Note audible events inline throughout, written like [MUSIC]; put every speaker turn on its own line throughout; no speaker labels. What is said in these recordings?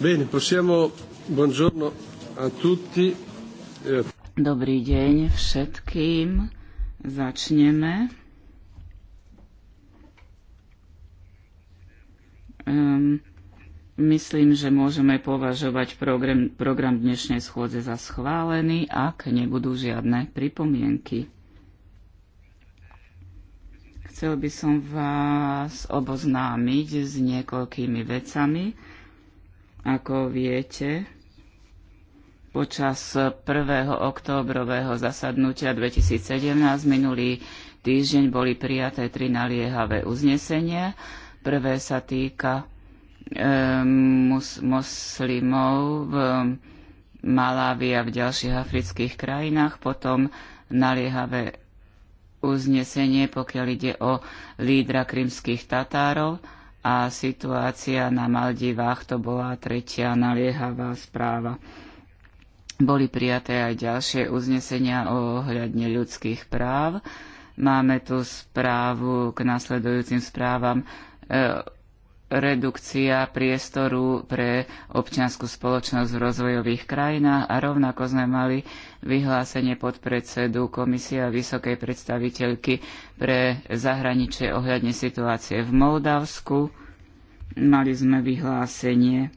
Bene, possiamo... Buongiorno a tutti. Dobrý deň všetkým. Začneme. Um, myslím, že môžeme považovať program, program dnešnej schôdze za schválený, ak nebudú žiadne pripomienky. Chcel by som vás oboznámiť s niekoľkými vecami. Ako viete, počas 1. októbrového zasadnutia 2017 minulý týždeň boli prijaté tri naliehavé uznesenia. Prvé sa týka e, mus, moslimov v Malávi a v ďalších afrických krajinách, potom naliehavé uznesenie, pokiaľ ide o lídra krymských Tatárov a situácia na Maldivách to bola tretia naliehavá správa. Boli prijaté aj ďalšie uznesenia ohľadne ľudských práv. Máme tu správu k nasledujúcim správam e, redukcia priestoru pre občianskú spoločnosť v rozvojových krajinách a rovnako sme mali vyhlásenie podpredsedu Komisie a vysokej predstaviteľky pre zahraničie ohľadne situácie v Moldavsku. Mali sme vyhlásenie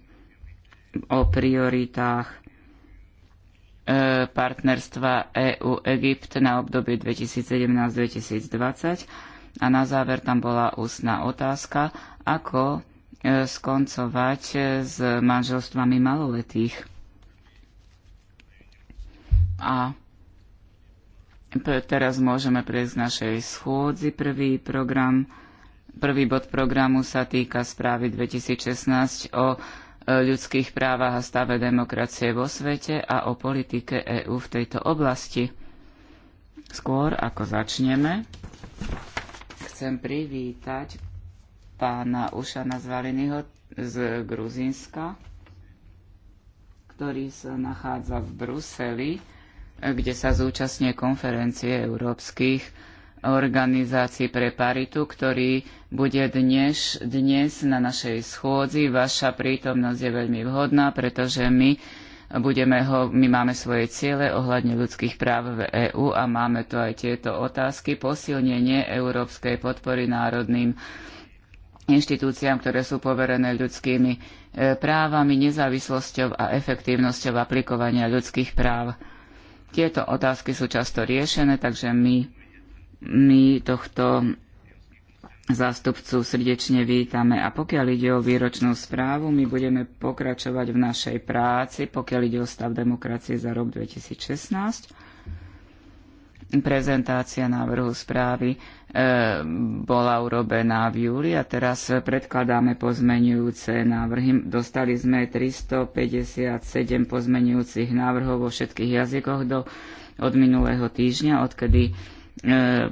o prioritách e, partnerstva EU-Egypt na obdobie 2017-2020 a na záver tam bola ústna otázka ako e, skoncovať e, s manželstvami maloletých. A teraz môžeme prejsť k našej schôdzi. Prvý program prvý bod programu sa týka správy 2016 o e, ľudských právach a stave demokracie vo svete a o politike EÚ v tejto oblasti. Skôr ako začneme, chcem privítať pána Ušana Zvaliniho z Gruzínska, ktorý sa nachádza v Bruseli, kde sa zúčastňuje konferencie európskych organizácií pre paritu, ktorý bude dnes, dnes na našej schôdzi. Vaša prítomnosť je veľmi vhodná, pretože my budeme ho, my máme svoje ciele ohľadne ľudských práv v EÚ a máme tu aj tieto otázky. Posilnenie európskej podpory národným inštitúciám, ktoré sú poverené ľudskými e, právami, nezávislosťou a efektívnosťou aplikovania ľudských práv. Tieto otázky sú často riešené, takže my, my tohto zástupcu srdečne vítame. A pokiaľ ide o výročnú správu, my budeme pokračovať v našej práci, pokiaľ ide o stav demokracie za rok 2016 Prezentácia návrhu správy e, bola urobená v júli a teraz predkladáme pozmenujúce návrhy. Dostali sme 357 pozmenujúcich návrhov vo všetkých jazykoch do, od minulého týždňa, odkedy e,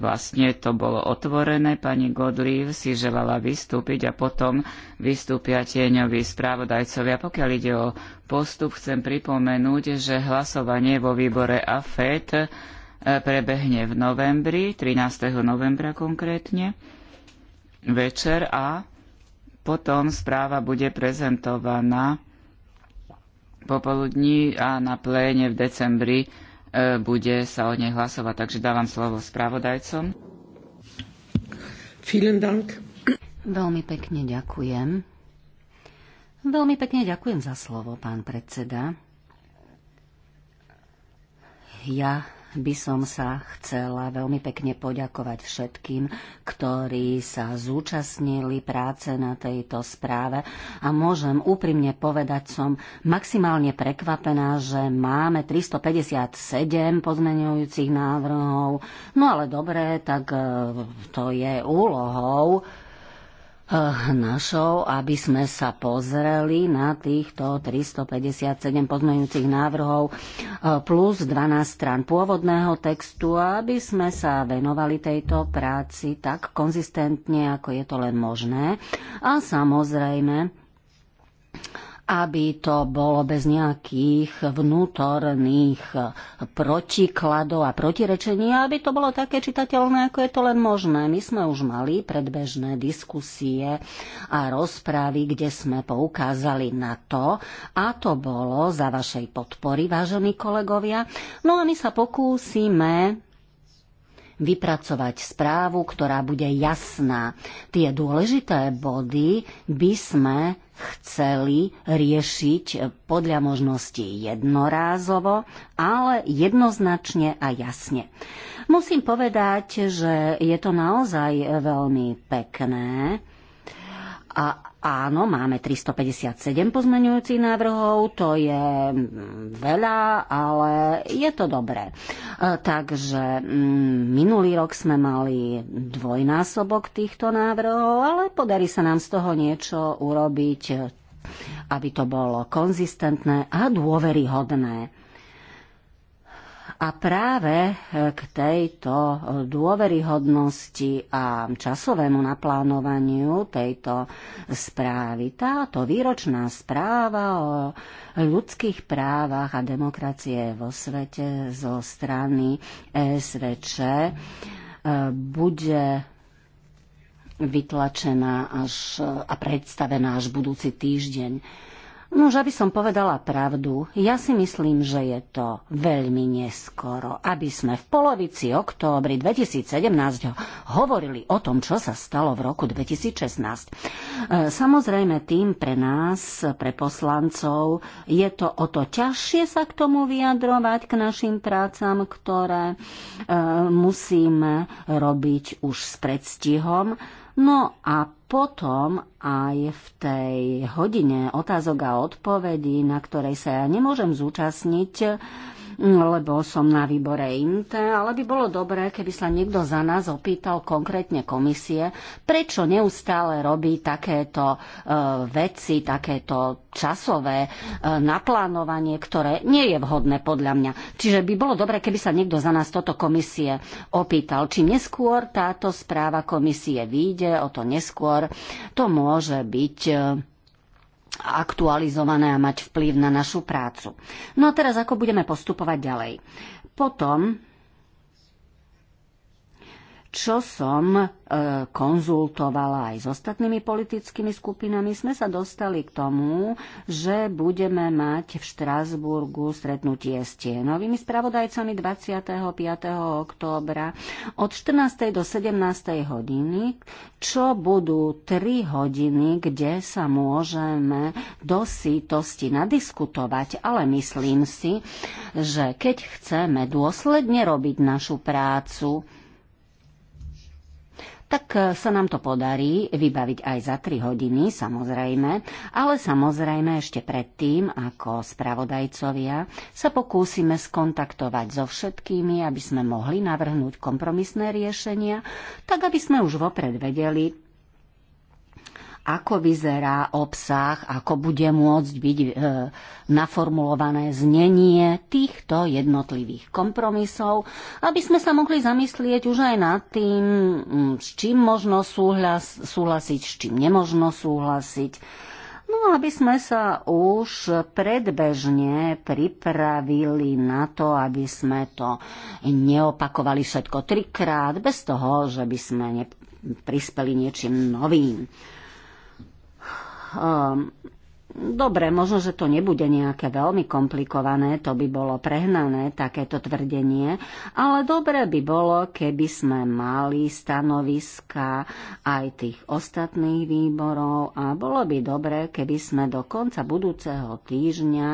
vlastne to bolo otvorené. Pani Godlív si želala vystúpiť a potom vystúpia tieňoví správodajcovia. Pokiaľ ide o postup, chcem pripomenúť, že hlasovanie vo výbore AFET prebehne v novembri, 13. novembra konkrétne, večer a potom správa bude prezentovaná popoludní a na pléne v decembri e, bude sa o nej hlasovať. Takže dávam slovo správodajcom.
Vielen Dank. Veľmi pekne ďakujem. Veľmi pekne ďakujem za slovo, pán predseda. Ja by som sa chcela veľmi pekne poďakovať všetkým, ktorí sa zúčastnili práce na tejto správe a môžem úprimne povedať, som maximálne prekvapená, že máme 357 pozmenujúcich návrhov. No ale dobre, tak e, to je úlohou Eh, našou, aby sme sa pozreli na týchto 357 pozmeňujúcich návrhov eh, plus 12 strán pôvodného textu, aby sme sa venovali tejto práci tak konzistentne, ako je to len možné. A samozrejme, aby to bolo bez nejakých vnútorných protikladov a protirečení, aby to bolo také čitateľné, ako je to len možné. My sme už mali predbežné diskusie a rozprávy, kde sme poukázali na to, a to bolo za vašej podpory, vážení kolegovia. No a my sa pokúsime vypracovať správu, ktorá bude jasná. Tie dôležité body by sme chceli riešiť podľa možnosti jednorázovo, ale jednoznačne a jasne. Musím povedať, že je to naozaj veľmi pekné a Áno, máme 357 pozmeňujúcich návrhov, to je veľa, ale je to dobré. E, takže mm, minulý rok sme mali dvojnásobok týchto návrhov, ale podarí sa nám z toho niečo urobiť, aby to bolo konzistentné a dôveryhodné. A práve eh, k tejto eh, dôveryhodnosti a časovému naplánovaniu tejto správy, táto výročná správa o ľudských právach a demokracie vo svete zo strany SVČ eh, bude vytlačená až a predstavená až budúci týždeň. No, že som povedala pravdu, ja si myslím, že je to veľmi neskoro, aby sme v polovici októbri 2017 hovorili o tom, čo sa stalo v roku 2016. E, samozrejme, tým pre nás, pre poslancov, je to o to ťažšie sa k tomu vyjadrovať, k našim prácam, ktoré e, musíme robiť už s predstihom. No a potom aj v tej hodine otázok a odpovedí, na ktorej sa ja nemôžem zúčastniť, Mm, lebo som na výbore INTE, ale by bolo dobré, keby sa niekto za nás opýtal konkrétne komisie, prečo neustále robí takéto e, veci, takéto časové e, naplánovanie, ktoré nie je vhodné podľa mňa. Čiže by bolo dobré, keby sa niekto za nás toto komisie opýtal. Či neskôr táto správa komisie vyjde, o to neskôr to môže byť e, aktualizované a mať vplyv na našu prácu. No a teraz ako budeme postupovať ďalej? Potom čo som e, konzultovala aj s ostatnými politickými skupinami, sme sa dostali k tomu, že budeme mať v Štrásburgu stretnutie s tienovými spravodajcami 25. októbra od 14. do 17. hodiny, čo budú 3 hodiny, kde sa môžeme do sítosti nadiskutovať, ale myslím si, že keď chceme dôsledne robiť našu prácu, tak e, sa nám to podarí vybaviť aj za 3 hodiny, samozrejme, ale samozrejme ešte predtým, ako spravodajcovia, sa pokúsime skontaktovať so všetkými, aby sme mohli navrhnúť kompromisné riešenia, tak aby sme už vopred vedeli, ako vyzerá obsah, ako bude môcť byť e, naformulované znenie týchto jednotlivých kompromisov, aby sme sa mohli zamyslieť už aj nad tým, s čím možno súhlas, súhlasiť, s čím nemožno súhlasiť. No aby sme sa už predbežne pripravili na to, aby sme to neopakovali všetko trikrát, bez toho, že by sme prispeli niečím novým. Ehm, dobre, možno, že to nebude nejaké veľmi komplikované, to by bolo prehnané, takéto tvrdenie, ale dobre by bolo, keby sme mali stanoviska aj tých ostatných výborov a bolo by dobre, keby sme do konca budúceho týždňa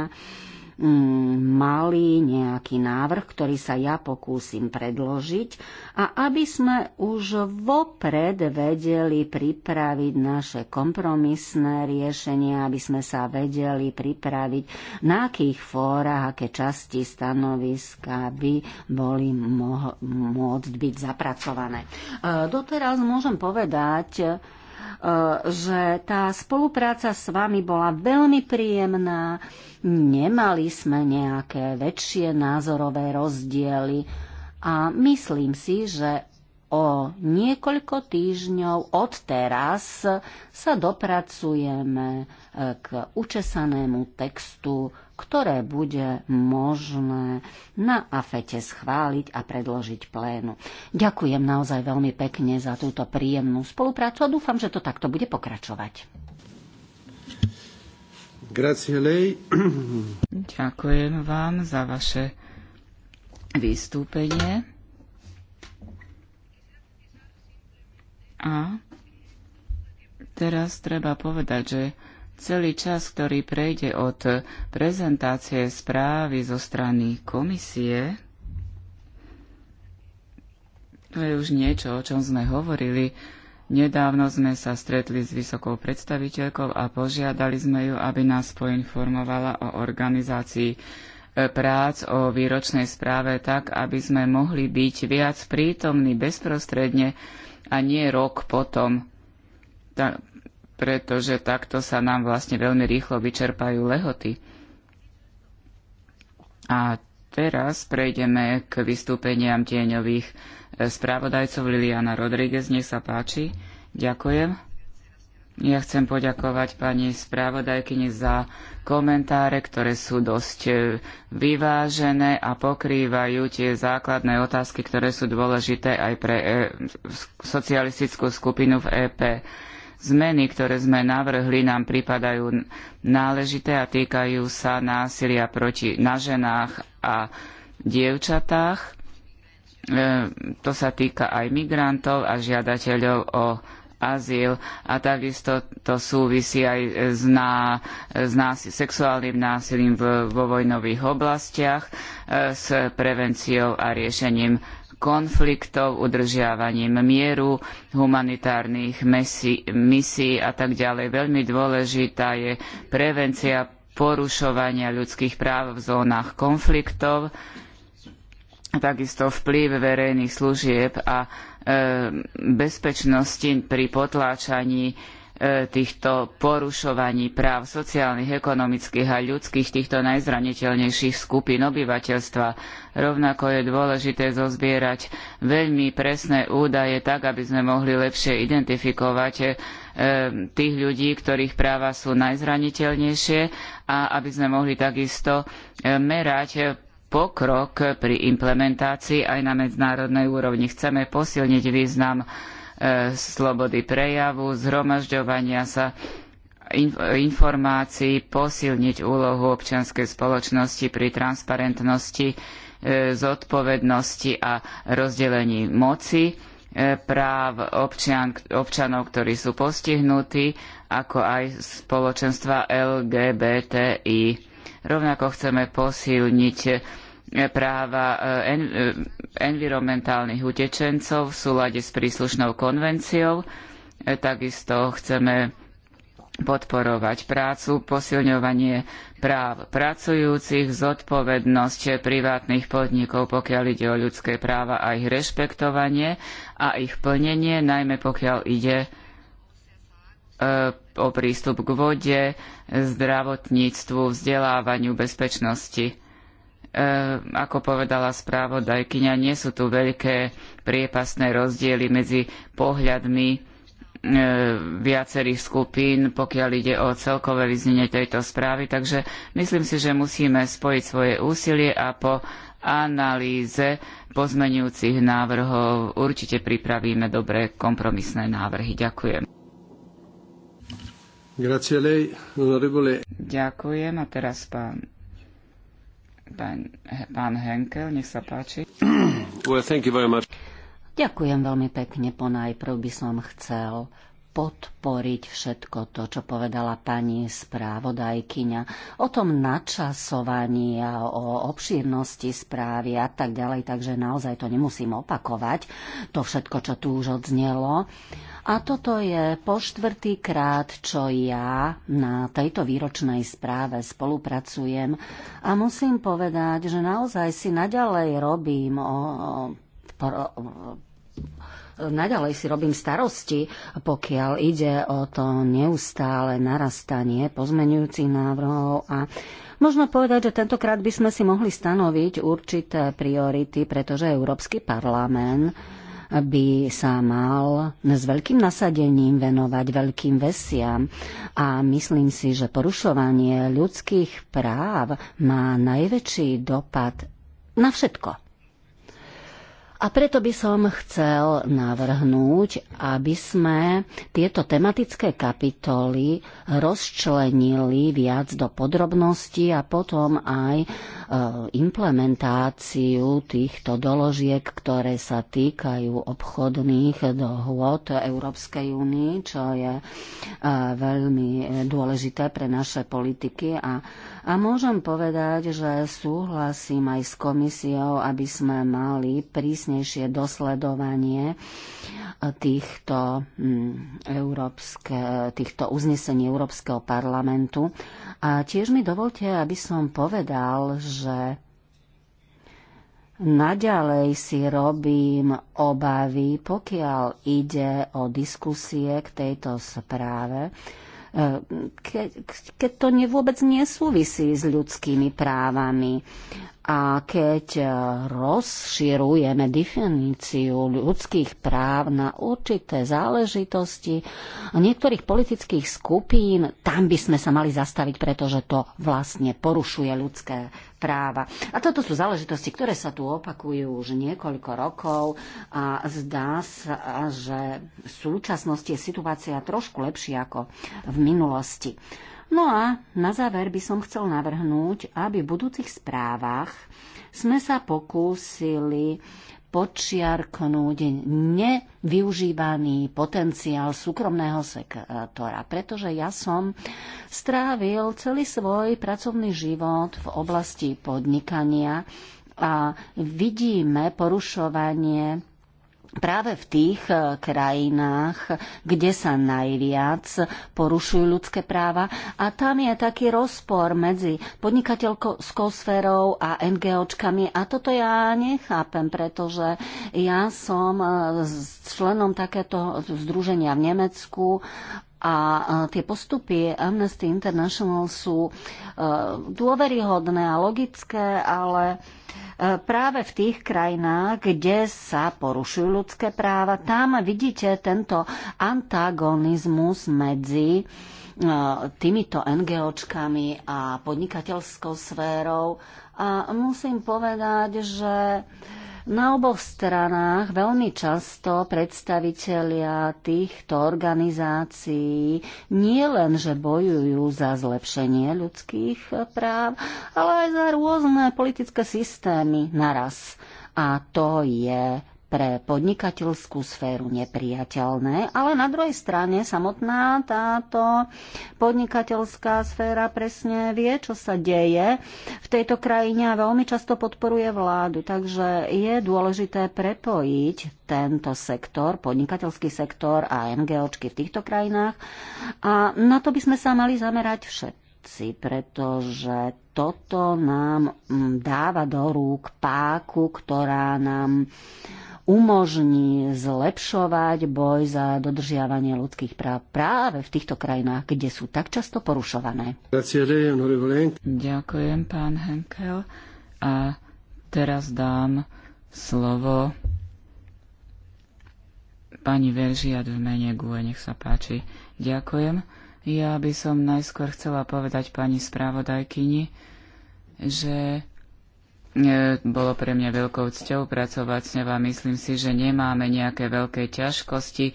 mali nejaký návrh, ktorý sa ja pokúsim predložiť a aby sme už vopred vedeli pripraviť naše kompromisné riešenia, aby sme sa vedeli pripraviť, na akých fórach, aké časti stanoviska by boli môcť byť zapracované. E, doteraz môžem povedať, E, že tá spolupráca s vami bola veľmi príjemná, nemali sme nejaké väčšie názorové rozdiely a myslím si, že o niekoľko týždňov od teraz sa dopracujeme e, k učesanému textu ktoré bude možné na AFETE schváliť a predložiť plénu. Ďakujem naozaj veľmi pekne za túto príjemnú spoluprácu a dúfam, že to takto bude pokračovať.
Grazie lei. [CLEARS THROAT] Ďakujem vám za vaše vystúpenie. A teraz treba povedať, že Celý čas, ktorý prejde od prezentácie správy zo strany komisie, to je už niečo, o čom sme hovorili. Nedávno sme sa stretli s vysokou predstaviteľkou a požiadali sme ju, aby nás poinformovala o organizácii e, prác o výročnej správe tak, aby sme mohli byť viac prítomní bezprostredne a nie rok potom pretože takto sa nám vlastne veľmi rýchlo vyčerpajú lehoty. A teraz prejdeme k vystúpeniam tieňových eh, správodajcov Liliana Rodriguez. Nech sa páči. Ďakujem. Ja chcem poďakovať pani správodajkyni za komentáre, ktoré sú dosť eh, vyvážené a pokrývajú tie základné otázky, ktoré sú dôležité aj pre eh, socialistickú skupinu v EP. Zmeny, ktoré sme navrhli, nám pripadajú náležité a týkajú sa násilia proti na ženách a dievčatách. E, to sa týka aj migrantov a žiadateľov o azyl a takisto to súvisí aj s, ná, s násil, sexuálnym násilím v, vo vojnových oblastiach, e, s prevenciou a riešením konfliktov, udržiavaním mieru, humanitárnych misií a tak ďalej. Veľmi dôležitá je prevencia porušovania ľudských práv v zónach konfliktov, takisto vplyv verejných služieb a e, bezpečnosti pri potláčaní E, týchto porušovaní práv sociálnych, ekonomických a ľudských týchto najzraniteľnejších skupín obyvateľstva. Rovnako je dôležité zozbierať veľmi presné údaje tak, aby sme mohli lepšie identifikovať e, tých ľudí, ktorých práva sú najzraniteľnejšie a aby sme mohli takisto e, merať pokrok pri implementácii aj na medzinárodnej úrovni. Chceme posilniť význam E, slobody prejavu, zhromažďovania sa informácií, posilniť úlohu občianskej spoločnosti pri transparentnosti, e, zodpovednosti a rozdelení moci e, práv občian, občanov, ktorí sú postihnutí, ako aj spoločenstva LGBTI. Rovnako chceme posilniť E, práva e, en, e, environmentálnych utečencov v súlade s príslušnou konvenciou. Takisto chceme podporovať prácu, posilňovanie práv pracujúcich, zodpovednosť privátnych podnikov, pokiaľ ide o ľudské práva a ich rešpektovanie a ich plnenie, najmä pokiaľ ide o prístup k vode, zdravotníctvu, vzdelávaniu, bezpečnosti. E, ako povedala správodajkyňa, nie sú tu veľké priepasné rozdiely medzi pohľadmi e, viacerých skupín, pokiaľ ide o celkové vyznenie tejto správy. Takže myslím si, že musíme spojiť svoje úsilie a po analýze pozmenujúcich návrhov určite pripravíme dobré kompromisné návrhy. Ďakujem. Ďakujem a teraz pán Pán, pán Henkel, nech sa páči.
Well, thank you very much.
Ďakujem veľmi pekne. Ponajprv by som chcel podporiť všetko to, čo povedala pani správodajkyňa o tom načasovaní a o obšírnosti správy a tak ďalej, takže naozaj to nemusím opakovať, to všetko, čo tu už odznelo. A toto je po štvrtý krát, čo ja na tejto výročnej správe spolupracujem a musím povedať, že naozaj si naďalej robím o, o naďalej si robím starosti, pokiaľ ide o to neustále narastanie pozmenujúcich návrhov a Možno povedať, že tentokrát by sme si mohli stanoviť určité priority, pretože Európsky parlament by sa mal s veľkým nasadením venovať veľkým vesiam a myslím si, že porušovanie ľudských práv má najväčší dopad na všetko. A preto by som chcel navrhnúť, aby sme tieto tematické kapitoly rozčlenili viac do podrobností a potom aj e, implementáciu týchto doložiek, ktoré sa týkajú obchodných dohôd Európskej únie, čo je e, veľmi e, dôležité pre naše politiky a a môžem povedať, že súhlasím aj s komisiou, aby sme mali prísnejšie dosledovanie týchto, mm, európske, týchto uznesení Európskeho parlamentu. A tiež mi dovolte, aby som povedal, že Naďalej si robím obavy, pokiaľ ide o diskusie k tejto správe, keď, to vôbec nesúvisí s ľudskými právami. A keď e, rozširujeme definíciu ľudských práv na určité záležitosti niektorých politických skupín, tam by sme sa mali zastaviť, pretože to vlastne porušuje ľudské práva. A toto sú záležitosti, ktoré sa tu opakujú už niekoľko rokov a zdá sa, že v súčasnosti je situácia trošku lepšia ako v minulosti. No a na záver by som chcel navrhnúť, aby v budúcich správach sme sa pokúsili počiarknúť nevyužívaný potenciál súkromného sektora, pretože ja som strávil celý svoj pracovný život v oblasti podnikania a vidíme porušovanie práve v tých e, krajinách, kde sa najviac porušujú ľudské práva. A tam je taký rozpor medzi podnikateľskou sférou a NGOčkami. A toto ja nechápem, pretože ja som e, členom takéto združenia v Nemecku a e, tie postupy Amnesty International sú e, dôveryhodné a logické, ale e, práve v tých krajinách, kde sa porušujú ľudské práva, tam vidíte tento antagonizmus medzi týmito NGOčkami a podnikateľskou sférou. A musím povedať, že na oboch stranách veľmi často predstavitelia týchto organizácií nie len, že bojujú za zlepšenie ľudských práv, ale aj za rôzne politické systémy naraz. A to je pre podnikateľskú sféru nepriateľné, ale na druhej strane samotná táto podnikateľská sféra presne vie, čo sa deje v tejto krajine a veľmi často podporuje vládu. Takže je dôležité prepojiť tento sektor, podnikateľský sektor a NGOčky v týchto krajinách a na to by sme sa mali zamerať všetci, pretože toto nám dáva do rúk páku, ktorá nám umožní zlepšovať boj za dodržiavanie ľudských práv práve v týchto krajinách, kde sú tak často porušované.
Ďakujem, pán Henkel. A teraz dám slovo pani Veržiat v mene GUE, nech sa páči. Ďakujem. Ja by som najskôr chcela povedať pani správodajkyni, že E, bolo pre mňa veľkou cťou pracovať s vami. Myslím si, že nemáme nejaké veľké ťažkosti, e,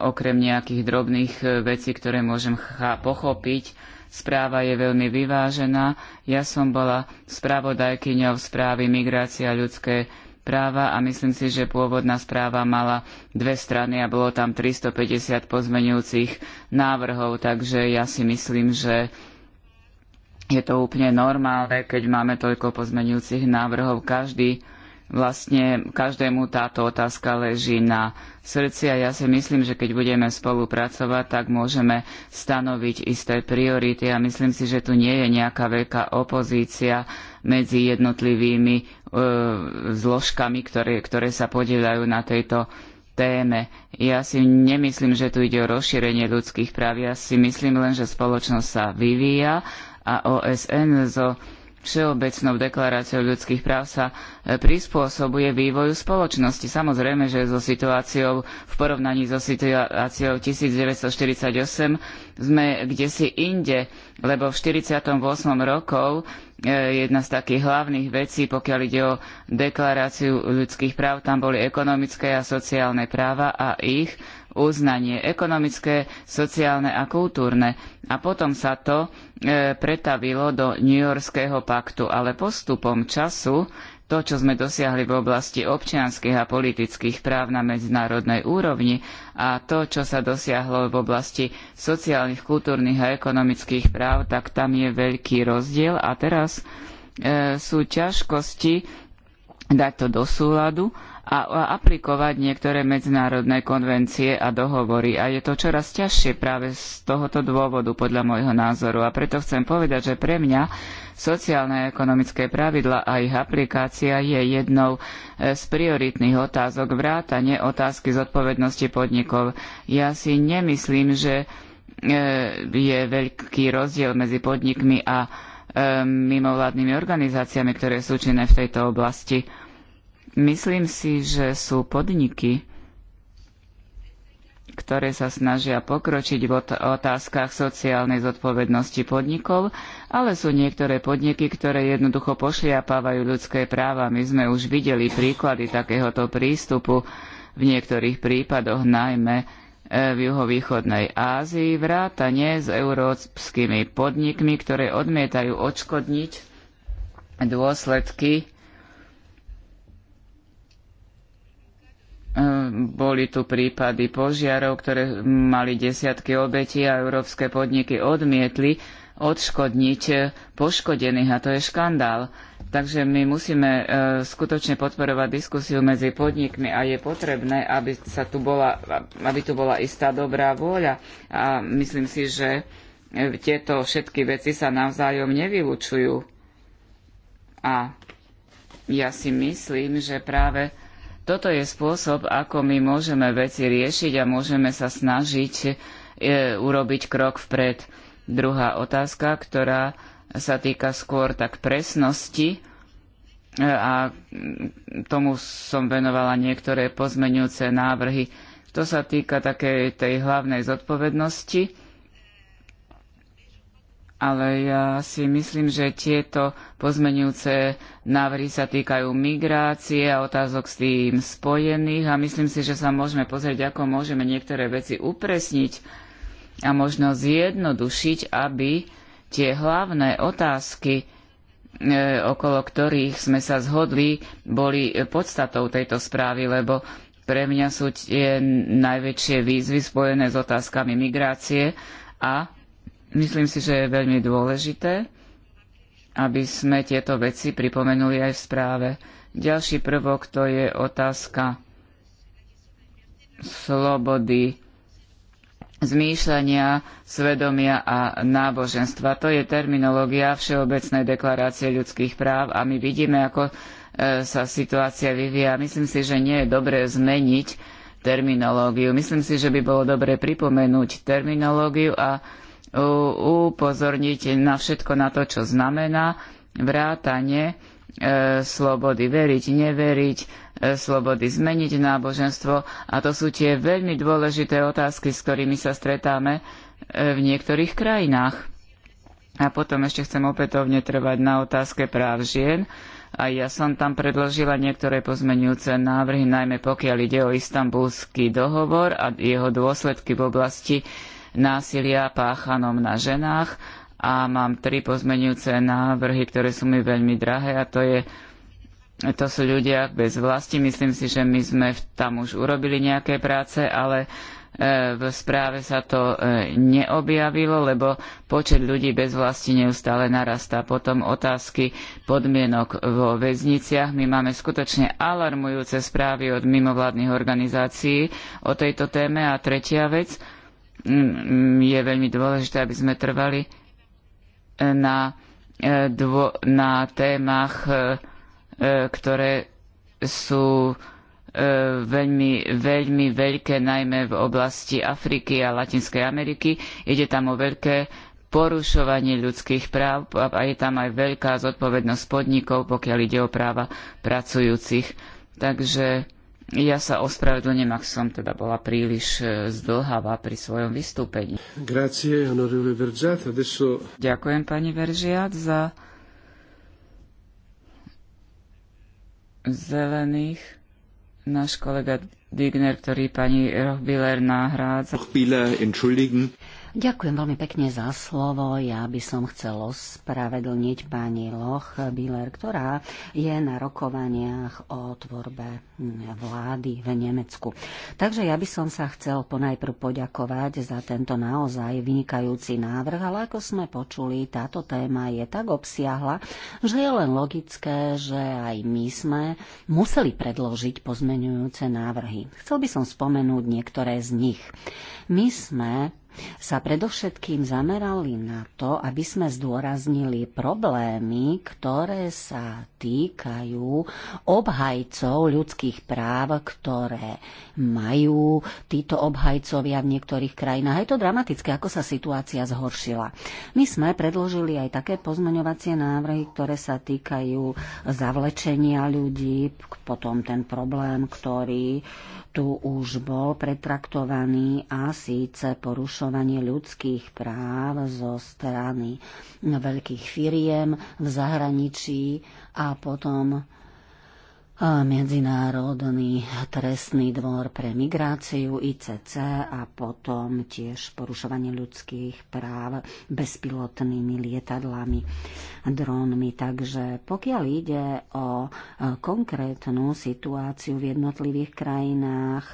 okrem nejakých drobných e, vecí, ktoré môžem pochopiť. Správa je veľmi vyvážená. Ja som bola spravodajkyňou správy Migrácia a ľudské práva a myslím si, že pôvodná správa mala dve strany a bolo tam 350 pozmenujúcich návrhov, takže ja si myslím, že je to úplne normálne, keď máme toľko pozmenujúcich návrhov. Každý, vlastne každému táto otázka leží na srdci a ja si myslím, že keď budeme spolupracovať, tak môžeme stanoviť isté priority a myslím si, že tu nie je nejaká veľká opozícia medzi jednotlivými e, zložkami, ktoré, ktoré sa podielajú na tejto téme. Ja si nemyslím, že tu ide o rozšírenie ľudských práv. Ja si myslím len, že spoločnosť sa vyvíja a OSN so Všeobecnou deklaráciou ľudských práv sa e, prispôsobuje vývoju spoločnosti. Samozrejme, že so situáciou v porovnaní so situáciou 1948 sme kde si inde, lebo v 48. rokov e, jedna z takých hlavných vecí, pokiaľ ide o deklaráciu ľudských práv, tam boli ekonomické a sociálne práva a ich uznanie ekonomické, sociálne a kultúrne. A potom sa to e, pretavilo do New Yorkského paktu. Ale postupom času to, čo sme dosiahli v oblasti občianskych a politických práv na medzinárodnej úrovni a to, čo sa dosiahlo v oblasti sociálnych, kultúrnych a ekonomických práv, tak tam je veľký rozdiel a teraz e, sú ťažkosti dať to do súladu a aplikovať niektoré medzinárodné konvencie a dohovory. A je to čoraz ťažšie práve z tohoto dôvodu, podľa môjho názoru. A preto chcem povedať, že pre mňa sociálne a ekonomické pravidla a ich aplikácia je jednou e, z prioritných otázok vrátane otázky zodpovednosti podnikov. Ja si nemyslím, že e, je veľký rozdiel medzi podnikmi a e, mimovládnymi organizáciami, ktoré sú činné v tejto oblasti Myslím si, že sú podniky, ktoré sa snažia pokročiť v otázkach sociálnej zodpovednosti podnikov, ale sú niektoré podniky, ktoré jednoducho pošliapávajú ľudské práva. My sme už videli príklady takéhoto prístupu v niektorých prípadoch, najmä e, v juhovýchodnej Ázii, vrátane s európskymi podnikmi, ktoré odmietajú odškodniť dôsledky Ehm, boli tu prípady požiarov, ktoré mali desiatky obetí a európske podniky odmietli odškodniť eh, poškodených a to je škandál. Takže my musíme eh, skutočne podporovať diskusiu medzi podnikmi a je potrebné, aby, sa tu bola, aby tu bola istá dobrá vôľa a myslím si, že eh, tieto všetky veci sa navzájom nevylučujú. A ja si myslím, že práve toto je spôsob, ako my môžeme veci riešiť a môžeme sa snažiť e, urobiť krok vpred. Druhá otázka, ktorá sa týka skôr tak presnosti e, a tomu som venovala niektoré pozmenujúce návrhy. To sa týka takej tej hlavnej zodpovednosti ale ja si myslím, že tieto pozmenujúce návrhy sa týkajú migrácie a otázok s tým spojených a myslím si, že sa môžeme pozrieť, ako môžeme niektoré veci upresniť a možno zjednodušiť, aby tie hlavné otázky, e, okolo ktorých sme sa zhodli, boli podstatou tejto správy, lebo pre mňa sú tie najväčšie výzvy spojené s otázkami migrácie a Myslím si, že je veľmi dôležité, aby sme tieto veci pripomenuli aj v správe. Ďalší prvok to je otázka slobody zmýšľania, svedomia a náboženstva. To je terminológia Všeobecnej deklarácie ľudských práv a my vidíme, ako e, sa situácia vyvíja. Myslím si, že nie je dobré zmeniť terminológiu. Myslím si, že by bolo dobre pripomenúť terminológiu a upozorniť na všetko na to, čo znamená vrátanie e, slobody veriť, neveriť, e, slobody zmeniť náboženstvo. A to sú tie veľmi dôležité otázky, s ktorými sa stretáme e, v niektorých krajinách. A potom ešte chcem opätovne trvať na otázke práv žien. A ja som tam predložila niektoré pozmenujúce návrhy, najmä pokiaľ ide o istambulský dohovor a jeho dôsledky v oblasti násilia páchanom na ženách a mám tri pozmenujúce návrhy, ktoré sú mi veľmi drahé a to, je, to sú ľudia bez vlasti. Myslím si, že my sme tam už urobili nejaké práce, ale e, v správe sa to e, neobjavilo, lebo počet ľudí bez vlasti neustále narastá. Potom otázky podmienok vo väzniciach. My máme skutočne alarmujúce správy od mimovládnych organizácií o tejto téme. A tretia vec, Mm, mm, je veľmi dôležité, aby sme trvali e, na, e, na témach, e, ktoré sú veľmi, veľmi veľké, najmä v oblasti Afriky a Latinskej Ameriky. Ide tam o veľké porušovanie ľudských práv a je tam aj veľká zodpovednosť podnikov, pokiaľ ide o práva pracujúcich. Takže ja sa ospravedlňujem, ak som teda bola príliš e, zdlhavá pri svojom vystúpení. Grazie, adesso... Ďakujem pani Veržiat za zelených. Náš kolega Digner, ktorý pani Rochbiller nahrádza. Rochbiller, entschuldigen. Ďakujem veľmi pekne za slovo. Ja by
som chcel ospravedlniť pani Loch Biller, ktorá je na rokovaniach o tvorbe vlády v Nemecku. Takže ja by som sa chcel ponajprv poďakovať za tento naozaj vynikajúci návrh, ale ako sme počuli, táto téma je tak obsiahla, že je len logické, že aj my sme museli predložiť pozmenujúce návrhy. Chcel by som spomenúť niektoré z nich. My sme sa predovšetkým zamerali na to, aby sme zdôraznili problémy, ktoré sa týkajú obhajcov ľudských práv, ktoré majú títo obhajcovia v niektorých krajinách. Je to dramatické, ako sa situácia zhoršila. My sme predložili aj také pozmeňovacie návrhy, ktoré sa týkajú zavlečenia ľudí, potom ten problém, ktorý tu už bol pretraktovaný a síce porušovanie ľudských práv zo strany veľkých firiem v zahraničí a potom Medzinárodný trestný dvor pre migráciu ICC a potom tiež porušovanie ľudských práv bezpilotnými lietadlami, drónmi. Takže pokiaľ ide o e, konkrétnu situáciu v jednotlivých krajinách,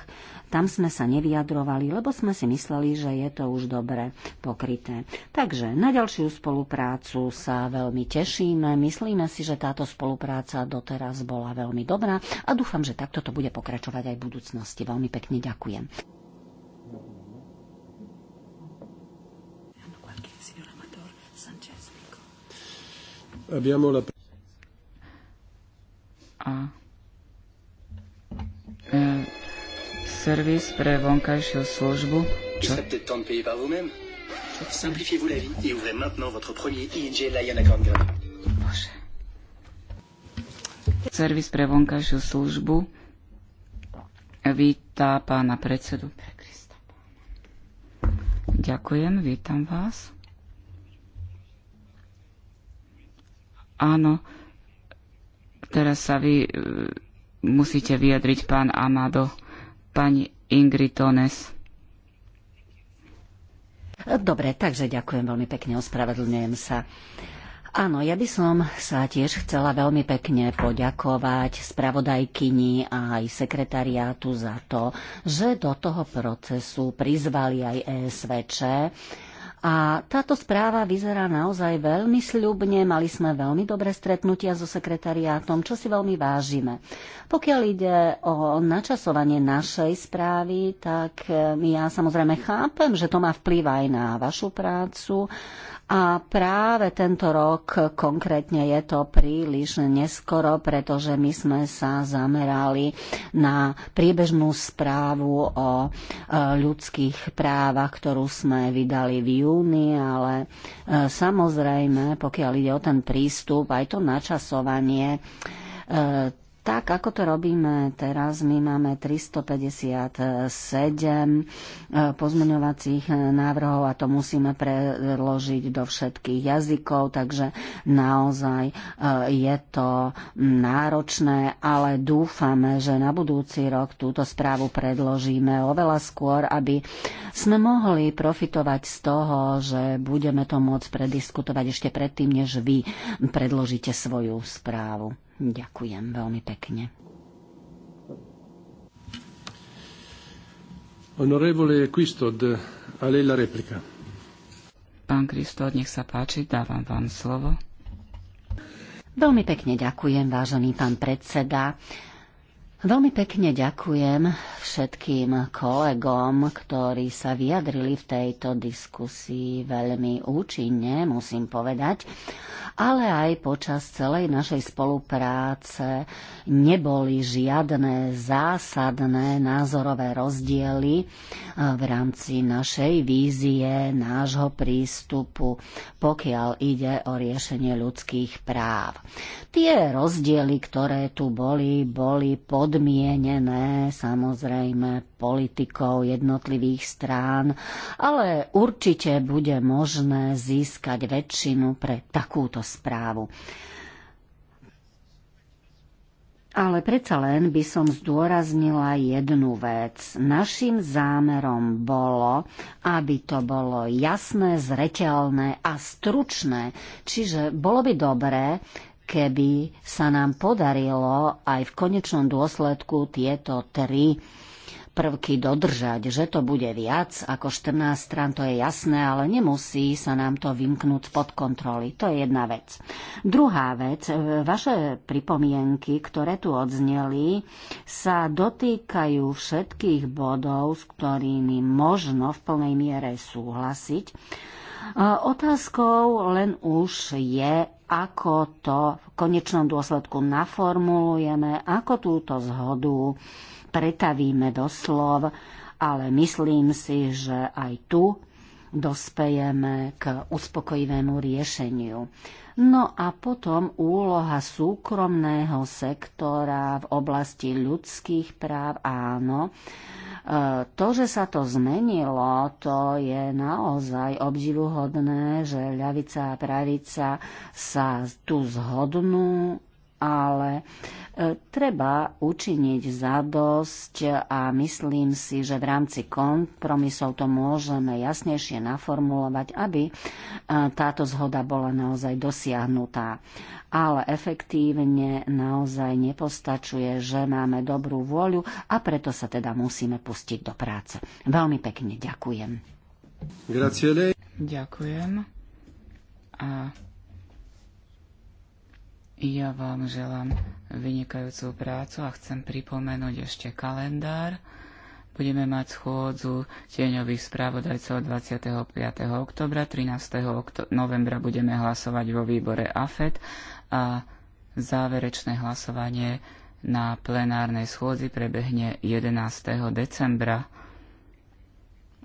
tam sme sa nevyjadrovali, lebo sme si mysleli, že je to už dobre pokryté. Takže na ďalšiu spoluprácu sa veľmi tešíme. Myslíme si, že táto spolupráca doteraz bola veľmi dobrá dobrá a dúfam, že takto to bude pokračovať aj v budúcnosti. Veľmi pekne ďakujem.
A
e, servis pre vonkajšiu službu. Čo?
Simplifiez-vous la vie et ouvrez maintenant votre premier ING Lion à grande
Servis pre vonkajšiu službu vítá pána predsedu. Ďakujem, vítam vás. Áno, teraz sa vy e, musíte vyjadriť pán Amado, pani Ingrid Tones.
Dobre, takže ďakujem veľmi pekne, ospravedlňujem sa. Uh, Áno, ja by som sa tiež chcela veľmi pekne poďakovať spravodajkyni a aj sekretariátu za to, že do toho procesu prizvali aj ESVČ. A táto správa vyzerá naozaj veľmi sľubne, mali sme veľmi dobré stretnutia so sekretariátom, čo si veľmi vážime. Pokiaľ ide o načasovanie našej správy, tak eh, ja samozrejme chápem, že to má vplyv aj na vašu prácu, a práve tento rok konkrétne je to príliš neskoro, pretože my sme sa zamerali na priebežnú správu o e, ľudských právach, ktorú sme vydali v júni, ale e, samozrejme, pokiaľ ide o ten prístup, aj to načasovanie, e, tak, ako to robíme teraz, my máme 357 e, pozmeňovacích e, návrhov a to musíme preložiť do všetkých jazykov, takže naozaj e, je to náročné, ale dúfame, že na budúci rok túto správu predložíme oveľa skôr, aby sme mohli profitovať z toho, že budeme to môcť prediskutovať ešte predtým, než vy predložíte svoju správu. Ďakujem veľmi pekne.
Honorevole Quistod, ale la replika.
Pán Kristod, nech sa páči, dávam vám slovo.
Veľmi pekne ďakujem, vážený pán predseda. Veľmi pekne ďakujem všetkým kolegom, ktorí sa vyjadrili v tejto diskusii veľmi účinne, musím povedať, ale aj počas celej našej spolupráce neboli žiadne zásadné názorové rozdiely eh, v rámci našej vízie, nášho prístupu, pokiaľ ide o riešenie ľudských práv. Tie rozdiely, ktoré tu boli, boli pod podmienené samozrejme politikou jednotlivých strán, ale určite bude možné získať väčšinu pre takúto správu. Ale predsa len by som zdôraznila jednu vec. Našim zámerom bolo, aby to bolo jasné, zreteľné a stručné. Čiže bolo by dobré, keby sa nám podarilo aj v konečnom dôsledku tieto tri prvky dodržať, že to bude viac ako 14 strán, to je jasné, ale nemusí sa nám to vymknúť pod kontroly. To je jedna vec. Druhá vec, e, vaše pripomienky, ktoré tu odzneli, sa dotýkajú všetkých bodov, s ktorými možno v plnej miere súhlasiť Otázkou len už je, ako to v konečnom dôsledku naformulujeme, ako túto zhodu pretavíme do slov, ale myslím si, že aj tu dospejeme k uspokojivému riešeniu. No a potom úloha súkromného sektora v oblasti ľudských práv, áno. To, že sa to zmenilo, to je naozaj obdivuhodné, že ľavica a pravica sa tu zhodnú ale e, treba učiniť zadosť a myslím si, že v rámci kompromisov to môžeme jasnejšie naformulovať, aby e, táto zhoda bola naozaj dosiahnutá. Ale efektívne naozaj nepostačuje, že máme dobrú vôľu a preto sa teda musíme pustiť do práce. Veľmi pekne ďakujem. Grazie.
Ďakujem. A ja vám želám vynikajúcu prácu a chcem pripomenúť ešte kalendár. Budeme mať schôdzu tieňových správodajcov 25. oktobra, 13. Okto- novembra budeme hlasovať vo výbore AFED a záverečné hlasovanie na plenárnej schôdzi prebehne 11. decembra.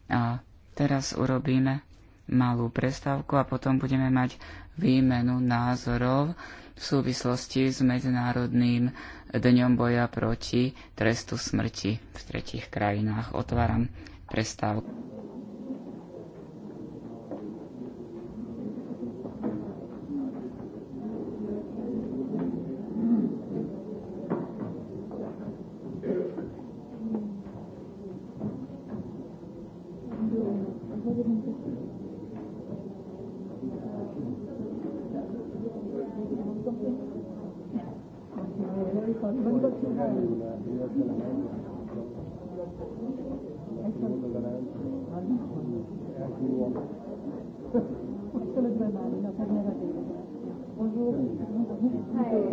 A teraz urobíme malú prestávku a potom budeme mať výmenu názorov v súvislosti s Medzinárodným dňom boja proti trestu smrti v tretich krajinách. Otváram prestávku.
Bonjour.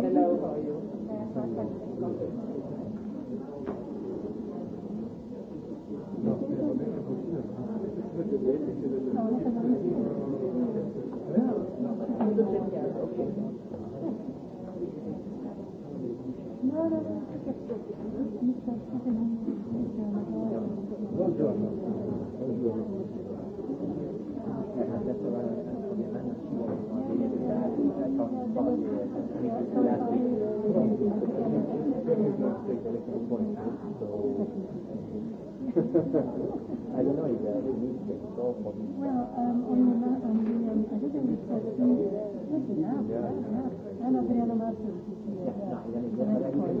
Hello. How are you? I don't know if uh, we can solve for this. Well, um, on the, on the um, I don't think it's uh, good enough. Yeah. Not enough. And Adriana Martin is here. Yeah. Yeah. Yeah. Yeah. Yeah. Yeah. Yeah.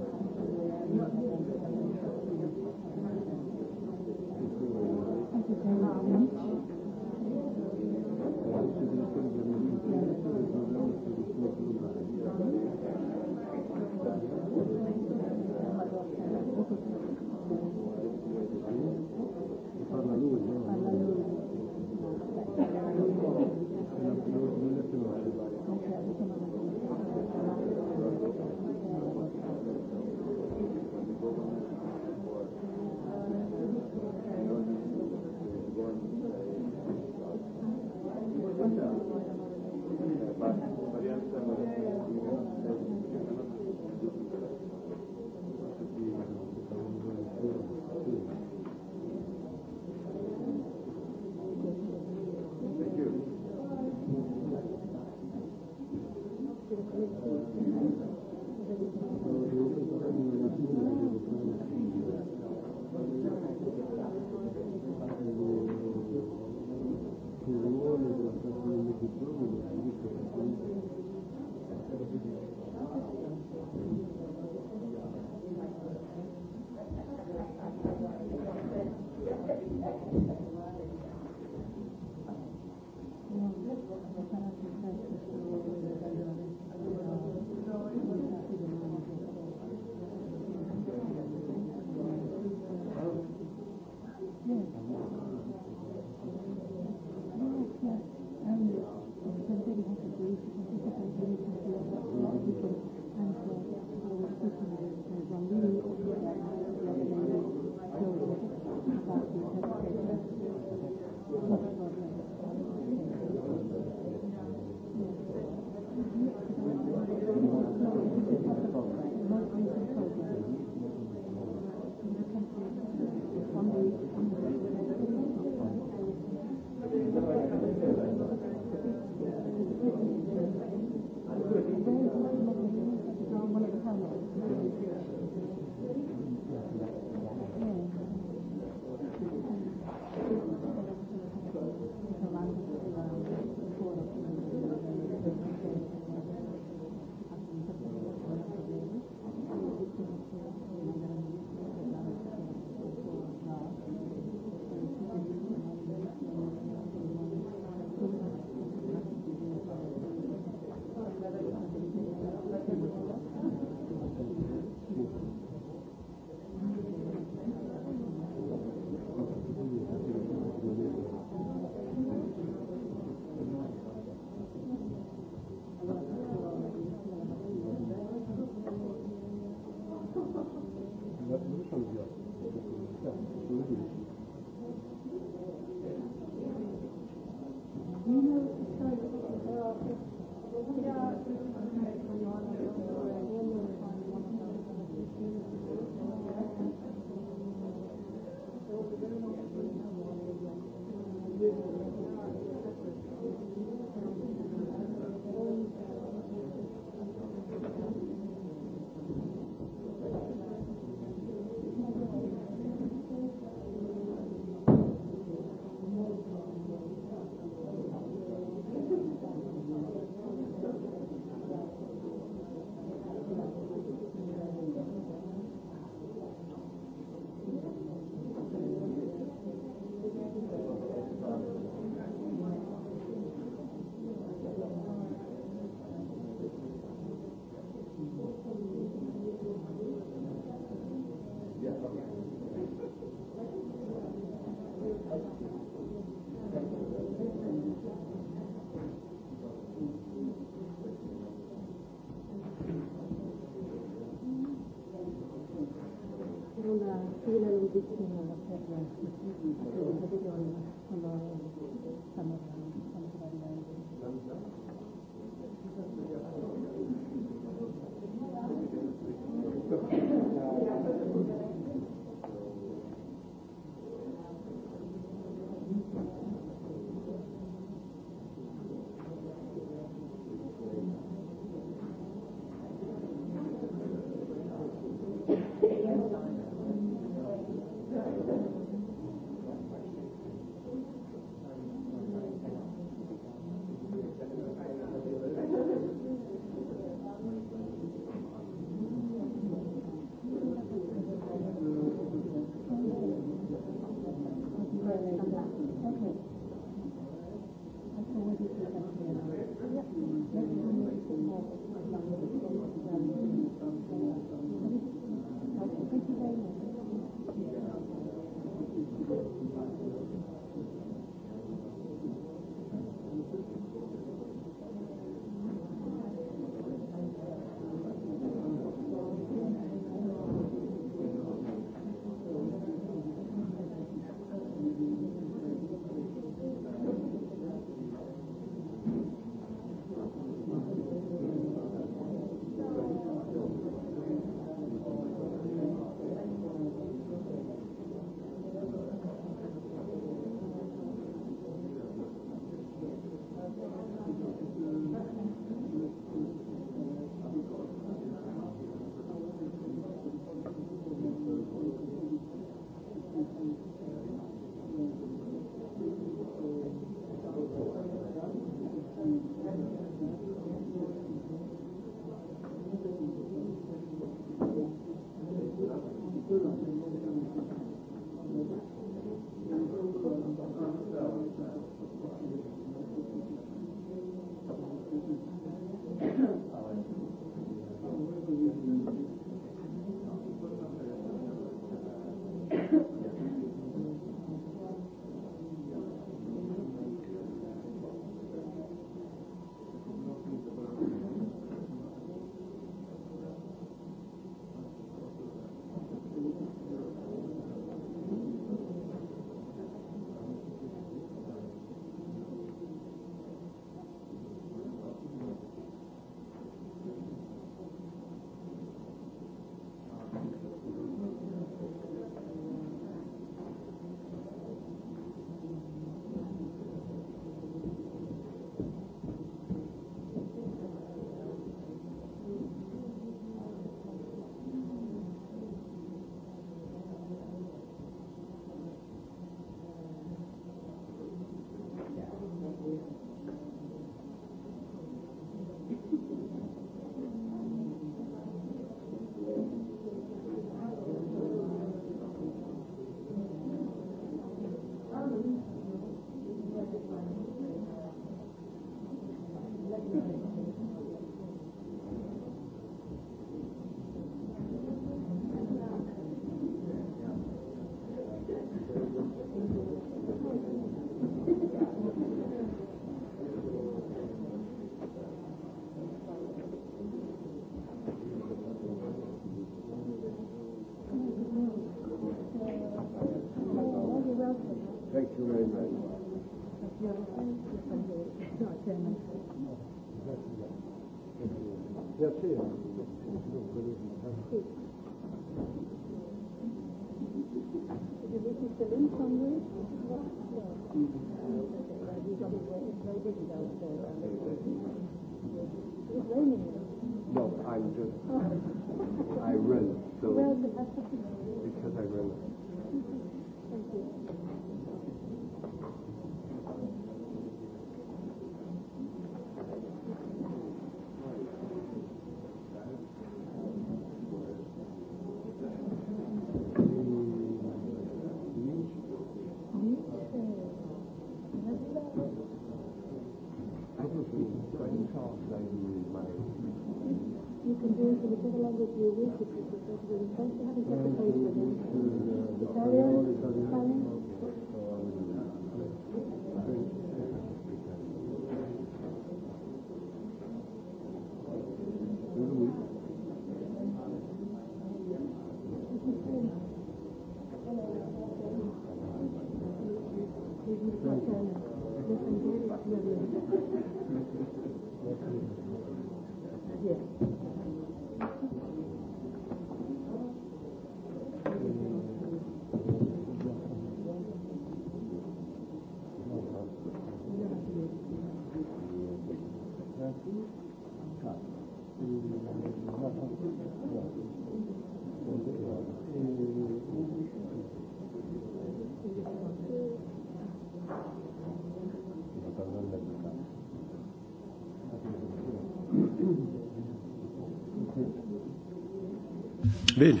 Bene.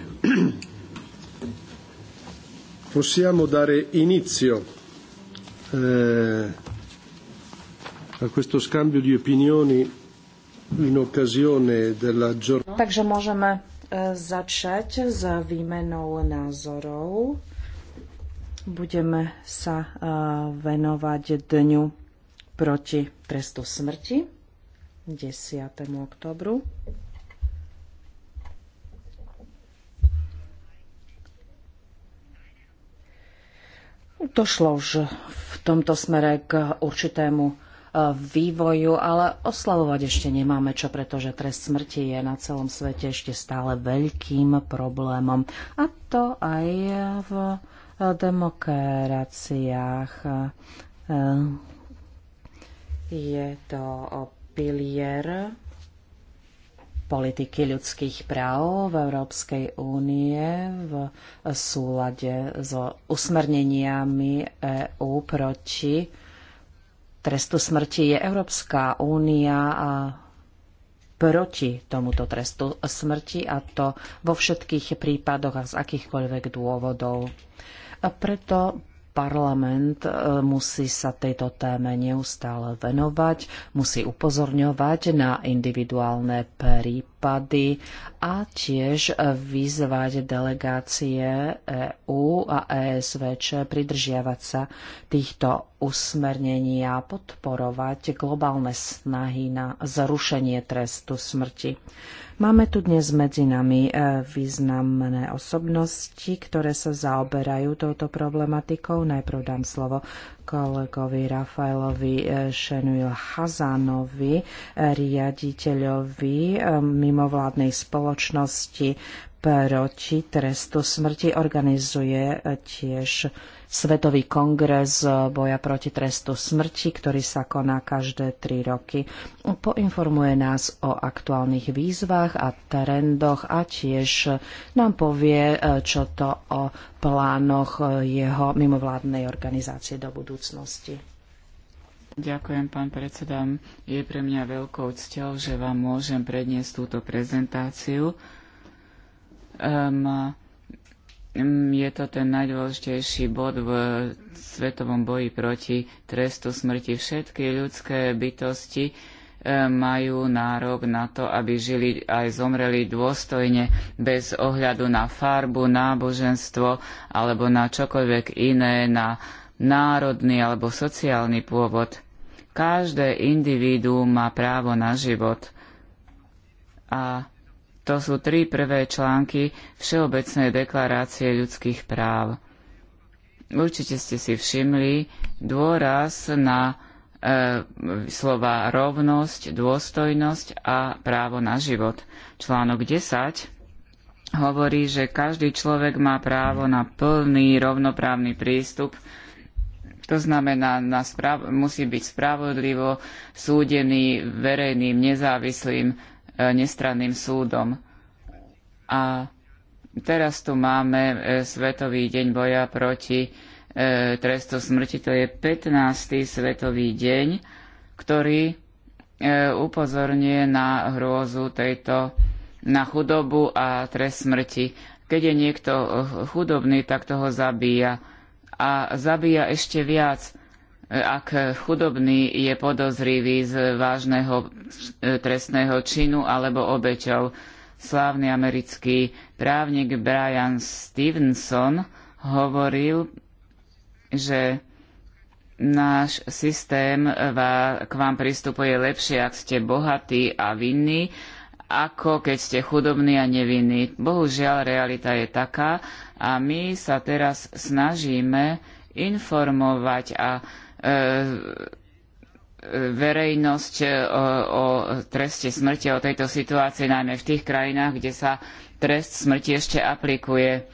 Possiamo dare inizio eh, a questo scambio di opinioni in occasione
della giornata. Takže môžeme eh, začať s výmenou názorov. Budeme sa eh, venovať dňu proti trestu smrti 10. oktobru. došlo už v tomto smere k určitému e, vývoju, ale oslavovať ešte nemáme čo, pretože trest smrti je na celom svete ešte stále veľkým problémom. A to aj v e, demokraciách. E, je to pilier politiky ľudských práv v Európskej únie v súlade s usmerneniami EÚ proti trestu smrti je Európska únia a proti tomuto trestu smrti a to vo všetkých prípadoch a z akýchkoľvek dôvodov. A preto parlament e, musí sa tejto téme neustále venovať, musí upozorňovať na individuálne prípady dopady a tiež vyzvať delegácie EU a ESVČ pridržiavať sa týchto usmernení a podporovať globálne snahy na zrušenie trestu smrti. Máme tu dnes medzi nami e, významné osobnosti, ktoré sa zaoberajú touto problematikou. Najprv dám slovo kolegovi Rafaelovi e, Šenuil Hazanovi, e, riaditeľovi e, mimovládnej spoločnosti proti trestu smrti organizuje e, tiež Svetový kongres e, boja proti trestu smrti, ktorý sa koná každé tri roky. Poinformuje nás o aktuálnych výzvach a trendoch a tiež nám povie, e, čo to o plánoch jeho mimovládnej organizácie do budúcnosti.
Ďakujem, pán predseda. Je pre mňa veľkou cťou, že vám môžem predniesť túto prezentáciu Um, je to ten najdôležitejší bod v svetovom boji proti trestu smrti. Všetky ľudské bytosti majú nárok na to, aby žili aj zomreli dôstojne, bez ohľadu na farbu, náboženstvo alebo na čokoľvek iné, na národný alebo sociálny pôvod. Každé individuum má právo na život. A to sú tri prvé články Všeobecnej deklarácie ľudských práv. Určite ste si všimli dôraz na e, slova rovnosť, dôstojnosť a právo na život. Článok 10 hovorí, že každý človek má právo na plný rovnoprávny prístup to znamená, musí byť spravodlivo súdený verejným, nezávislým nestranným súdom. A teraz tu máme e, Svetový deň boja proti e, trestu smrti. To je 15. Svetový deň, ktorý e, upozorňuje na hrôzu tejto, na chudobu a trest smrti. Keď je niekto chudobný, tak toho zabíja. A zabíja ešte viac ak chudobný je podozrivý z vážneho e, trestného činu alebo obeťou. Slávny americký právnik Brian Stevenson hovoril, že náš systém k vám pristupuje lepšie, ak ste bohatí a vinní, ako keď ste chudobní a nevinní. Bohužiaľ, realita je taká a my sa teraz snažíme informovať a E, verejnosť e, o, o treste smrti, o tejto situácii, najmä v tých krajinách, kde sa trest smrti ešte aplikuje.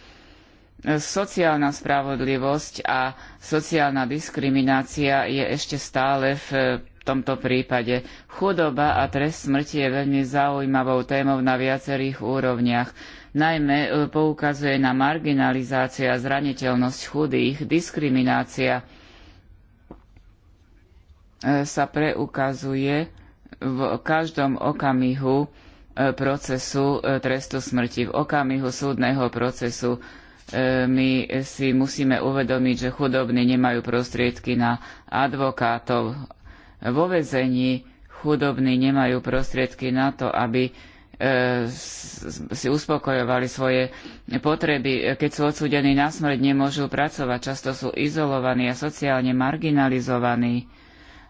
Sociálna spravodlivosť a sociálna diskriminácia je ešte stále v e, tomto prípade. Chudoba a trest smrti je veľmi zaujímavou témou na viacerých úrovniach. Najmä poukazuje na marginalizáciu a zraniteľnosť chudých, diskriminácia sa preukazuje v každom okamihu e, procesu e, trestu smrti, v okamihu súdneho procesu e, my si musíme uvedomiť, že chudobní nemajú prostriedky na advokátov. Vo vezení chudobní nemajú prostriedky na to, aby si uspokojovali svoje potreby. Keď sú odsúdení na smrť, nemôžu pracovať. Často sú izolovaní a sociálne marginalizovaní.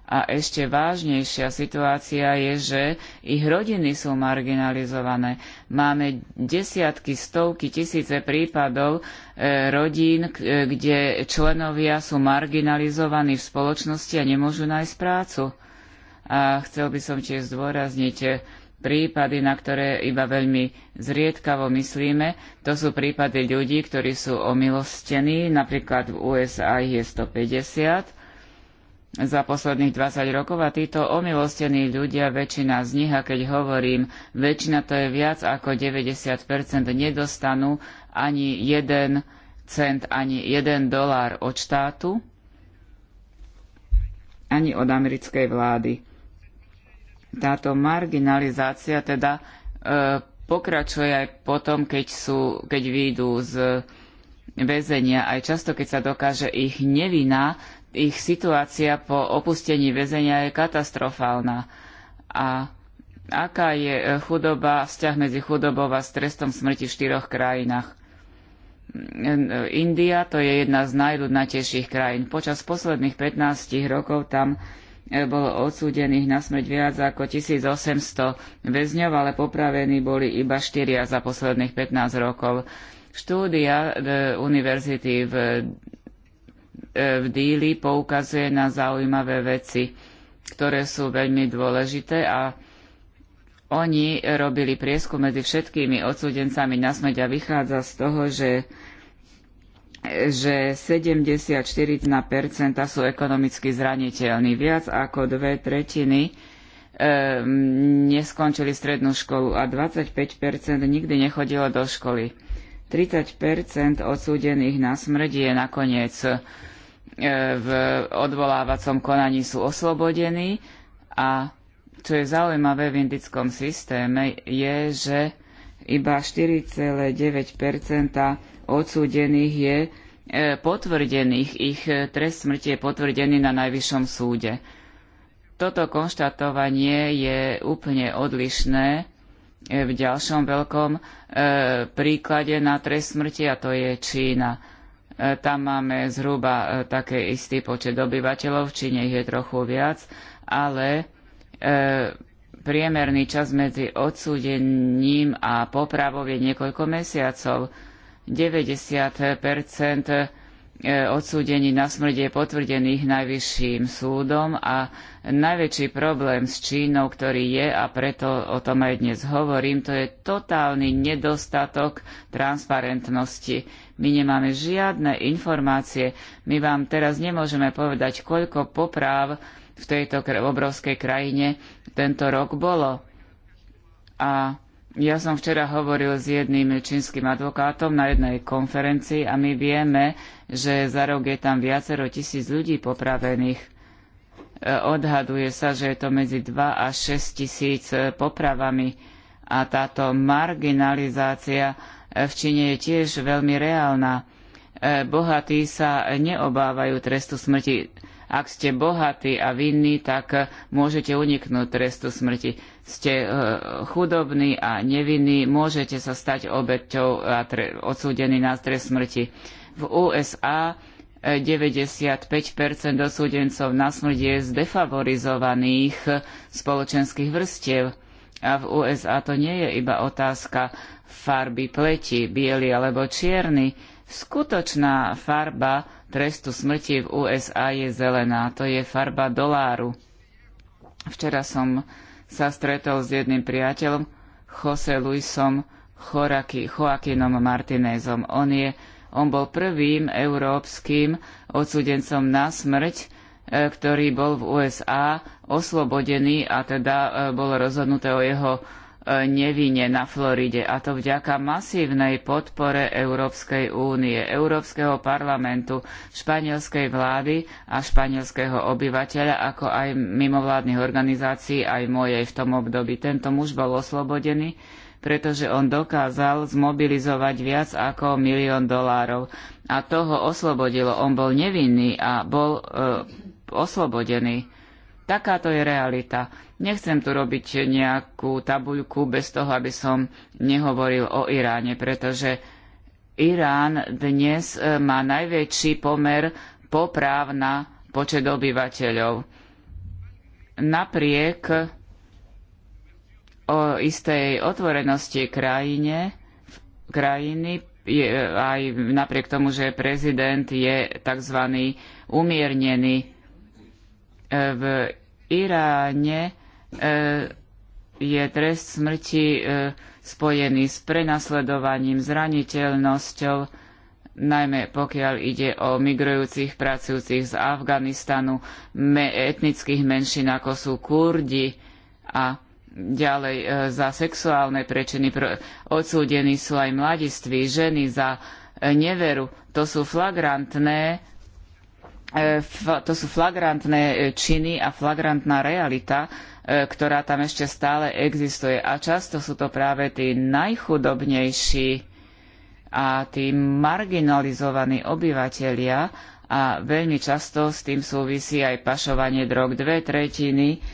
A ešte vážnejšia situácia je, že ich rodiny sú marginalizované. Máme desiatky, stovky, tisíce prípadov e, rodín, e, kde členovia sú marginalizovaní v spoločnosti a nemôžu nájsť prácu. A chcel by som tiež zdôrazniť e, prípady, na ktoré iba veľmi zriedkavo myslíme. To sú prípady ľudí, ktorí sú omilostení. Napríklad v USA ich je 150 za posledných 20 rokov a títo omilostení ľudia, väčšina z nich, a keď hovorím väčšina, to je viac ako 90%, nedostanú ani jeden cent, ani jeden dolár od štátu, ani od americkej vlády. Táto marginalizácia teda e, pokračuje aj potom, keď, sú, keď výjdu z väzenia, aj často, keď sa dokáže ich nevina, ich situácia po opustení väzenia je katastrofálna. A aká je e, chudoba, vzťah medzi chudobou a trestom smrti v štyroch krajinách? E, India to je jedna z najľudnatejších krajín. Počas posledných 15 rokov tam e, bolo odsúdených na smrť viac ako 1800 väzňov, ale popravení boli iba štyria za posledných 15 rokov. Štúdia univerzity v E, v díli poukazuje na zaujímavé veci, ktoré sú veľmi dôležité a oni robili prieskum medzi všetkými odsudencami na smrť a vychádza z toho, že že 74% sú ekonomicky zraniteľní. Viac ako dve tretiny e, neskončili strednú školu a 25% nikdy nechodilo do školy. 30% odsúdených na smrť je nakoniec E, v odvolávacom konaní sú oslobodení a čo je zaujímavé v indickom systéme je, že iba 4,9 odsúdených je e, potvrdených, ich e, trest smrti je potvrdený na najvyššom súde. Toto konštatovanie je úplne odlišné v ďalšom veľkom príklade na trest smrti a to je Čína E, tam máme zhruba e, také istý počet obyvateľov, v Číne ich je trochu viac, ale e, priemerný čas medzi odsúdením a popravou je niekoľko mesiacov. 90 odsúdení na smrť je potvrdených najvyšším súdom a najväčší problém s Čínou, ktorý je, a preto o tom aj dnes hovorím, to je totálny nedostatok transparentnosti my nemáme žiadne informácie. My vám teraz nemôžeme povedať, koľko popráv v tejto obrovskej krajine tento rok bolo. A ja som včera hovoril s jedným čínskym advokátom na jednej konferencii a my vieme, že za rok je tam viacero tisíc ľudí popravených. E, odhaduje sa, že je to medzi 2 a 6 tisíc e, popravami a táto marginalizácia v Číne je tiež veľmi reálna. E, bohatí sa neobávajú trestu smrti. Ak ste bohatí a vinní, tak môžete uniknúť trestu smrti. Ste e, chudobní a nevinní, môžete sa stať obeťou a odsúdení na trest smrti. V USA 95 osúdencov na smrť je z defavorizovaných spoločenských vrstiev a v USA to nie je iba otázka farby pleti, biely alebo čierny. Skutočná farba trestu smrti v USA je zelená, to je farba doláru. Včera som sa stretol s jedným priateľom, Jose Luisom Choraki, Joaquinom Martinezom. On, je, on bol prvým európskym odsudencom na smrť E, ktorý bol v USA oslobodený a teda e, bolo rozhodnuté o jeho e, nevine na Floride a to vďaka masívnej podpore Európskej únie, Európskeho parlamentu, španielskej vlády a španielského obyvateľa, ako aj mimovládnych organizácií, aj mojej v tom období. Tento muž bol oslobodený, pretože on dokázal zmobilizovať viac ako milión dolárov. A to ho oslobodilo. On bol nevinný a bol oslobodení. Takáto je realita. Nechcem tu robiť nejakú tabuľku bez toho, aby som nehovoril o Iráne, pretože Irán dnes e, má najväčší pomer popráv na počet obyvateľov. Napriek e, o istej otvorenosti krajine, krajiny, je, e, aj napriek tomu, že prezident je tzv. umiernený E, v Iráne e, je trest smrti e, spojený s prenasledovaním, zraniteľnosťou, najmä pokiaľ ide o migrujúcich pracujúcich z Afganistanu, etnických menšín ako sú Kurdi a ďalej za sexuálne prečiny. Odsúdení sú aj mladiství, ženy za neveru. To sú flagrantné E, to sú flagrantné e, činy a flagrantná realita, e, ktorá tam ešte stále existuje. A často sú to práve tí najchudobnejší a tí marginalizovaní obyvatelia a veľmi často s tým súvisí aj pašovanie drog. Dve tretiny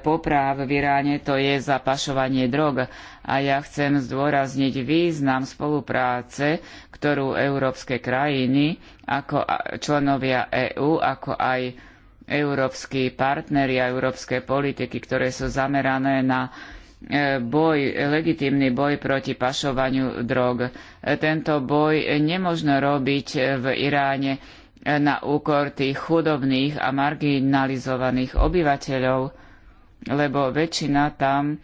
popráv v Iráne, to je zapašovanie drog. A ja chcem zdôrazniť význam spolupráce, ktorú európske krajiny, ako členovia EÚ, ako aj európsky partneri a európske politiky, ktoré sú zamerané na e, boj, legitímny boj proti pašovaniu drog. Tento boj nemožno robiť v Iráne na úkor tých chudobných a marginalizovaných obyvateľov lebo väčšina tam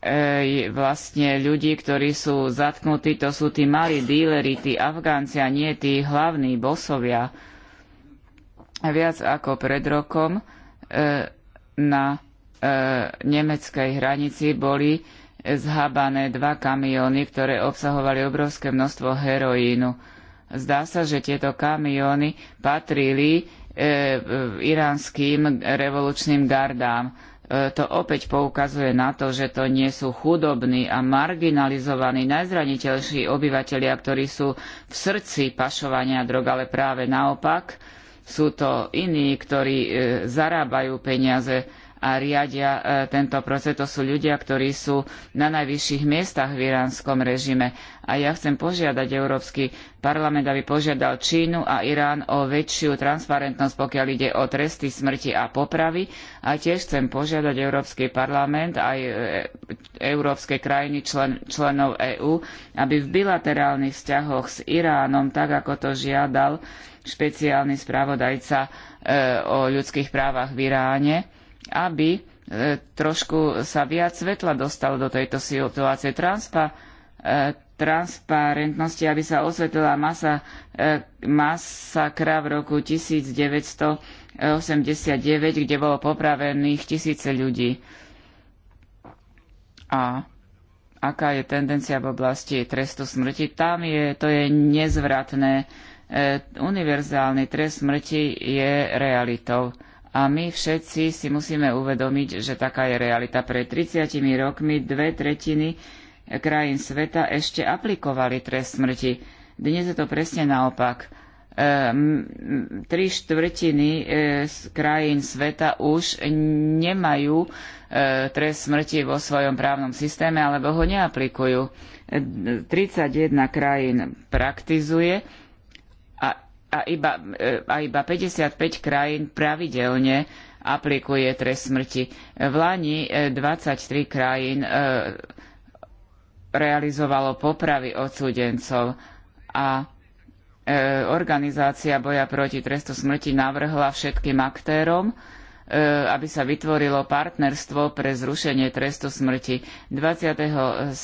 e, vlastne ľudí, ktorí sú zatknutí, to sú tí malí díleri, tí Afgánci a nie tí hlavní bosovia. Viac ako pred rokom e, na e, nemeckej hranici boli zhabané dva kamióny, ktoré obsahovali obrovské množstvo heroínu. Zdá sa, že tieto kamióny patrili E, iránským revolučným gardám. E, to opäť poukazuje na to, že to nie sú chudobní a marginalizovaní najzraniteľší obyvateľia, ktorí sú v srdci pašovania drog, ale práve naopak sú to iní, ktorí e, zarábajú peniaze a riadia e, tento proces. To sú ľudia, ktorí sú na najvyšších miestach v iránskom režime. A ja chcem požiadať Európsky parlament, aby požiadal Čínu a Irán o väčšiu transparentnosť, pokiaľ ide o tresty smrti a popravy. A tiež chcem požiadať Európsky parlament aj e, európske krajiny člen, členov EÚ, aby v bilaterálnych vzťahoch s Iránom, tak ako to žiadal špeciálny spravodajca e, o ľudských právach v Iráne, aby e, trošku sa viac svetla dostalo do tejto situácie. Transpa, e, transparentnosti, aby sa osvetlila masa, e, masakra v roku 1989, kde bolo popravených tisíce ľudí. A aká je tendencia v oblasti trestu smrti? Tam je, to je nezvratné. Univerzálny trest smrti je realitou a my všetci si musíme uvedomiť, že taká je realita. Pred 30 rokmi dve tretiny krajín sveta ešte aplikovali trest smrti. Dnes je to presne naopak. E, tri štvrtiny e, z krajín sveta už nemajú e, trest smrti vo svojom právnom systéme alebo ho neaplikujú. 31 krajín praktizuje a iba, e, a iba 55 krajín pravidelne aplikuje trest smrti. V Lani 23 e, krajín e, realizovalo popravy odsúdencov a organizácia boja proti trestu smrti navrhla všetkým aktérom, E, aby sa vytvorilo partnerstvo pre zrušenie trestu smrti. 27.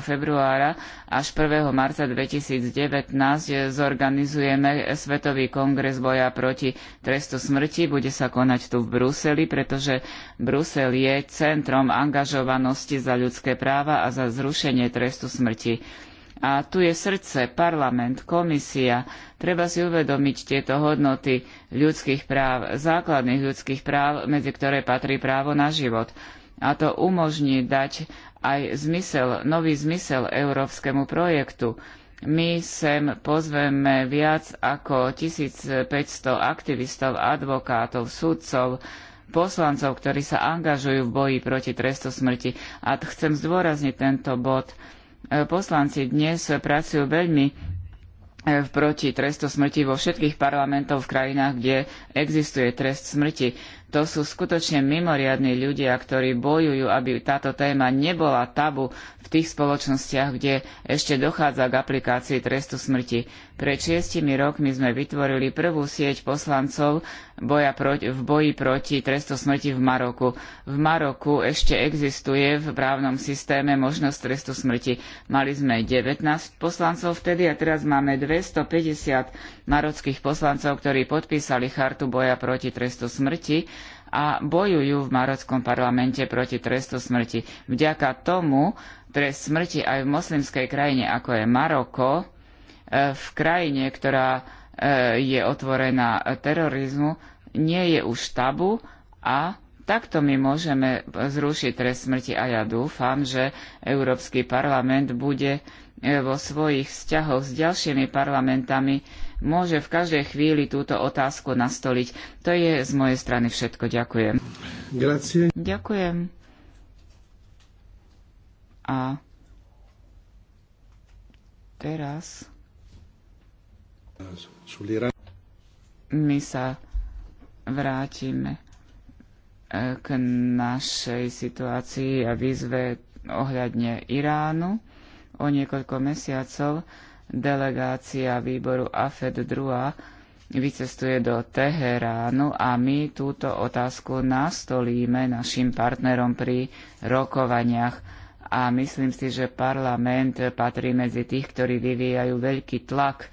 februára až 1. marca 2019 zorganizujeme Svetový kongres boja proti trestu smrti. Bude sa konať tu v Bruseli, pretože Brusel je centrom angažovanosti za ľudské práva a za zrušenie trestu smrti. A tu je srdce, parlament, komisia. Treba si uvedomiť tieto hodnoty ľudských práv, základných ľudských práv, medzi ktoré patrí právo na život. A to umožní dať aj zmysel, nový zmysel európskemu projektu. My sem pozveme viac ako 1500 aktivistov, advokátov, sudcov, poslancov, ktorí sa angažujú v boji proti trestu smrti. A chcem zdôrazniť tento bod poslanci dnes pracujú veľmi e, proti trestu smrti vo všetkých parlamentoch v krajinách, kde existuje trest smrti. To sú skutočne mimoriadní ľudia, ktorí bojujú, aby táto téma nebola tabu v tých spoločnostiach, kde ešte dochádza k aplikácii trestu smrti. Pred šiestimi rokmi sme vytvorili prvú sieť poslancov boja proti, v boji proti trestu smrti v Maroku. V Maroku ešte existuje v právnom systéme možnosť trestu smrti. Mali sme 19 poslancov vtedy a teraz máme 250 marockých poslancov, ktorí podpísali chartu boja proti trestu smrti a bojujú v marockom parlamente proti trestu smrti. Vďaka tomu trest smrti aj v moslimskej krajine, ako je Maroko, e, v krajine, ktorá e, je otvorená terorizmu, nie je už tabu a takto my môžeme zrušiť trest smrti a ja dúfam, že Európsky parlament bude e, vo svojich vzťahoch s ďalšími parlamentami môže v každej chvíli túto otázku nastoliť. To je z mojej strany všetko. Ďakujem. Grazie. Ďakujem. A teraz my sa vrátime e, k našej situácii a výzve ohľadne Iránu o niekoľko mesiacov delegácia výboru AFED 2 vycestuje do Teheránu a my túto otázku nastolíme našim partnerom pri rokovaniach. A myslím si, že parlament patrí medzi tých, ktorí vyvíjajú veľký tlak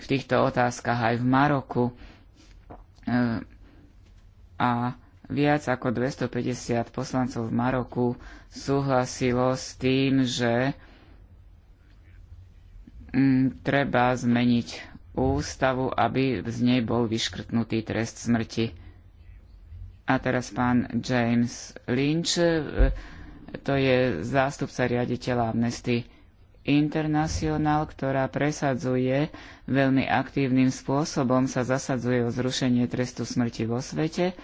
v týchto otázkach aj v Maroku. E, a viac ako 250 poslancov v Maroku súhlasilo s tým, že Mm, treba zmeniť ústavu, aby z nej bol vyškrtnutý trest smrti. A teraz pán James Lynch, e, to je zástupca riaditeľa Amnesty International, ktorá presadzuje veľmi aktívnym spôsobom, sa zasadzuje o zrušenie trestu smrti vo svete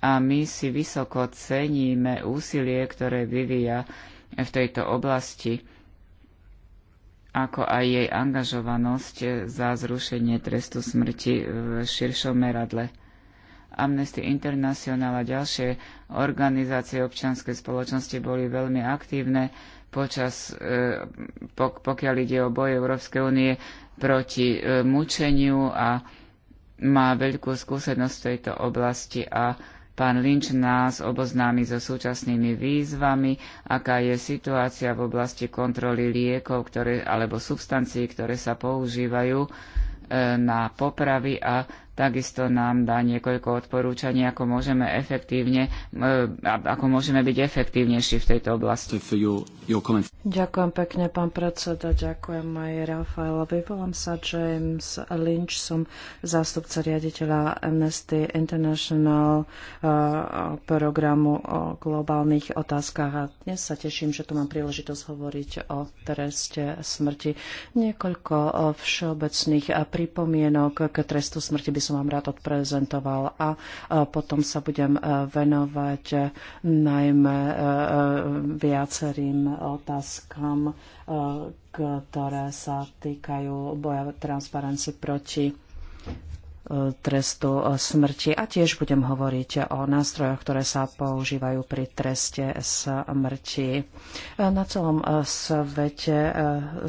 a my si vysoko ceníme úsilie, ktoré vyvíja v tejto oblasti ako aj jej angažovanosť za zrušenie trestu smrti v širšom meradle. Amnesty International a ďalšie organizácie občianskej spoločnosti boli veľmi aktívne počas, eh, pokiaľ ide o boj Európskej únie proti eh, mučeniu a má veľkú skúsenosť v tejto oblasti a Pán Lynč nás oboznámi so súčasnými výzvami, aká je situácia v oblasti kontroly liekov ktoré, alebo substancií, ktoré sa používajú e, na popravy a Takisto nám dá niekoľko odporúčaní, ako môžeme, efektívne, e, ako môžeme byť efektívnejší v tejto oblasti.
Ďakujem pekne, pán predseda. Ďakujem aj Rafaelovi. Volám sa James Lynch, som zástupca riaditeľa Amnesty International e, programu o globálnych otázkach. A dnes sa teším, že tu mám príležitosť hovoriť o treste smrti. Niekoľko e, všeobecných pripomienok k trestu smrti by som vám rád odprezentoval a e, potom sa budem e, venovať e, najmä viacerým otázkam, ktoré sa týkajú boja transparenci proti trestu smrti a tiež budem hovoriť o nástrojoch, ktoré sa používajú pri treste smrti. Na celom svete 133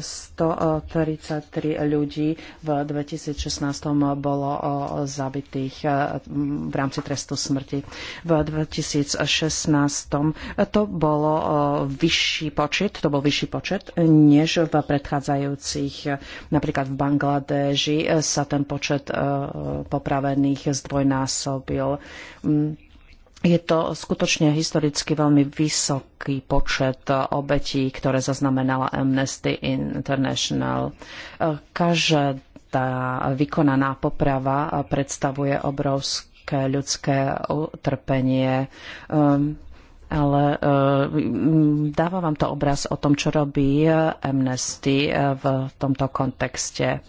eh, ľudí v 2016 bolo eh, zabitých eh, v rámci trestu smrti. V 2016 to bolo vyšší počet, to bol vyšší počet, než v predchádzajúcich, napríklad v Bangladeži sa ten počet popravených zdvojnásobil. Mm, Je to skutočne historicky veľmi vysoký počet obetí, ktoré zaznamenala Amnesty International. Každá vykonaná poprava predstavuje obrovské ľudské utrpenie. Mm, ale eh, dáva vám to obraz o tom, čo robí eh, Amnesty eh, v tomto kontexte.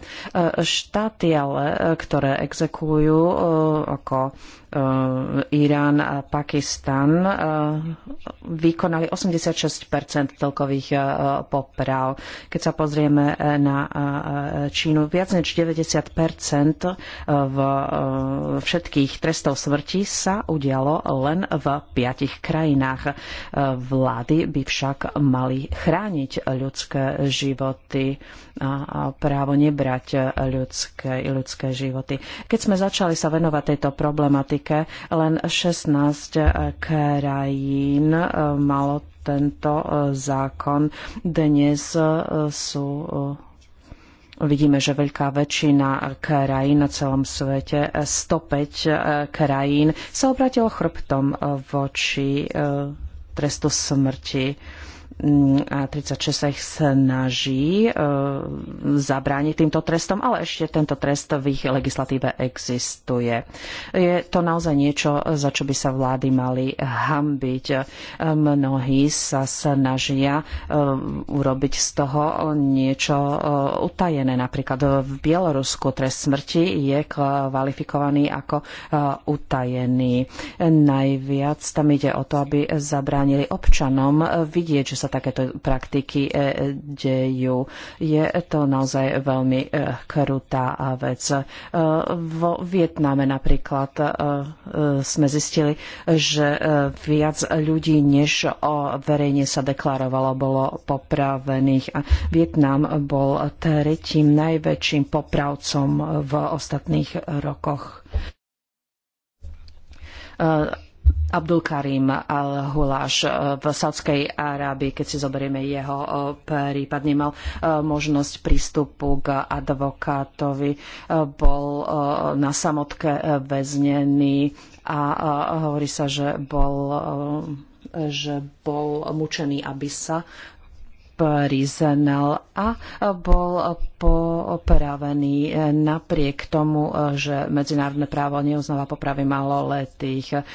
Štáty ale, ktoré exekujú ako Eh, Irán a Pakistan eh, vykonali 86 celkových eh, poprav. Keď sa pozrieme na Čínu, viac než 90 v všetkých trestov smrti sa udialo len v piatich krajinách. Vlády by však mali chrániť ľudské životy a právo nebrať ľudské, ľudské životy. Keď sme začali sa venovať tejto problematike, Afrike. Len 16 eh, krajín eh, malo tento eh, zákon. Dnes sú Vidíme, že veľká väčšina krajín na celom svete, 105 krajín, sa obratilo chrbtom voči trestu smrti. A36 sa ich snaží e, zabrániť týmto trestom, ale ešte tento trest v ich legislatíve existuje. Je to naozaj niečo, za čo by sa vlády mali hambiť. E, mnohí sa snažia e, urobiť z toho niečo utajené. Napríklad v Bielorusku trest smrti je kvalifikovaný ako utajený. Najviac tam ide o to, aby zabránili občanom vidieť, že sa sa takéto praktiky e, e, dejú. Je to naozaj veľmi e, krutá vec. Vo Vietname napríklad sme zistili, že viac ľudí, než o verejne sa deklarovalo, bolo popravených. A Vietnam bol tretím najväčším popravcom v ostatných rokoch Abdul Karim al-Huláš eh, v Saudskej Arábii, keď si zoberieme jeho eh, prípad, nemal eh, možnosť prístupu k advokátovi, bol na samotke väznený a hovorí sa, že bol že bol mučený, aby sa priznal a bol popravený napriek tomu, že medzinárodné právo neuznáva popravy maloletých.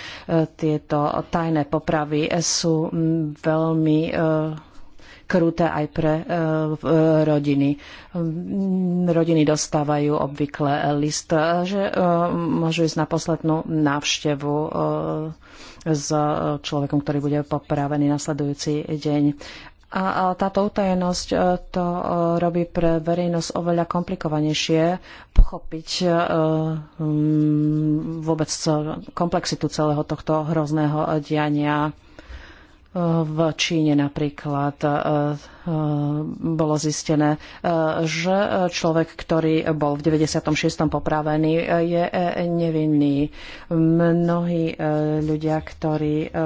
Tieto tajné popravy sú veľmi eh, kruté aj pre eh, rodiny. Rodiny dostávajú obvykle list, že eh, môžu ísť na poslednú návštevu s človekom, ktorý bude popravený nasledujúci deň. A táto utajenosť e, to e, robí pre verejnosť oveľa komplikovanejšie pochopiť e, mm, vôbec komplexitu celého tohto hrozného diania. V Číne napríklad bolo zistené, že človek, ktorý bol v 96. popravený, je nevinný. Mnohí ľudia, ktorí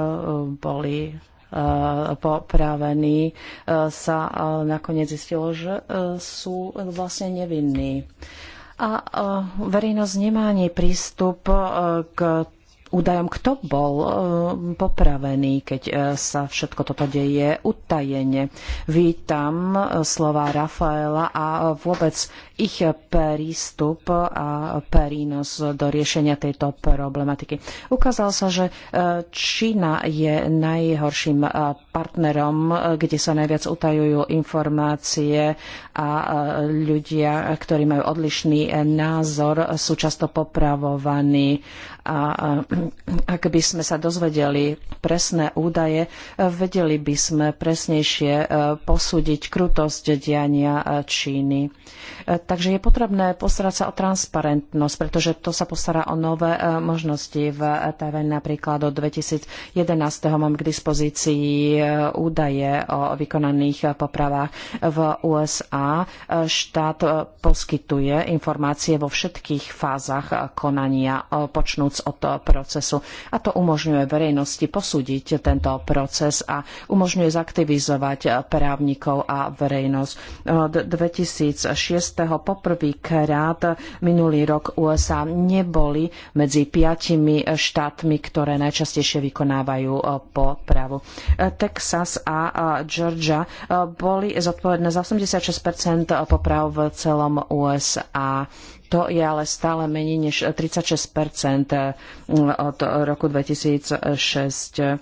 boli Eh, popravení, eh, sa nakoniec zistilo, že eh, sú vlastne nevinní. A verejnosť nemá ani prístup k údajom, kto bol e, popravený, keď e, sa všetko toto deje utajene. Vítam e, slova Rafaela a vôbec ich prístup a prínos do riešenia tejto problematiky. Ukázalo sa, že Čína je najhorším partnerom, kde sa najviac utajujú informácie a ľudia, ktorí majú odlišný názor, sú často popravovaní. A ak by sme sa dozvedeli presné údaje, vedeli by sme presnejšie e, posúdiť krutosť diania e, Číny. E, takže je potrebné postarať sa o transparentnosť, pretože to sa postará o nové možnosti. V Tajvane napríklad od 2011. mám k dispozícii údaje o vykonaných popravách. V USA štát poskytuje informácie vo všetkých fázach konania počnúc od procesu. A to umožňuje verejnosti posúdiť tento proces a umožňuje zaktivizovať právnikov a verejnosť. Od 2006. poprvýkrát minulý rok USA neboli medzi piatimi štátmi, ktoré najčastejšie vykonávajú eh, po právu. Eh, Texas a eh, Georgia boli zodpovedné za 86 poprav v celom USA. To je ale stále menej než 36 eh, od roku 2006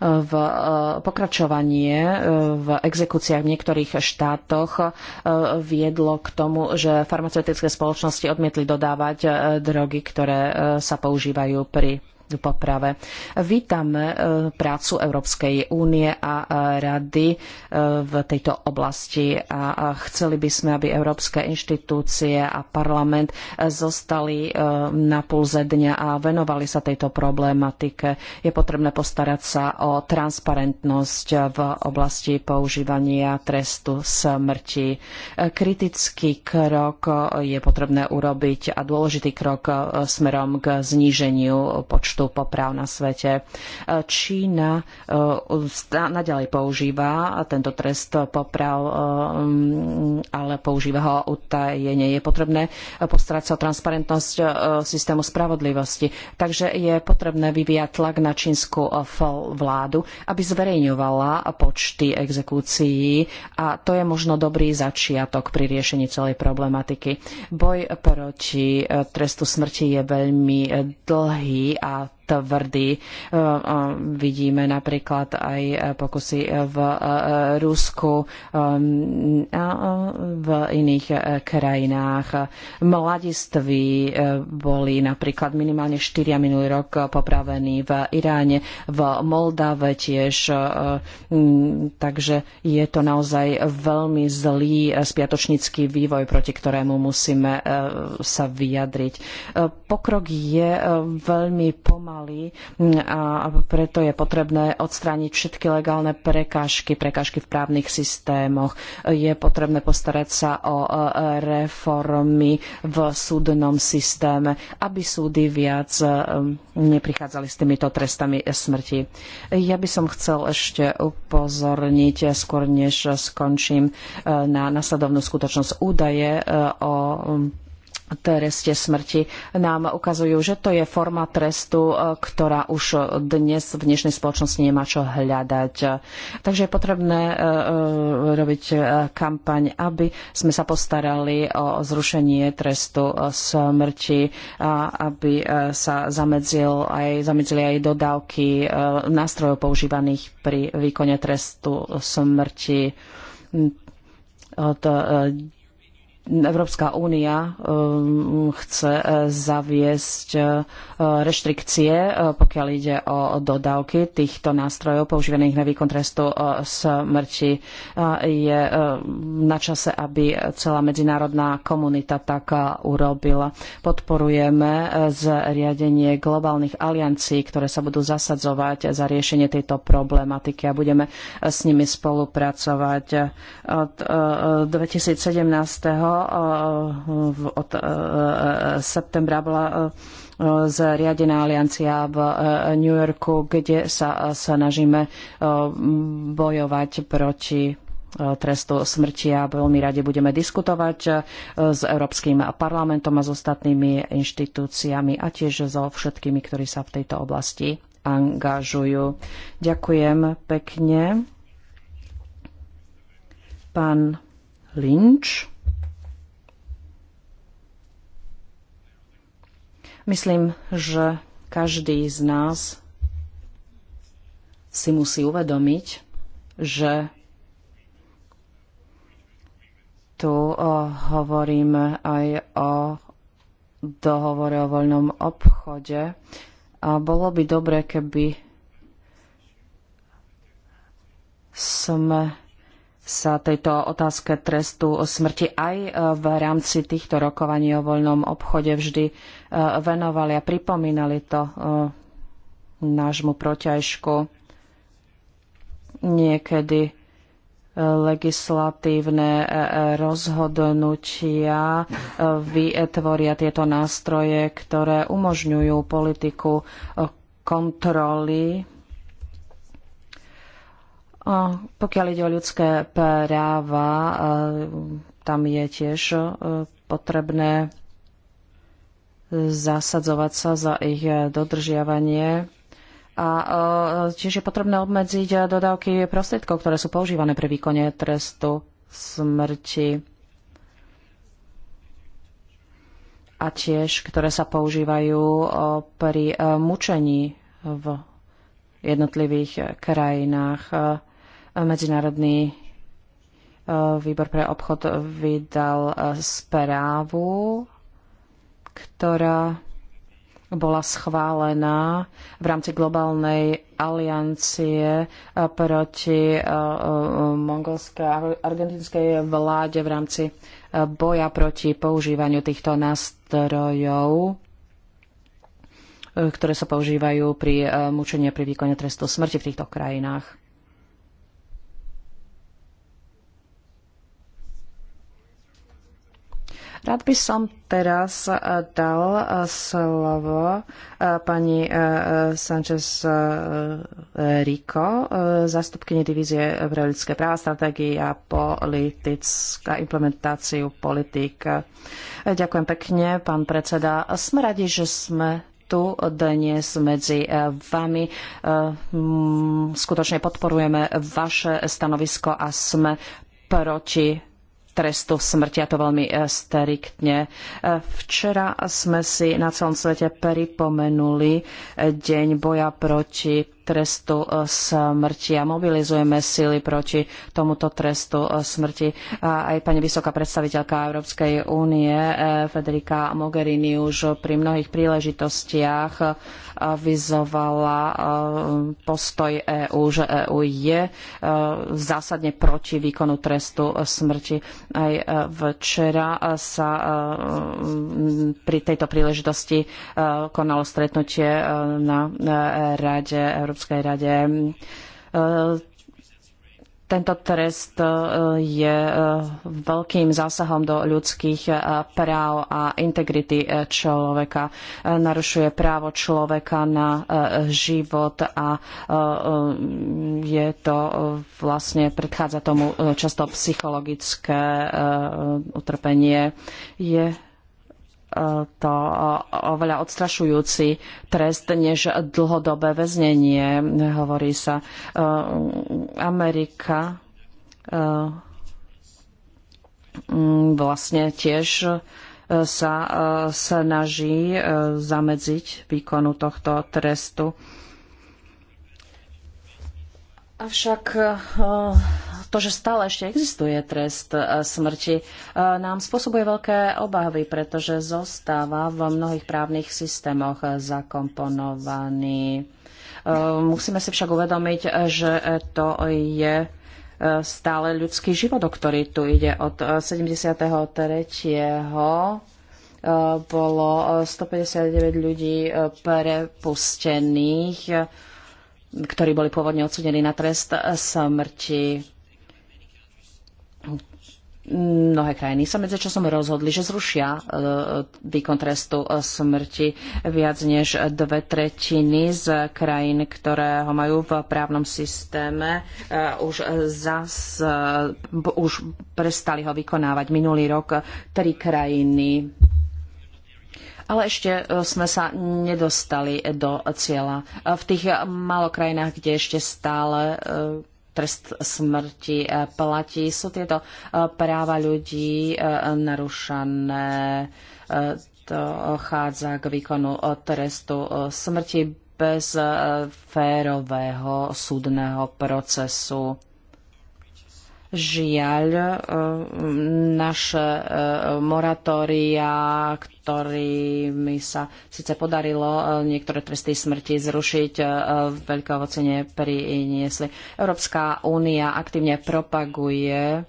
v eh, pokračovanie eh, v exekúciách v niektorých štátoch viedlo k tomu, že farmaceutické spoločnosti odmietli dodávať drogy, ktoré sa používajú pri poprave. Vítame e, prácu Európskej únie a e, rady e, v tejto oblasti a chceli by sme, aby európske inštitúcie a parlament zostali na pulze dňa a venovali sa tejto problematike. Je potrebné postarať sa o transparentnosť v oblasti používania trestu smrti. Kritický krok je potrebné urobiť a dôležitý krok smerom k zníženiu počtu prístupov práv na svete. Čína e, naďalej používa tento trest poprav, e, mm, ale používa ho utajenie. Je potrebné postarať sa o transparentnosť e, systému spravodlivosti. Takže je potrebné vyvíjať tlak na čínsku vládu, aby zverejňovala počty exekúcií a to je možno dobrý začiatok pri riešení celej problematiky. Boj proti trestu smrti je veľmi dlhý a a tvrdý. E, e, vidíme napríklad aj e, pokusy v Rusku a v iných krajinách. Mladiství boli napríklad minimálne 4 minulý rok popravení v Iráne, v Moldave tiež. Takže je to naozaj veľmi zlý spiatočnícky vývoj, proti ktorému musíme sa vyjadriť. Pokrok je veľmi pomalý pomaly mm, a preto je potrebné odstrániť všetky legálne prekážky, prekážky v právnych systémoch. Je potrebné postarať sa o e, reformy v súdnom systéme, aby súdy viac e, neprichádzali s týmito trestami smrti. Ja by som chcel ešte upozorniť, skôr než skončím, e, na nasledovnú skutočnosť údaje o treste smrti nám ukazujú, že to je forma trestu, e, ktorá už dnes v dnešnej spoločnosti nemá čo hľadať. Takže je potrebné e, e, robiť kampaň, aby sme sa postarali o zrušenie trestu smrti, aby sa zamedzil aj, zamedzili aj dodávky nástrojov používaných pri výkone trestu smrti od Európska únia um, chce eh, zaviesť eh, reštrikcie, eh, pokiaľ ide o dodávky týchto nástrojov používaných na výkon trestu smrti. Je na čase, aby celá medzinárodná komunita tak urobila. Podporujeme zriadenie globálnych aliancií, ktoré sa budú zasadzovať za riešenie tejto problematiky a budeme s nimi spolupracovať. Od 2017 od e, septembra bola e, zriadená aliancia v e, New Yorku, kde sa snažíme bojovať proti trestu smrti a veľmi rade budeme diskutovať s Európskym parlamentom a s ostatnými inštitúciami a tiež so všetkými, ktorí sa v tejto oblasti angažujú. Ďakujem pekne. Pán Lynch. Myslím, že každý z nás si musí uvedomiť, že tu hovoríme aj o dohovore o voľnom obchode. A bolo by dobre, keby sme sa tejto otázke trestu o smrti aj e, v rámci týchto rokovaní o voľnom obchode vždy venovali a pripomínali to e, nášmu protiažku. Niekedy e, legislatívne e, rozhodnutia vytvoria tieto nástroje, ktoré umožňujú politiku kontroly. A pokiaľ ide o ľudské práva, tam je tiež potrebné zasadzovať sa za ich dodržiavanie. A e, tiež je potrebné obmedziť dodávky prostriedkov, ktoré sú používané pri výkone trestu smrti. A tiež, ktoré sa používajú e, pri e, mučení v jednotlivých krajinách. Medzinárodný výbor pre obchod vydal správu ktorá bola schválená v rámci globálnej aliancie eh, proti eh, eh, mongolskej a argentinskej vláde v rámci boja proti používaniu týchto nástrojov ktoré sa používajú pri mučení pri výkone trestu smrti v týchto krajinách. Rád by som teraz e, dal e, slovo e, pani Sanchez Rico, zastupkyni divízie pre ľudské práva, stratégie a politická implementáciu politik. Ďakujem pekne, pán predseda. Sme radi, že sme tu dnes medzi vami. Skutočne podporujeme vaše stanovisko a sme proti trestu smrti a to veľmi e, striktne. E, včera sme si na celom svete pripomenuli e, deň boja proti trestu e, smrti a mobilizujeme sily proti tomuto trestu e, smrti. A aj pani vysoká predstaviteľka Európskej únie e, Federica Mogherini už pri mnohých príležitostiach avizovala postoj EÚ, že EÚ je zásadne proti výkonu trestu smrti. Aj včera sa pri tejto príležitosti konalo stretnutie na Rade Európskej Európskej rade. E, tento trest e, je e, veľkým zásahom do ľudských práv a integrity človeka. Narušuje právo človeka na život a je to vlastne, predchádza tomu často psychologické utrpenie. Je to oveľa odstrašujúci trest než dlhodobé väznenie, hovorí sa. E, Amerika e, vlastne tiež e, sa snaží zamedziť výkonu tohto trestu. Avšak to, že stále ešte existuje trest e, smrti, e, nám spôsobuje veľké obavy, pretože zostáva v mnohých právnych systémoch e, zakomponovaný. Musíme si však uvedomiť, že to je stále ľudský život, o ktorý tu ide od 73. Bolo 159 ľudí prepustených ktorí boli pôvodne odsudení na trest smrti mnohé krajiny sa medzičasom rozhodli, že zrušia e, výkon trestu e, smrti. Viac než dve tretiny z krajín, ktoré ho majú v právnom systéme, e, už, zas, už prestali ho vykonávať. Minulý rok tri krajiny. Ale ešte sme sa nedostali do cieľa. V tých malokrajinách, krajinách, kde ešte stále trest smrti e, platí. Sú tieto e, práva ľudí e, narušané. chádza k výkonu trestu smrti bez férového súdneho procesu. Žiaľ, e, naše e, moratória, ktorými sa síce podarilo e, niektoré tresty smrti zrušiť, veľké ovoce nepriniesli. Európska únia aktívne propaguje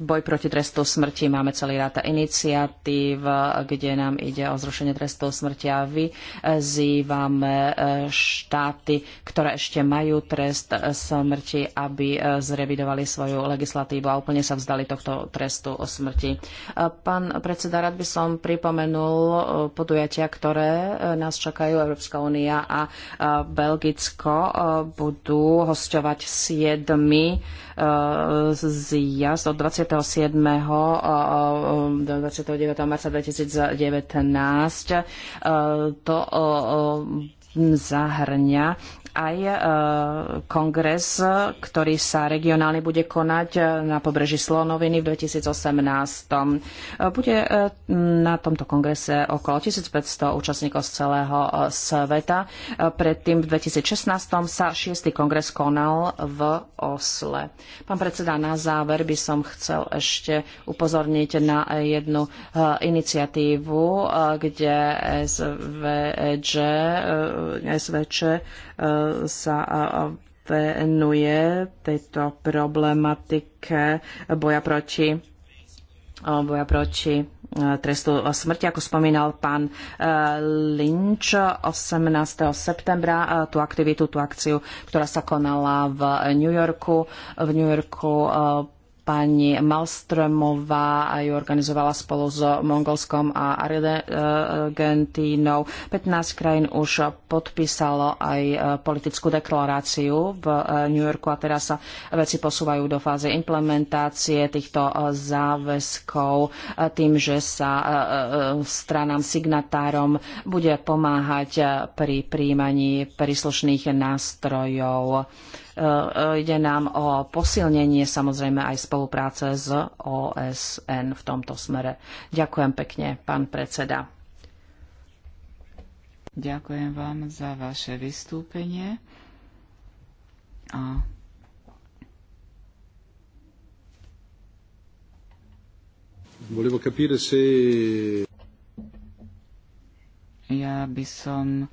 boj proti trestu smrti. Máme celý rád iniciatív, kde nám ide o zrušenie trestu smrti a vyzývame eh, štáty, ktoré ešte majú trest eh, smrti, aby eh, zrevidovali svoju legislatívu a úplne sa vzdali tohto trestu smrti. Pán predseda, rád by som pripomenul podujatia, ktoré nás čakajú. Európska únia a Belgicko budú hostovať siedmi zjazd od 20. 27. 29. Eh, eh, marca 2019. Eh, to zahrňa aj e, kongres, ktorý sa regionálne bude konať e, na pobreží Slonoviny v 2018. E, bude na tomto kongrese okolo 1500 účastníkov z celého sveta. Predtým v 2016 sa 6. kongres konal v Osle. Pán predseda, na záver by som chcel ešte upozorniť na jednu iniciatívu, kde SVČ, SVČ sa venuje tejto problematike boja proti boja proti trestu smrti, ako spomínal pán Lynč 18. septembra, tú aktivitu, tú akciu, ktorá sa konala v New Yorku. V New Yorku pani Malstromová aj organizovala spolu s Mongolskom a Argentínou. 15 krajín už podpísalo aj e, politickú deklaráciu v e, New Yorku a teraz sa veci posúvajú do fázy implementácie týchto e, záväzkov tým, že sa stranám signatárom bude pomáhať pri príjmaní príslušných nástrojov. Eh, ide nám o posilnenie samozrejme aj spolupráce s OSN v tomto smere. Ďakujem pekne, pán predseda.
Ďakujem vám za vaše vystúpenie. A
Volevo capire se...
Ja by som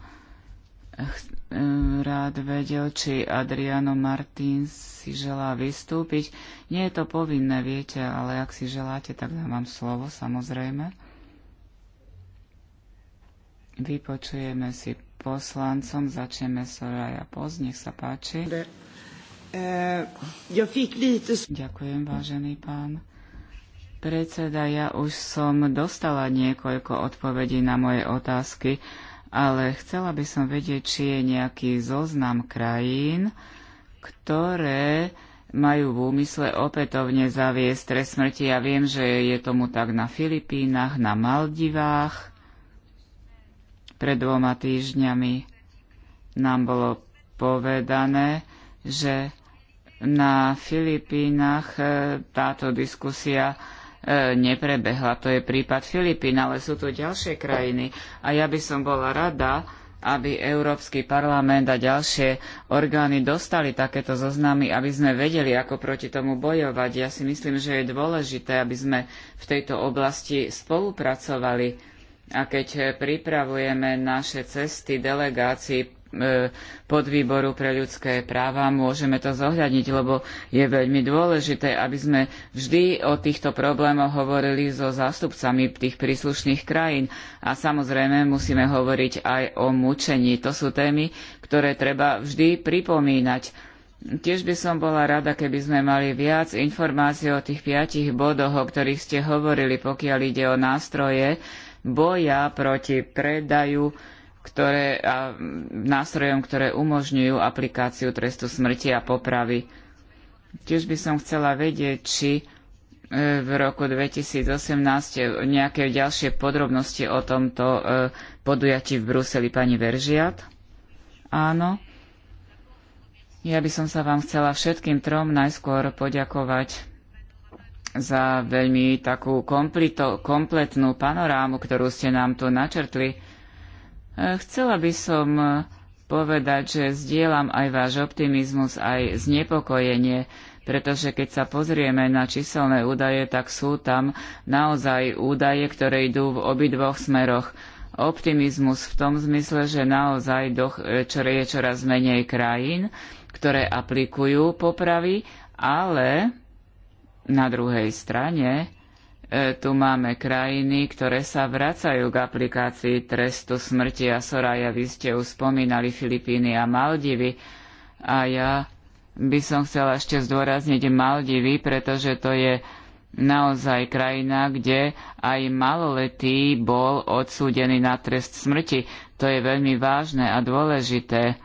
rád vedel, či Adriano Martín si želá vystúpiť. Nie je to povinné, viete, ale ak si želáte, tak dám vám slovo, samozrejme. Vypočujeme si poslancom, začneme Soraya Poz, nech sa páči. Eh, Ďakujem, vážený pán. Predseda, ja už som dostala niekoľko odpovedí na moje otázky ale chcela by som vedieť, či je nejaký zoznam krajín, ktoré majú v úmysle opätovne zaviesť trest smrti. Ja viem, že je tomu tak na Filipínach, na Maldivách. Pred dvoma týždňami nám bolo povedané, že na Filipínach eh, táto diskusia E, neprebehla. To je prípad Filipín, ale sú tu ďalšie krajiny a ja by som bola rada, aby Európsky parlament a ďalšie orgány dostali takéto zoznamy, aby sme vedeli, ako proti tomu bojovať. Ja si myslím, že je dôležité, aby sme v tejto oblasti spolupracovali. A keď pripravujeme naše cesty delegácií E, podvýboru pre ľudské práva môžeme to zohľadniť, lebo je veľmi dôležité, aby sme vždy o týchto problémoch hovorili so zástupcami tých príslušných krajín. A samozrejme musíme hovoriť aj o mučení. To sú témy, ktoré treba vždy pripomínať. Tiež by som bola rada, keby sme mali viac informácií o tých piatich bodoch, o ktorých ste hovorili, pokiaľ ide o nástroje boja proti predaju, ktoré, a nástrojom, ktoré umožňujú aplikáciu trestu smrti a popravy. Tiež by som chcela vedieť, či e, v roku 2018 nejaké ďalšie podrobnosti o tomto e, podujatí v Bruseli pani Veržiat? Áno. Ja by som sa vám chcela všetkým trom najskôr poďakovať za veľmi takú kompleto, kompletnú panorámu, ktorú ste nám tu načrtli Chcela by som e, povedať, že zdieľam aj váš optimizmus, aj znepokojenie, pretože keď sa pozrieme na číselné údaje, tak sú tam naozaj údaje, ktoré idú v obidvoch smeroch. Optimizmus v tom zmysle, že naozaj doch, e, čo je čoraz menej krajín, ktoré aplikujú popravy, ale na druhej strane E, tu máme krajiny, ktoré sa vracajú k aplikácii trestu smrti a Soraya, vy ste už spomínali Filipíny a Maldivy a ja by som chcela ešte zdôrazniť Maldivy, pretože to je naozaj krajina, kde aj maloletý bol odsúdený na trest smrti. To je veľmi vážne a dôležité.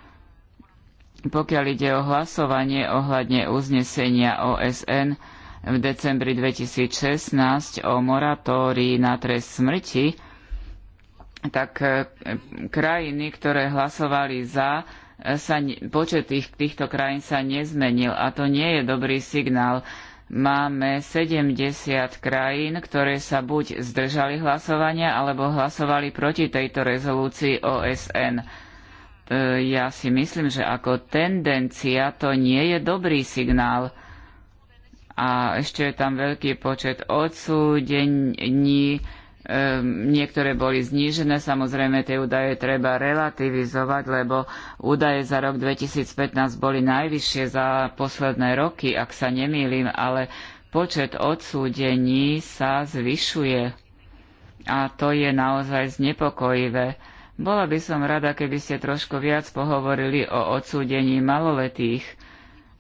Pokiaľ ide o hlasovanie ohľadne uznesenia OSN, v decembri 2016 o moratórii na trest smrti, tak e, krajiny, ktoré hlasovali za, e, sa, počet tých, týchto krajín sa nezmenil a to nie je dobrý signál. Máme 70 krajín, ktoré sa buď zdržali hlasovania alebo hlasovali proti tejto rezolúcii OSN. E, ja si myslím, že ako tendencia to nie je dobrý signál a ešte je tam veľký počet odsúdení, ehm, niektoré boli znížené, samozrejme tie údaje treba relativizovať, lebo údaje za rok 2015 boli najvyššie za posledné roky, ak sa nemýlim, ale počet odsúdení sa zvyšuje a to je naozaj znepokojivé. Bola by som rada, keby ste trošku viac pohovorili o odsúdení maloletých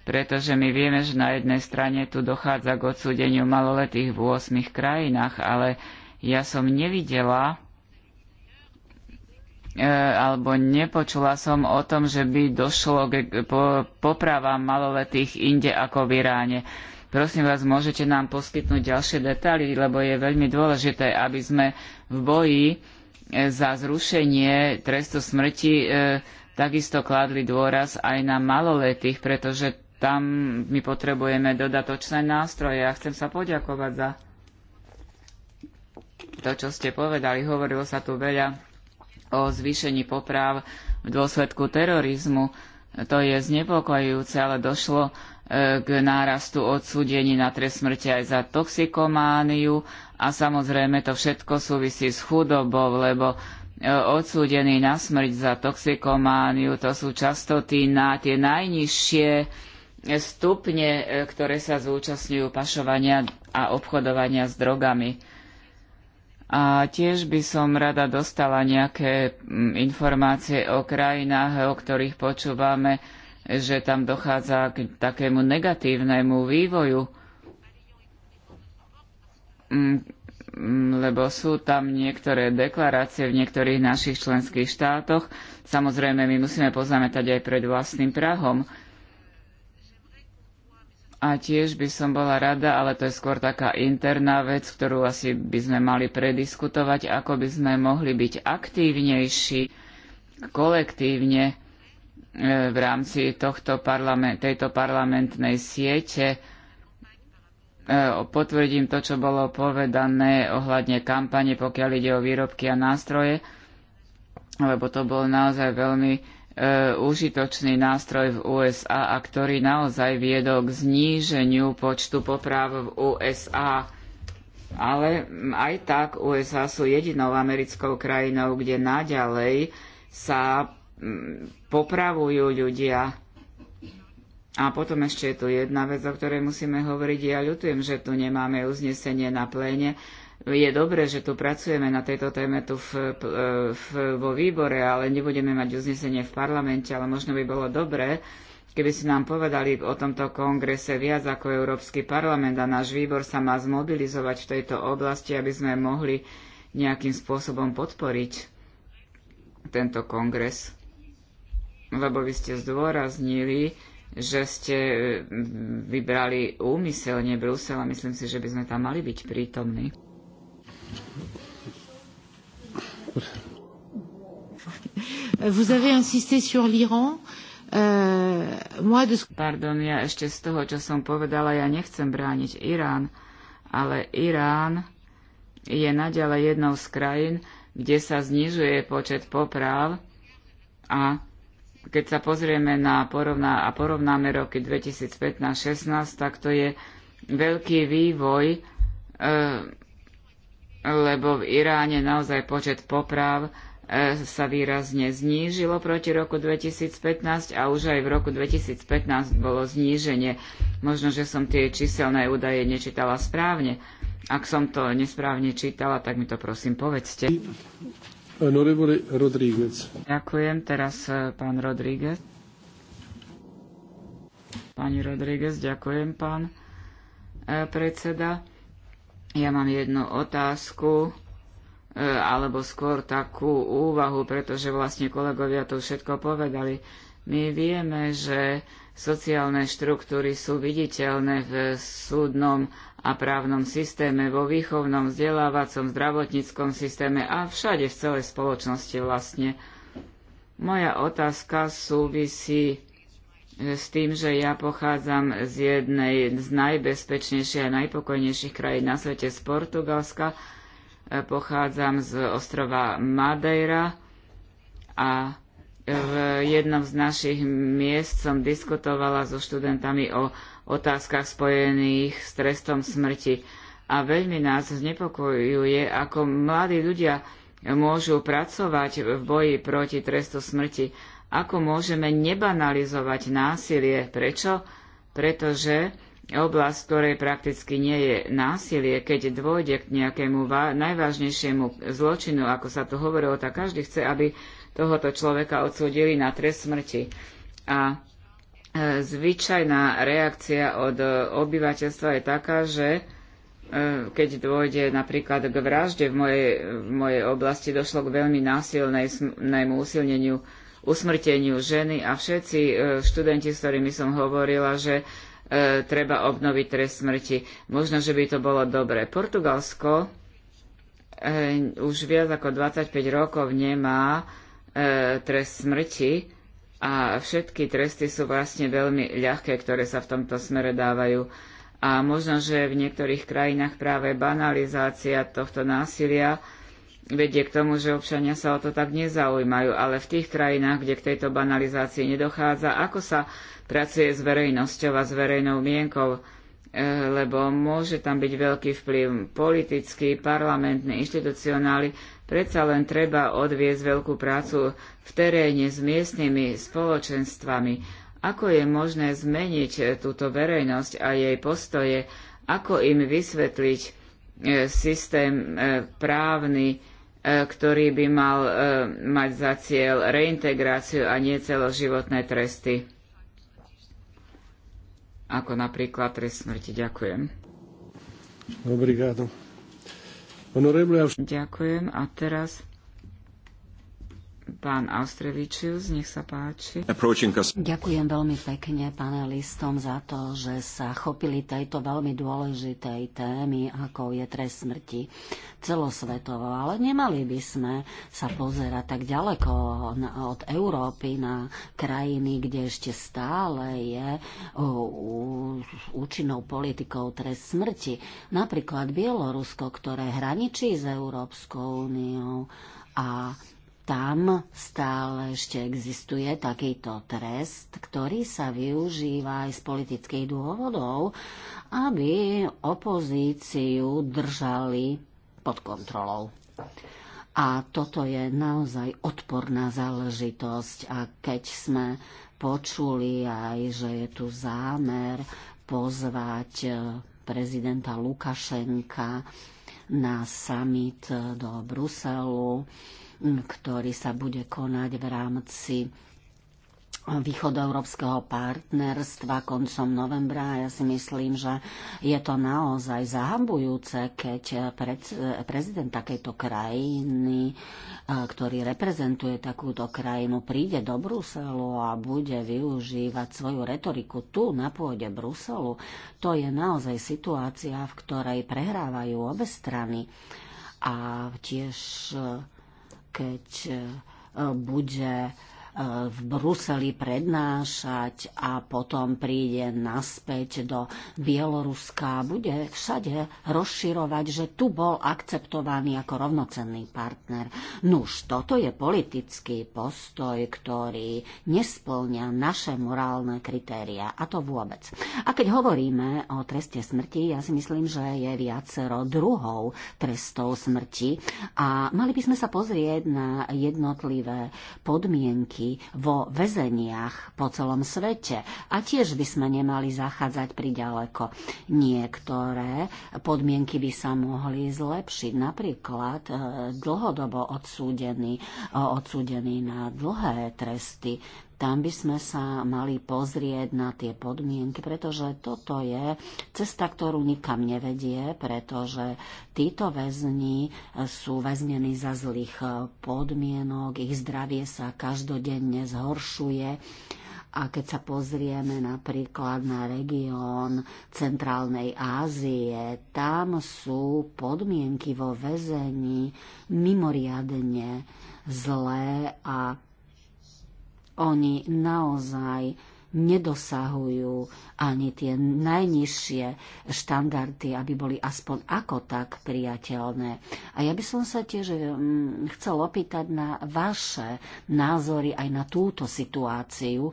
pretože my vieme, že na jednej strane tu dochádza k odsúdeniu maloletých v 8 krajinách, ale ja som nevidela e, alebo nepočula som o tom, že by došlo k po, popravám maloletých inde ako v Iráne. Prosím vás, môžete nám poskytnúť ďalšie detaily, lebo je veľmi dôležité, aby sme v boji e, za zrušenie trestu smrti e, takisto kládli dôraz aj na maloletých, pretože tam my potrebujeme dodatočné nástroje Ja chcem sa poďakovať za to, čo ste povedali. Hovorilo sa tu veľa o zvýšení popráv v dôsledku terorizmu. To je znepokojujúce, ale došlo e, k nárastu odsúdení na trest smrti aj za toxikomániu a samozrejme to všetko súvisí s chudobou, lebo e, odsúdení na smrť za toxikomániu to sú často tí na tie najnižšie stupne, e, ktoré sa zúčastňujú pašovania a obchodovania s drogami. A tiež by som rada dostala nejaké informácie o krajinách, o ktorých počúvame, že tam dochádza k takému negatívnemu vývoju, lebo sú tam niektoré deklarácie v niektorých našich členských štátoch. Samozrejme, my musíme pozametať aj pred vlastným Prahom. A tiež by som bola rada, ale to je skôr taká interná vec, ktorú asi by sme mali prediskutovať, ako by sme mohli byť aktívnejší kolektívne e, v rámci tohto parlament, tejto parlamentnej siete. E, potvrdím to, čo bolo povedané ohľadne kampane, pokiaľ ide o výrobky a nástroje, lebo to bol naozaj veľmi E, užitočný nástroj v USA a ktorý naozaj viedol k zníženiu počtu popráv v USA. Ale aj tak USA sú jedinou americkou krajinou, kde naďalej sa popravujú ľudia. A potom ešte je tu jedna vec, o ktorej musíme hovoriť. Ja ľutujem, že tu nemáme uznesenie na pléne, je dobré, že tu pracujeme na tejto téme tu v, v, vo výbore, ale nebudeme mať uznesenie v parlamente, ale možno by bolo dobré, keby si nám povedali o tomto kongrese viac ako Európsky parlament a náš výbor sa má zmobilizovať v tejto oblasti, aby sme mohli nejakým spôsobom podporiť tento kongres. Lebo vy ste zdôraznili, že ste mm, vybrali úmyselne Brusel a myslím si, že by sme tam mali byť prítomní. Vous avez insisté sur l'Iran. Euh, Pardon, ja ešte z toho, čo som povedala, ja nechcem brániť Irán, ale Irán je naďalej jednou z krajín, kde sa znižuje počet popráv a keď sa pozrieme na porovná, a porovnáme roky 2015-16, tak to je veľký vývoj e, lebo v Iráne naozaj počet poprav e, sa výrazne znížilo proti roku 2015 a už aj v roku 2015 bolo zníženie. Možno, že som tie číselné údaje nečítala správne. Ak som to nesprávne čítala, tak mi to prosím povedzte. Ďakujem. Teraz e, pán Rodríguez. Pani Rodríguez, ďakujem, pán e, predseda. Ja mám jednu otázku, e, alebo skôr takú úvahu, pretože vlastne kolegovia to všetko povedali. My vieme, že sociálne štruktúry sú viditeľné v súdnom a právnom systéme, vo výchovnom, vzdelávacom, zdravotníckom systéme a všade v celej spoločnosti vlastne. Moja otázka súvisí s tým, že ja pochádzam z jednej z najbezpečnejších a najpokojnejších krajín na svete z Portugalska. E, pochádzam z ostrova Madeira a e, v jednom z našich miest som diskutovala so študentami o otázkach spojených s trestom smrti. A veľmi nás znepokojuje, ako mladí ľudia môžu pracovať v boji proti trestu smrti ako môžeme nebanalizovať násilie? Prečo? Pretože oblasť, ktorej prakticky nie je násilie, keď dôjde k nejakému najvážnejšiemu zločinu, ako sa tu hovorilo, tak každý chce, aby tohoto človeka odsúdili na trest smrti. A e, zvyčajná reakcia od e, obyvateľstva je taká, že e, keď dôjde napríklad k vražde v mojej, v mojej oblasti, došlo k veľmi násilnému usilneniu usmrteniu ženy a všetci e, študenti, s ktorými som hovorila, že e, treba obnoviť trest smrti. Možno, že by to bolo dobré. Portugalsko e, už viac ako 25 rokov nemá trest smrti a všetky tresty sú vlastne veľmi ľahké, ktoré sa v tomto smere dávajú. A možno, že v niektorých krajinách práve banalizácia tohto násilia vedie k tomu, že občania sa o to tak nezaujímajú, ale v tých krajinách, kde k tejto banalizácii nedochádza, ako sa pracuje s verejnosťou a s verejnou mienkou, e, lebo môže tam byť veľký vplyv politický, parlamentný, inštitucionálny. Predsa len treba odviesť veľkú prácu v teréne s miestnymi spoločenstvami. Ako je možné zmeniť e, túto verejnosť a jej postoje? Ako im vysvetliť e, systém právny, E, ktorý by mal e, mať za cieľ reintegráciu a nie celoživotné tresty, ako napríklad trest smrti. Ďakujem. Ďakujem a teraz Pán Austrevičius, nech sa páči. Ďakujem
veľmi pekne panelistom za to, že sa chopili tejto veľmi dôležitej témy, ako je trest smrti celosvetovo. Ale nemali by sme sa pozerať tak ďaleko od Európy na krajiny, kde ešte stále je účinnou politikou trest smrti. Napríklad Bielorusko, ktoré hraničí s Európskou úniou a tam stále ešte existuje takýto trest, ktorý sa využíva aj z politických dôvodov, aby opozíciu držali pod kontrolou. A toto je naozaj odporná záležitosť. A keď sme počuli aj, že je tu zámer pozvať eh, prezidenta Lukašenka na summit do Bruselu, ktorý sa bude konať v rámci východoeurópskeho partnerstva koncom novembra. Ja si myslím, že je to naozaj zahambujúce, keď prezident takejto krajiny, e, ktorý reprezentuje takúto krajinu, príde do Bruselu a bude využívať svoju retoriku tu, na pôde Bruselu. To je naozaj situácia, v ktorej prehrávajú obe strany. A tiež e, keď eh, bude v Bruseli prednášať a potom príde naspäť do Bieloruska a bude všade rozširovať, že tu bol akceptovaný ako rovnocenný partner. Nuž, toto je politický postoj, ktorý nesplňa naše morálne kritéria a to vôbec. A keď hovoríme o treste smrti, ja si myslím, že je viacero druhou trestou smrti a mali by sme sa pozrieť na jednotlivé podmienky deti vo väzeniach po celom svete. A tiež by sme nemali zachádzať priďaleko. Niektoré podmienky by sa mohli zlepšiť. Napríklad e, dlhodobo odsúdený, e, odsúdený na dlhé tresty tam by sme sa mali pozrieť na tie podmienky, pretože toto je cesta, ktorú nikam nevedie, pretože títo väzni sú väznení za zlých podmienok, ich zdravie sa každodenne zhoršuje. A keď sa pozrieme napríklad na región Centrálnej Ázie, tam sú podmienky vo väzení mimoriadne zlé a oni naozaj nedosahujú ani tie najnižšie štandardy, aby boli aspoň ako tak priateľné. A ja by som sa tiež mm, chcel opýtať na vaše názory aj na túto situáciu e,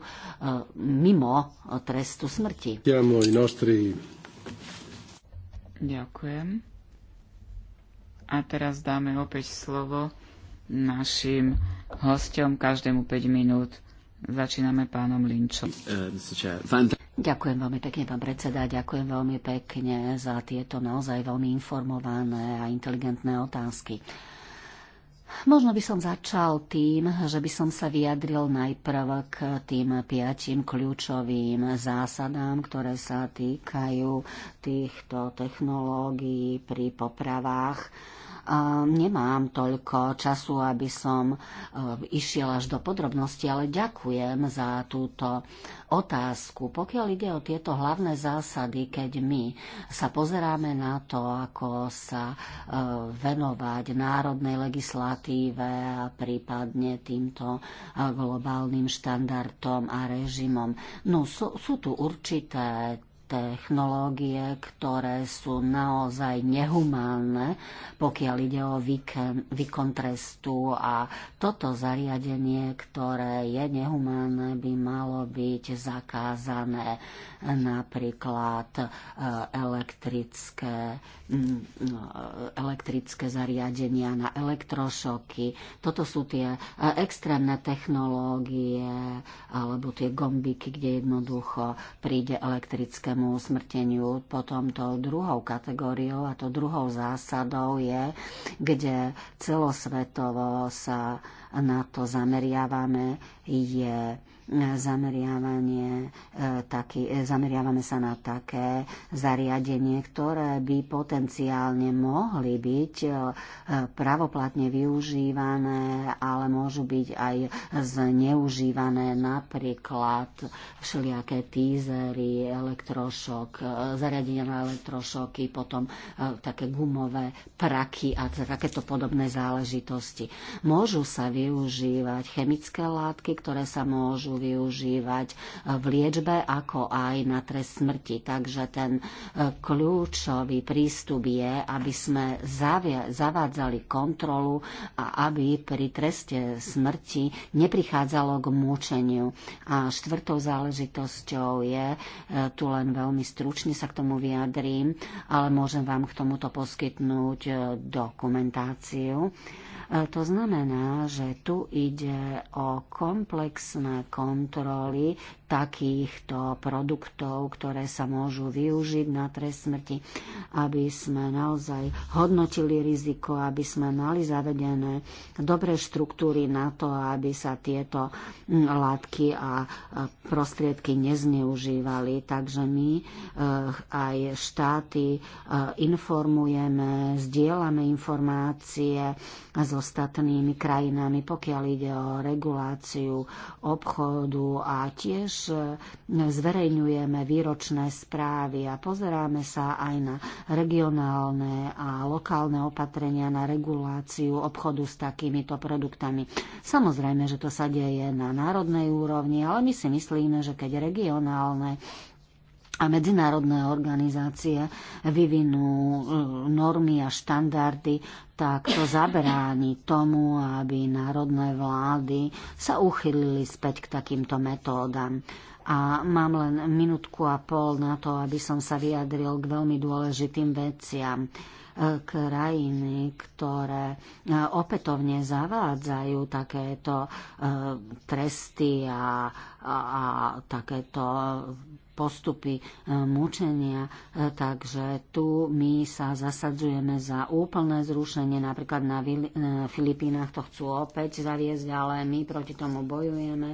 mimo trestu smrti. Ďakujem. A teraz dáme opäť slovo našim hostom každému 5 minút. Začíname pánom Linčom. Ďakujem veľmi pekne, pán predseda. Ďakujem veľmi
pekne za tieto naozaj veľmi informované a inteligentné otázky. Možno by som začal tým, že by som sa vyjadril najprv k tým piatim kľúčovým zásadám, ktoré sa týkajú týchto technológií pri popravách Nemám toľko času, aby som e, išiel až do podrobnosti, ale ďakujem za túto otázku. Pokiaľ ide o tieto hlavné zásady, keď my sa pozeráme na to, ako sa e, venovať národnej legislatíve a prípadne týmto e, globálnym štandardom a režimom, no sú, sú tu určité technológie, ktoré sú naozaj nehumánne, pokiaľ ide o výkon, trestu a toto zariadenie, ktoré je nehumánne, by malo byť zakázané napríklad e, elektrické, elektrické zariadenia na elektrošoky. Toto sú tie e, extrémne technológie alebo tie gombiky, kde jednoducho príde elektrickému tomu usmrteniu. Potom to druhou kategóriou a to druhou zásadou je, kde celosvetovo sa na to zameriavame, je zameriavanie, e, taký, e, zameriavame sa na také zariadenie, ktoré by potenciálne mohli byť e, pravoplatne využívané, ale môžu byť aj zneužívané napríklad všelijaké tízery, elektrošok, zariadenia na elektrošoky, potom také gumové praky a takéto podobné záležitosti. Môžu sa využívať chemické látky, ktoré sa môžu využívať v liečbe, ako aj na trest smrti. Takže ten e, kľúčový prístup je, aby sme zavádzali kontrolu a aby pri treste smrti neprichádzalo k mučeniu. A štvrtou záležitosťou je, e, tu len veľmi stručne sa k tomu vyjadrím, ale môžem vám k tomuto poskytnúť e, dokumentáciu. To znamená, že tu ide o komplexné kontroly takýchto produktov, ktoré sa môžu využiť na trest smrti, aby sme naozaj hodnotili riziko, aby sme mali zavedené dobré štruktúry na to, aby sa tieto mm, látky a prostriedky nezneužívali. Takže my e, aj štáty e, informujeme, zdieľame informácie s ostatnými krajinami, pokiaľ ide o reguláciu obchodu a tiež zverejňujeme výročné správy a pozeráme sa aj na regionálne a lokálne opatrenia na reguláciu obchodu s takýmito produktami. Samozrejme, že to sa deje na národnej úrovni, ale my si myslíme, že keď regionálne a medzinárodné organizácie vyvinú e, normy a štandardy, tak to zabráni tomu, aby národné vlády sa uchylili späť k takýmto metódam. A mám len minútku a pol na to, aby som sa vyjadril k veľmi dôležitým veciam e, krajiny, ktoré e, opätovne zavádzajú takéto tresty a, a, a takéto postupy e, mučenia. E, takže tu my sa zasadzujeme za úplné zrušenie. Napríklad na e, Filipínach to chcú opäť zaviesť, ale my proti tomu bojujeme.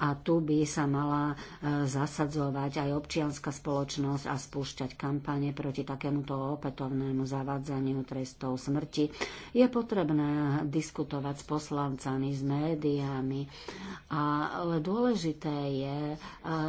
A tu by sa mala zasadzovať aj občianská spoločnosť a spúšťať kampane proti takémuto opätovnému zavádzaniu trestov smrti. Je potrebné diskutovať s poslancami, s médiami, ale dôležité je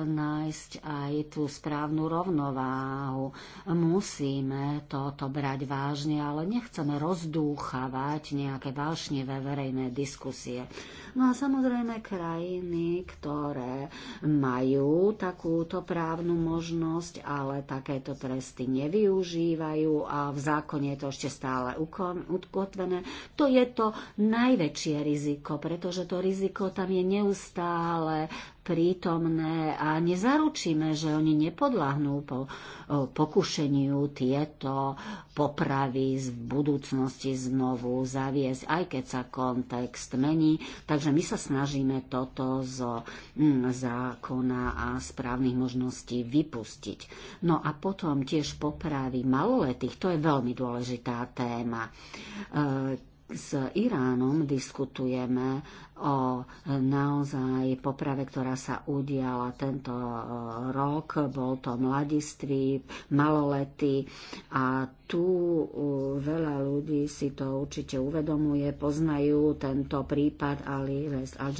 nájsť aj aj tú správnu rovnováhu. Musíme toto brať vážne, ale nechceme rozdúchavať nejaké vášnivé verejné diskusie. No a samozrejme krajiny, ktoré majú takúto právnu možnosť, ale takéto tresty nevyužívajú a v zákone je to ešte stále ukotvené, to je to najväčšie riziko, pretože to riziko tam je neustále prítomné a nezaručíme, že oni nepodlahnú po pokušeniu tieto popravy v budúcnosti znovu zaviesť, aj keď sa kontext mení. Takže my sa snažíme toto zo mm, zákona a správnych možností vypustiť. No a potom tiež popravy maloletých, to je veľmi dôležitá téma e, s Iránom diskutujeme o naozaj poprave, ktorá sa udiala tento e, rok. Bol to mladiství, maloletí a tu e, veľa ľudí si to určite uvedomuje, poznajú tento prípad Ali Rez al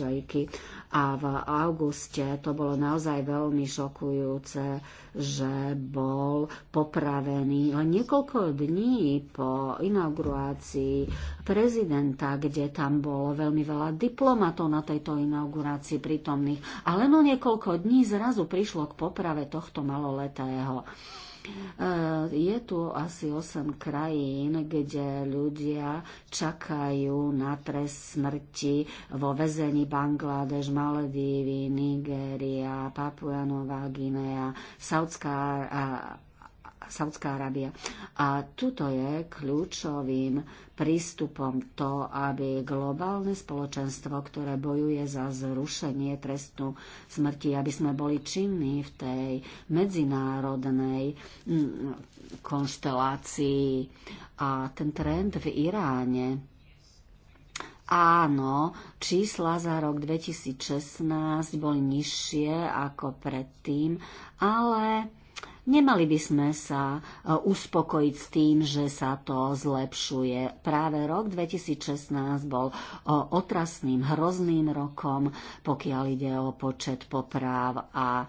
a v auguste to bolo naozaj veľmi šokujúce, že bol popravený len niekoľko dní po inaugurácii prezidenta, kde tam bolo veľmi veľa diplomatov na tejto inaugurácii prítomných. A len o niekoľko dní zrazu prišlo k poprave tohto maloletého. Eh, je tu asi 8 krajín, kde ľudia čakajú na trest smrti vo väzení Bangladeš, Maledívy, Nigéria, Papua Nová Guinea, Saudská Saudská Arábia. A tuto je kľúčovým prístupom to, aby globálne spoločenstvo, ktoré bojuje za zrušenie trestu smrti, aby sme boli činní v tej medzinárodnej mm, konštelácii. A ten trend v Iráne Áno, čísla za rok 2016 boli nižšie ako predtým, ale Nemali by sme sa e, uspokojiť s tým, že sa to zlepšuje. Práve rok 2016 bol e, otrasným, hrozným rokom, pokiaľ ide o počet popráv a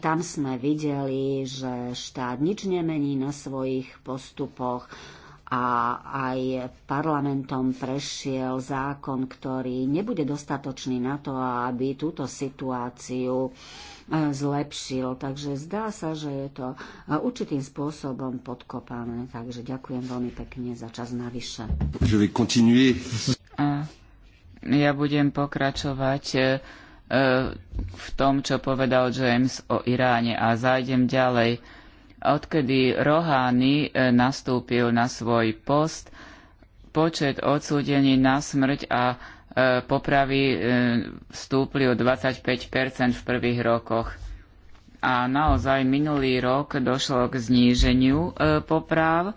tam sme videli, že štát nič nemení na svojich postupoch a aj parlamentom prešiel zákon, ktorý nebude dostatočný na to, aby túto situáciu zlepšil. Takže zdá sa, že je to určitým spôsobom podkopané. Takže ďakujem veľmi pekne za čas navyše.
ja budem pokračovať e, e, v tom, čo povedal James o Iráne a zájdem ďalej. Odkedy Rohány e, nastúpil na svoj post, počet odsúdení na smrť a E, popravy vstúpli e, o 25 v prvých rokoch. A naozaj minulý rok došlo k zníženiu e, popráv,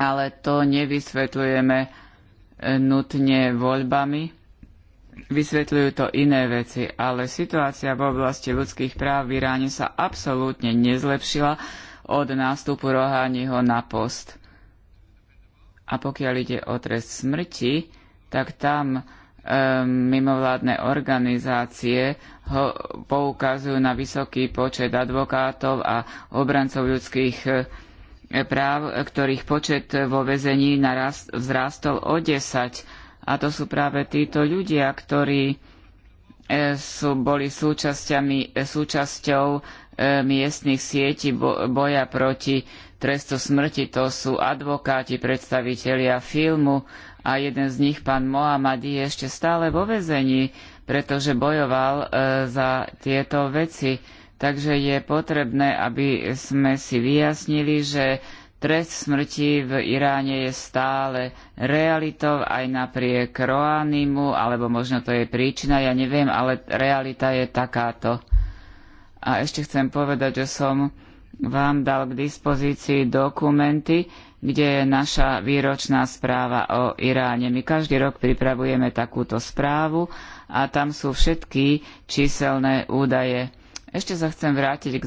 ale to nevysvetľujeme nutne voľbami. Vysvetľujú to iné veci, ale situácia v oblasti ľudských práv v Iráne sa absolútne nezlepšila od nástupu Rohániho na post. A pokiaľ ide o trest smrti, tak tam e, mimovládne organizácie ho poukazujú na vysoký počet advokátov a obrancov ľudských e, práv, ktorých počet vo väzení narast, vzrástol o 10. A to sú práve títo ľudia, ktorí e, sú, boli súčasťou miestnych sietí boja proti trestu smrti. To sú advokáti, predstavitelia filmu, a jeden z nich, pán Mohamadi, je ešte stále vo väzení, pretože bojoval e, za tieto veci. Takže je potrebné, aby sme si vyjasnili, že trest smrti v Iráne je stále realitou aj napriek Roanimu, alebo možno to je príčina, ja neviem, ale realita je takáto. A ešte chcem povedať, že som vám dal k dispozícii dokumenty, kde je naša výročná správa o Iráne. My každý rok pripravujeme takúto správu a tam sú všetky číselné údaje. Ešte sa chcem vrátiť k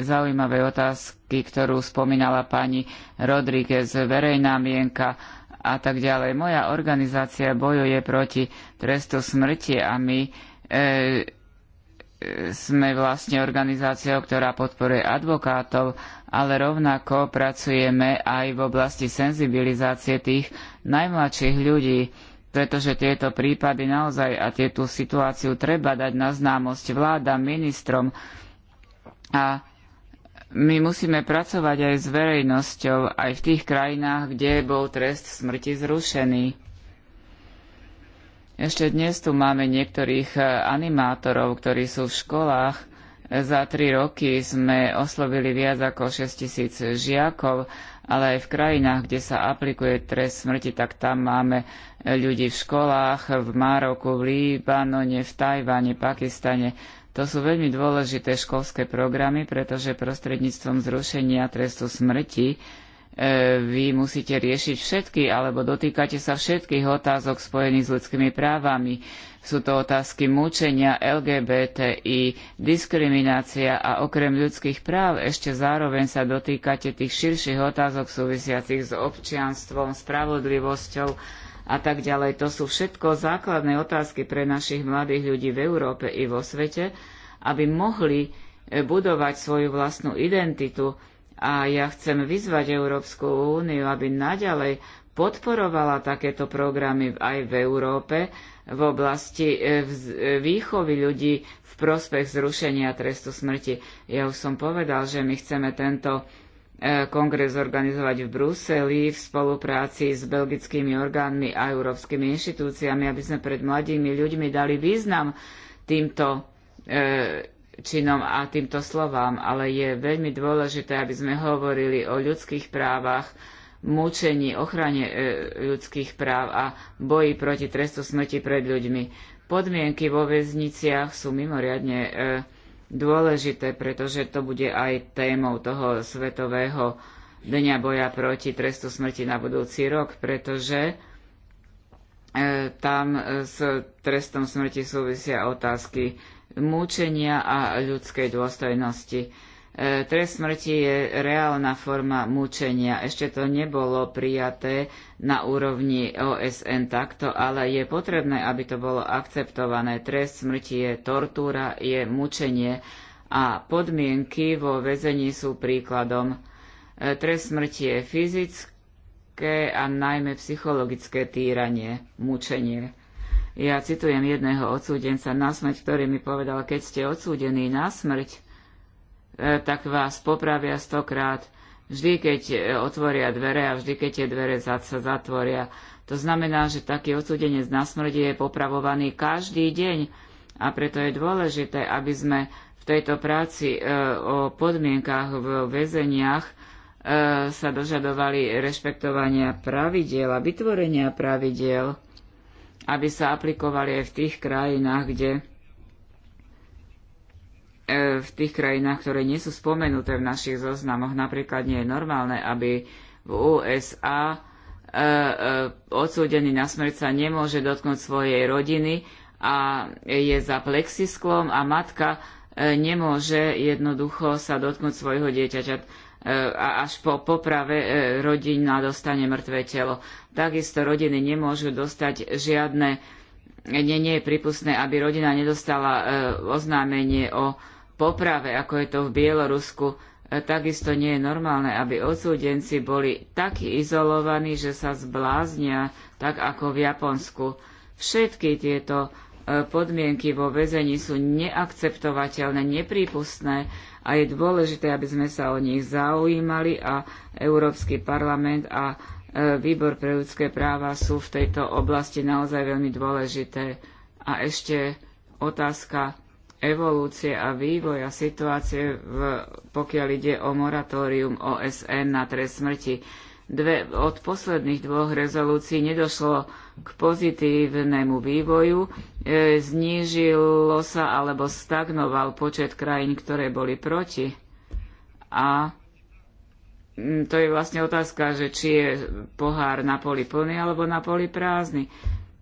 zaujímavej otázky, ktorú spomínala pani Rodríguez, verejná mienka a tak ďalej. Moja organizácia bojuje proti trestu smrti a my e, e sme vlastne organizáciou, ktorá podporuje advokátov ale rovnako pracujeme aj v oblasti senzibilizácie tých najmladších ľudí, pretože tieto prípady naozaj a tieto situáciu treba dať na známosť vládam, ministrom a my musíme pracovať aj s verejnosťou, aj v tých krajinách, kde bol trest smrti zrušený. Ešte dnes tu máme niektorých animátorov, ktorí sú v školách, za tri roky sme oslovili viac ako 6 tisíc žiakov, ale aj v krajinách, kde sa aplikuje trest smrti, tak tam máme ľudí v školách, v Maroku, v Líbanone, v Tajvane, Pakistane. To sú veľmi dôležité školské programy, pretože prostredníctvom zrušenia trestu smrti E, vy musíte riešiť všetky, alebo dotýkate sa všetkých otázok spojených s ľudskými právami. Sú to otázky mučenia, LGBTI, diskriminácia a okrem ľudských práv ešte zároveň sa dotýkate tých širších otázok súvisiacich s občianstvom, spravodlivosťou a tak ďalej. To sú všetko základné otázky pre našich mladých ľudí v Európe i vo svete, aby mohli e, budovať svoju vlastnú identitu, a ja chcem vyzvať Európsku úniu, aby naďalej podporovala takéto programy aj v Európe v oblasti e, e, výchovy ľudí v prospech zrušenia trestu smrti. Ja už som povedal, že my chceme tento e, kongres organizovať v Bruseli v spolupráci s belgickými orgánmi a európskymi inštitúciami, aby sme pred mladými ľuďmi dali význam týmto činom a týmto slovám, ale je veľmi dôležité, aby sme hovorili o ľudských právach, mučení, ochrane e, ľudských práv a boji proti trestu smrti pred ľuďmi. Podmienky vo väzniciach sú mimoriadne e, dôležité, pretože to bude aj témou toho svetového dňa boja proti trestu smrti na budúci rok, pretože e, tam s trestom smrti súvisia otázky mučenia a ľudskej dôstojnosti. E, trest smrti je reálna forma mučenia. Ešte to nebolo prijaté na úrovni OSN takto, ale je potrebné, aby to bolo akceptované. Trest smrti je tortúra, je mučenie a podmienky vo väzení sú príkladom. E, trest smrti je fyzické a najmä psychologické týranie, mučenie ja citujem jedného odsúdenca na smrť, ktorý mi povedal, keď ste odsúdení na smrť, e, tak vás popravia stokrát, vždy keď e, otvoria dvere a vždy keď tie dvere sa zatvoria. To znamená, že taký odsúdenec na smrť je popravovaný každý deň a preto je dôležité, aby sme v tejto práci e, o podmienkach v väzeniach e, sa dožadovali rešpektovania pravidiel a vytvorenia pravidiel aby sa aplikovali aj v tých krajinách, kde e, v tých krajinách, ktoré nie sú spomenuté v našich zoznamoch. Napríklad nie je normálne, aby v USA e, e, odsúdený na smrť sa nemôže dotknúť svojej rodiny a je za plexisklom a matka nemôže jednoducho sa dotknúť svojho dieťaťa a až po poprave e, rodina dostane mŕtve telo. Takisto rodiny nemôžu dostať žiadne, nie, nie je prípustné, aby rodina nedostala e, oznámenie o poprave, ako je to v Bielorusku. E, takisto nie je normálne, aby odsúdenci boli tak izolovaní, že sa zbláznia, tak ako v Japonsku. Všetky tieto podmienky vo väzení sú neakceptovateľné, neprípustné a je dôležité, aby sme sa o nich zaujímali a Európsky parlament a e, Výbor pre ľudské práva sú v tejto oblasti naozaj veľmi dôležité. A ešte otázka evolúcie a vývoja situácie, v, pokiaľ ide o moratórium OSN na trest smrti. Dve, od posledných dvoch rezolúcií nedošlo k pozitívnemu vývoju, e, znížilo sa alebo stagnoval počet krajín, ktoré boli proti. A mm, to je vlastne otázka, že či je pohár na poli plný alebo na poli prázdny.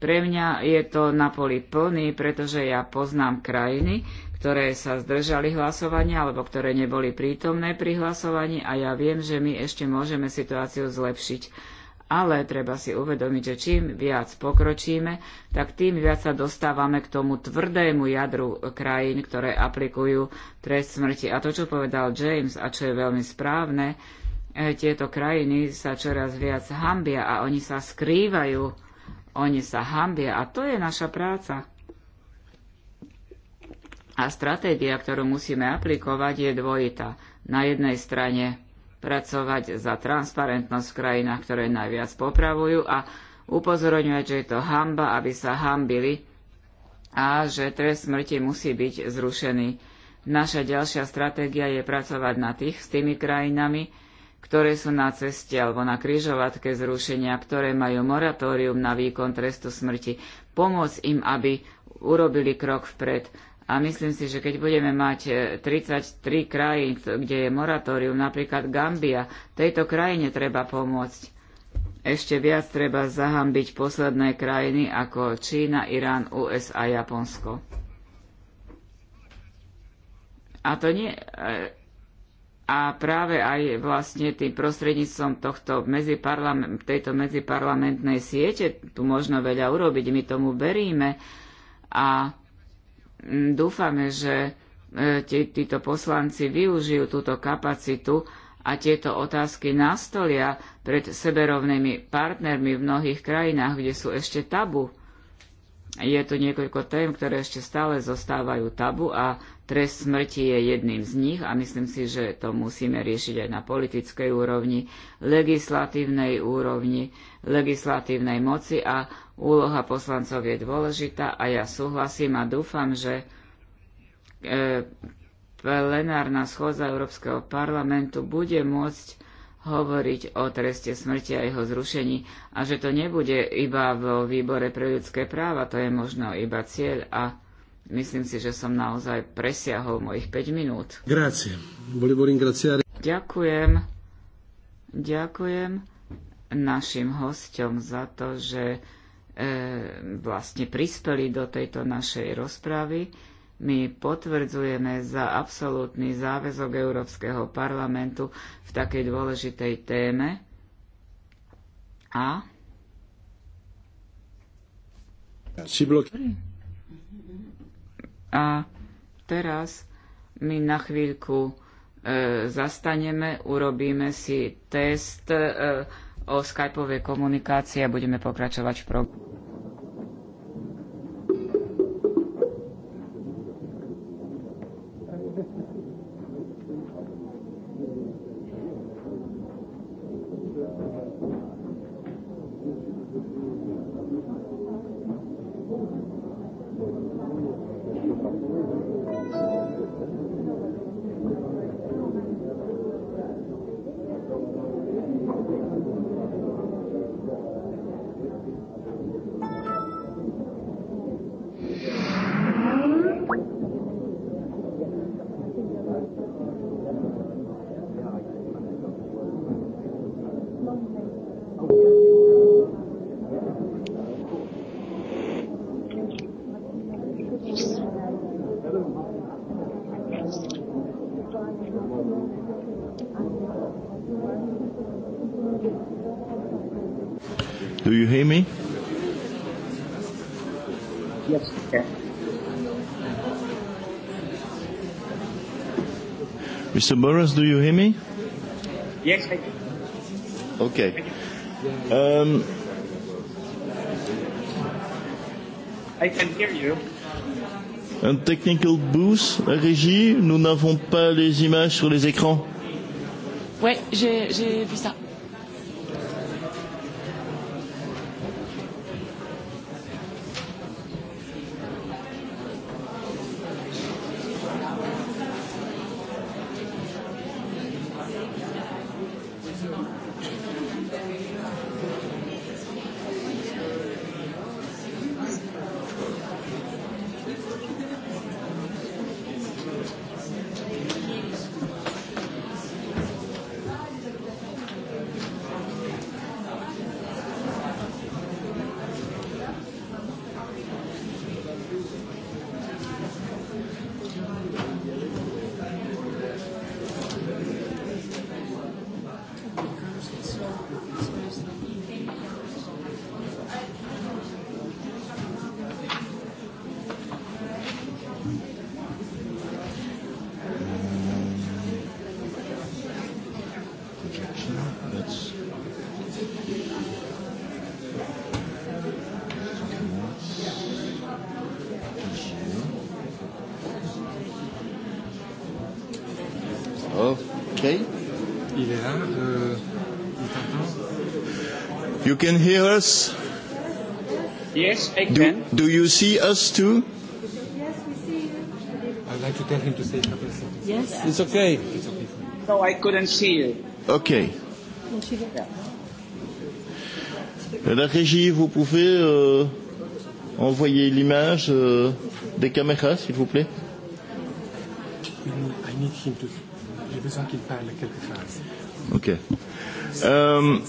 Pre mňa je to na poli plný, pretože ja poznám krajiny, ktoré sa zdržali hlasovania alebo ktoré neboli prítomné pri hlasovaní a ja viem, že my ešte môžeme situáciu zlepšiť ale treba si uvedomiť, že čím viac pokročíme, tak tým viac sa dostávame k tomu tvrdému jadru krajín, ktoré aplikujú trest smrti. A to, čo povedal James a čo je veľmi správne, eh, tieto krajiny sa čoraz viac hambia a oni sa skrývajú, oni sa hambia a to je naša práca. A stratégia, ktorú musíme aplikovať, je dvojitá. Na jednej strane pracovať za transparentnosť v krajinách, ktoré najviac popravujú a upozorňovať, že je to hamba, aby sa hambili a že trest smrti musí byť zrušený. Naša ďalšia stratégia je pracovať na tých s tými krajinami, ktoré sú na ceste alebo na kryžovatke zrušenia, ktoré majú moratórium na výkon trestu smrti. Pomôcť im, aby urobili krok vpred a myslím si, že keď budeme mať 33 e, krajín, kde je moratórium, napríklad Gambia, tejto krajine treba pomôcť. Ešte viac treba zahambiť posledné krajiny ako Čína, Irán, US a Japonsko. A to nie... E, a práve aj vlastne tým prostredníctvom tohto medziparlament, tejto medziparlamentnej siete tu možno veľa urobiť. My tomu veríme. a Mm, dúfame, že e, tí, títo poslanci využijú túto kapacitu a tieto otázky nastolia pred seberovnými partnermi v mnohých krajinách, kde sú ešte tabu. Je tu niekoľko tém, ktoré ešte stále zostávajú tabu a trest smrti je jedným z nich a myslím si, že to musíme riešiť aj na politickej úrovni, legislatívnej úrovni, legislatívnej moci a Úloha poslancov je dôležitá a ja súhlasím a dúfam, že e, plenárna schôdza Európskeho parlamentu bude môcť hovoriť o treste smrti a jeho zrušení a že to nebude iba vo výbore pre ľudské práva, to je možno iba cieľ a myslím si, že som naozaj presiahol mojich 5 minút. Ďakujem. Ďakujem našim hosťom za to, že E, vlastne prispeli do tejto našej rozpravy. My potvrdzujeme za absolútny záväzok Európskeho parlamentu v takej dôležitej téme a a teraz my na chvíľku e, zastaneme, urobíme si test e, o skypovej komunikácii a budeme pokračovať v programu.
Mr. Burris, do you hear me? Yes, I do. Okay. Um,
I can hear you.
Un technical boost, régie, nous n'avons pas les images sur les écrans.
Oui, j'ai vu ça.
can hear us? Yes, I do, can. Do, you see us too? Yes, we
see you. I'd like to
tell him to say a couple of
sentences.
Yes.
It's okay.
It's okay. No, I couldn't see you.
Okay. La euh, régie, vous pouvez euh, envoyer l'image euh, des caméras, s'il vous plaît.
J'ai besoin qu'il parle quelques phrases.
Ok. um,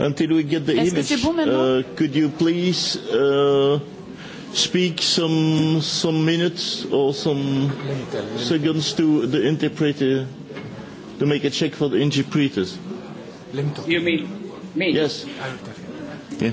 until we get the image. Que bon uh, could you please uh, speak some some minutes or some seconds to the interpreter to make a check for the interpreters?
You mean me? Yes. Ah,
yeah.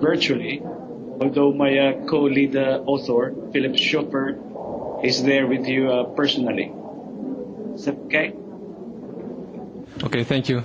virtually, although my uh, co-lead uh, author, Philip Schopper, is there with you uh, personally. Is that okay?
Okay, thank you.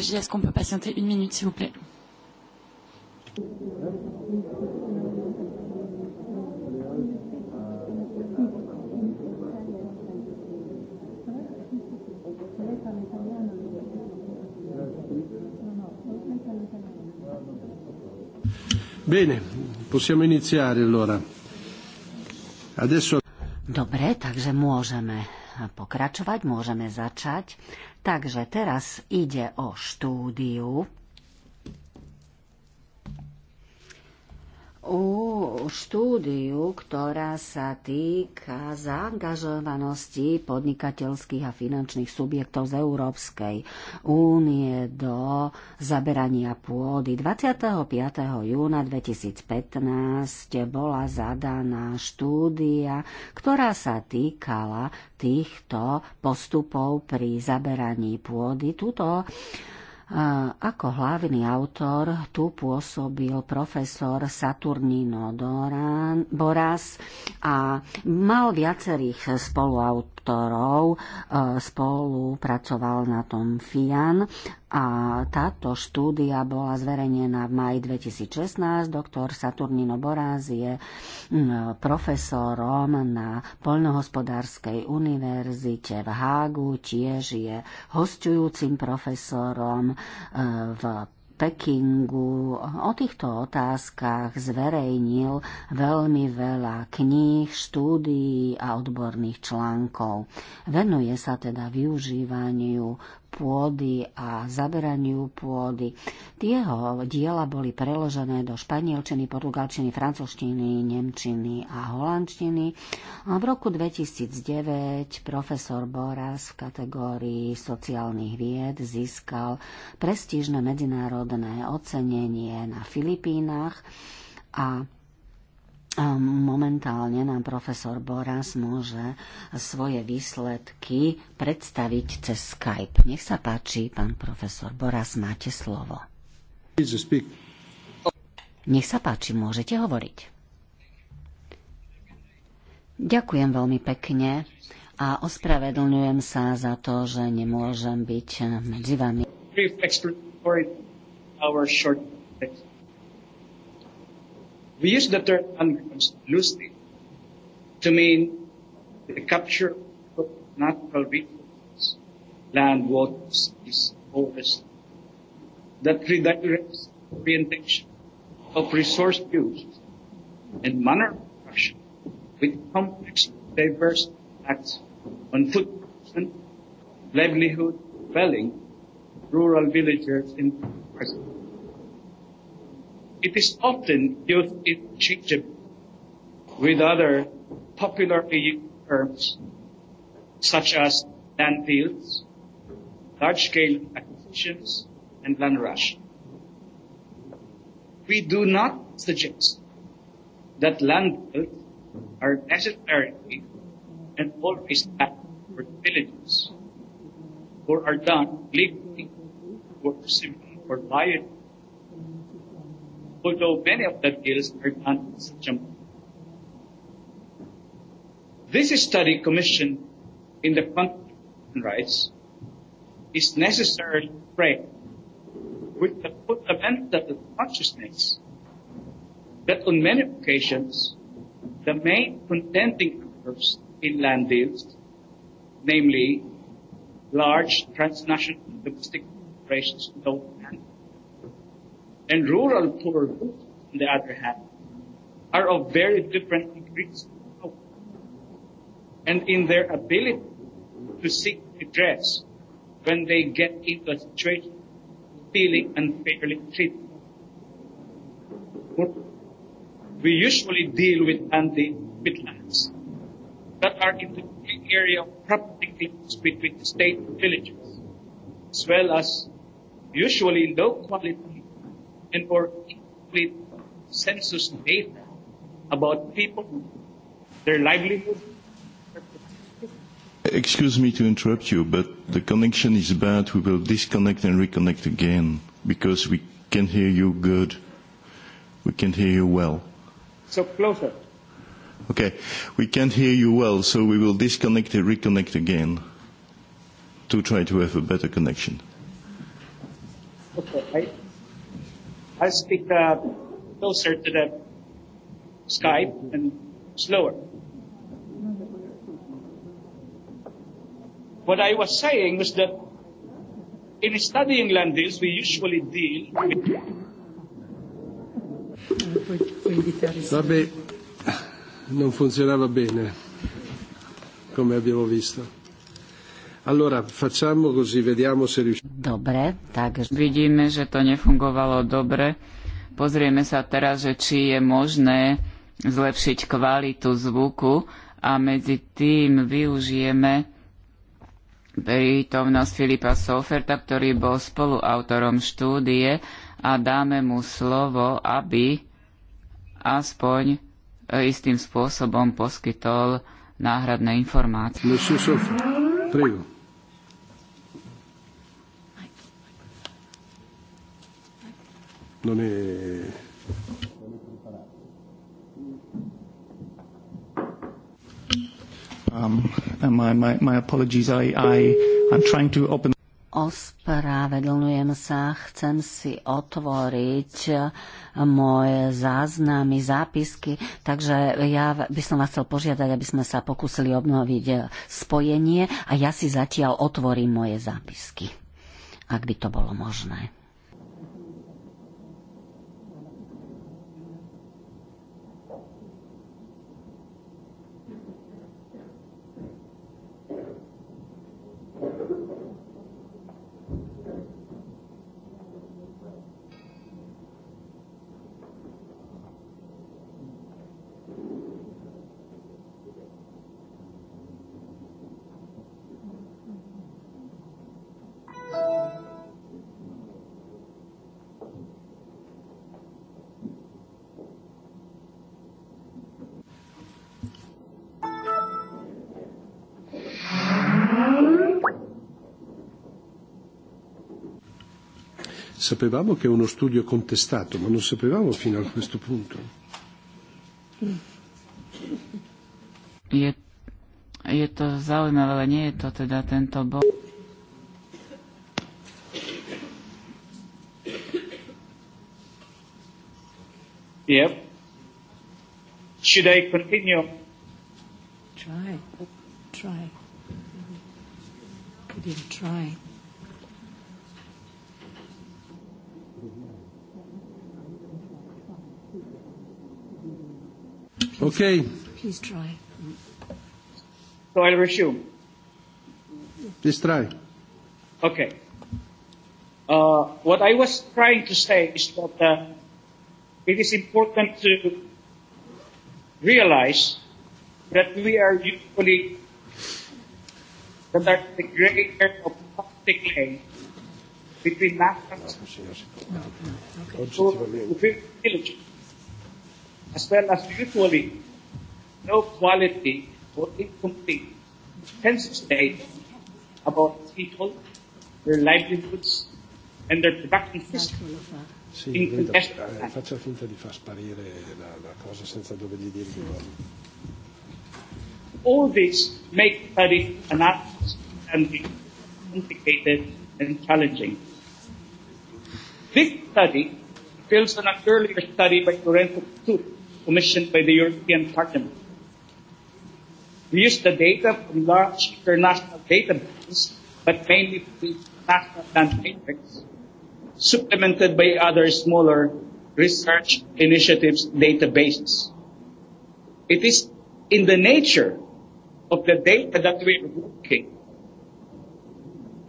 régie, est-ce qu'on peut patienter une minute, s'il vous plaît
Bene, possiamo iniziare allora. Adesso...
Dobre, takže môžeme pokračovať, môžeme začať. Takže teraz ide o štúdiu, ktorá sa týka zaangažovanosti podnikateľských a finančných subjektov z Európskej únie do zaberania pôdy. 25. júna 2015 bola zadaná štúdia, ktorá sa týkala týchto postupov pri zaberaní pôdy. Tuto ako hlavný autor tu pôsobil profesor Saturnino Doran, Boras a mal viacerých spoluautorov. E, spolupracoval na tom Fian a táto štúdia bola zverejnená v maji 2016. Doktor Saturnino Boráz je profesorom na Poľnohospodárskej univerzite v Hágu, tiež je hostujúcim profesorom e, v Pekingu o týchto otázkach zverejnil veľmi veľa kníh, štúdií a odborných článkov. Venuje sa teda využívaniu pôdy a zaberaniu pôdy. Jeho diela boli preložené do španielčiny, portugalčiny, francúzštiny, nemčiny a holandštiny. A v roku 2009 profesor Boras v kategórii sociálnych vied získal prestížne medzinárodné ocenenie na Filipínach a Ehm, momentálne nám profesor Boras môže svoje výsledky predstaviť cez Skype. Nech sa páči, pán profesor Boras, máte slovo. Nech sa páči, môžete hovoriť. Ďakujem veľmi pekne a ospravedlňujem sa za to, že nemôžem byť medzi vami.
We use the term unguards loosely to mean the capture of natural resources, land, waters, seas, forests, that redirects orientation of resource use and manner of production with complex, diverse acts on food production, livelihood, dwelling, rural villagers in present. It is often used interchangeably with other popular terms such as land deals, large-scale acquisitions, and land rush. We do not suggest that land deals are necessarily and always bad for villages or are done legally or simply for liability although many of their deals are done in such a manner. This study commissioned in the context of human rights is necessarily frame with the fundamental consciousness that on many occasions the main contending groups in land deals, namely large transnational domestic corporations don't and rural poor groups, on the other hand, are of very different degrees and in their ability to seek redress when they get into a situation feeling unfairly treated. We usually deal with anti bitlands that are in the area of property claims between the state and villages, as well as usually low quality and or with census data about people, their livelihood.
Excuse me to interrupt you, but the connection is bad. We will disconnect and reconnect again because we can hear you good. We can hear you well.
So closer.
Okay, we can't hear you well, so we will disconnect and reconnect again to try to have a better connection.
Okay, I, I'll speak uh, closer to the Skype and slower. What I was saying was that in studying land deals, we usually deal with.
Vabbè, non funzionava bene, come abbiamo visto. Allora, facciamo così, vediamo se riusciamo.
Dobre, tak. Vidíme, že to nefungovalo dobre. Pozrieme sa teraz, že či je možné zlepšiť kvalitu zvuku a medzi tým využijeme prítomnosť Filipa Soferta, ktorý bol spoluautorom štúdie a dáme mu slovo, aby aspoň e, istým spôsobom poskytol náhradné informácie. Monsieur Sofer, prego. non è
Um, my, my, my apologies, I, I, I'm trying to open...
Ospravedlňujem sa, chcem si otvoriť uh, moje záznamy, zápisky, takže ja by som vás chcel požiadať, aby sme sa pokúsili obnoviť uh, spojenie a ja si zatiaľ otvorím moje zápisky, ak by to bolo možné.
Sapevamo che è uno studio contestato, ma non sapevamo fino a
questo punto. Je, je to zaujímavé, ale nie je to teda tento bod.
Yep. Should I continue?
Try. Try. Could you try?
Okay. Please try.
So I'll resume. Please try. Okay. Uh, what I was trying to say is that uh, it is important to realize that we are usually that are the gray area of plastic lane between national no,
no, okay
as well as usually no quality or incomplete census data about people, their livelihoods, and their production system.
Sì, eh, finta di far sparire la, la cosa senza dovergli dire
All this make study analysis and be complicated and challenging. This study builds on an earlier study by Lorenzo Couture commissioned by the European Parliament. We use the data from large international databases, but mainly the national land matrix, supplemented by other smaller research initiatives databases. It is in the nature of the data that we are working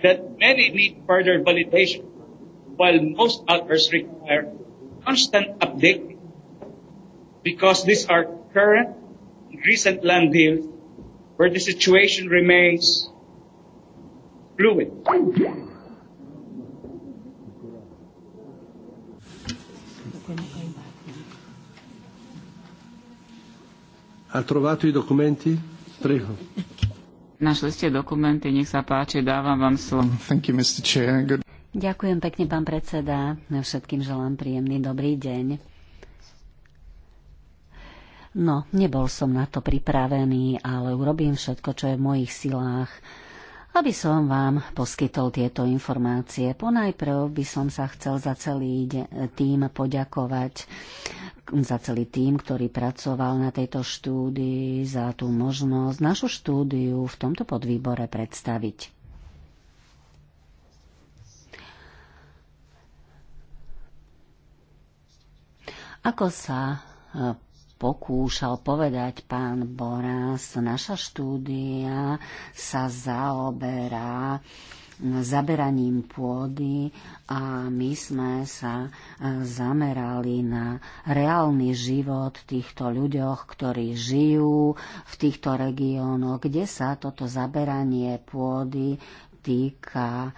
that many need further validation, while most others require constant update because these are current recent land deals where the situation remains fluid.
Ha trovato i documenti? Prego.
Našli ste dokumenty, nech sa páči, dávam vám slovo. Thank you, Mr. Chair. Good.
Ďakujem pekne, pán predseda. Všetkým želám príjemný dobrý deň. No, nebol som na to pripravený, ale urobím všetko, čo je v mojich silách, aby som vám poskytol tieto informácie. Ponajprv by som sa chcel za celý tým poďakovať, za celý tým, ktorý pracoval na tejto štúdii, za tú možnosť našu štúdiu v tomto podvýbore predstaviť. Ako sa e, pokúšal povedať pán Borás, naša štúdia sa zaoberá zaberaním pôdy a my sme sa e, zamerali na reálny život týchto ľuďoch, ktorí žijú v týchto regiónoch, kde sa toto zaberanie pôdy týka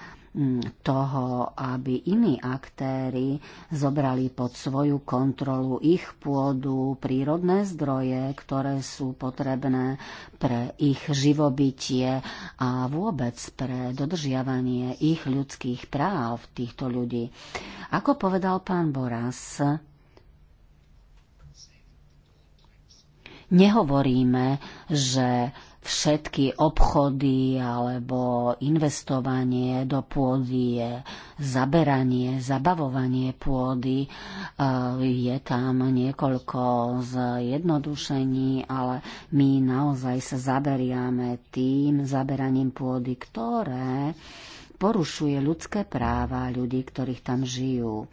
toho, aby iní aktéry zobrali pod svoju kontrolu ich pôdu, prírodné zdroje, ktoré sú potrebné pre ich živobytie a vôbec pre dodržiavanie ich ľudských práv týchto ľudí. Ako povedal pán Boras, nehovoríme, že všetky obchody alebo investovanie do pôdy, zaberanie, zabavovanie pôdy. E, je tam niekoľko zjednodušení, ale my naozaj sa zaberiame tým zaberaním pôdy, ktoré porušuje ľudské práva ľudí, ktorých tam žijú.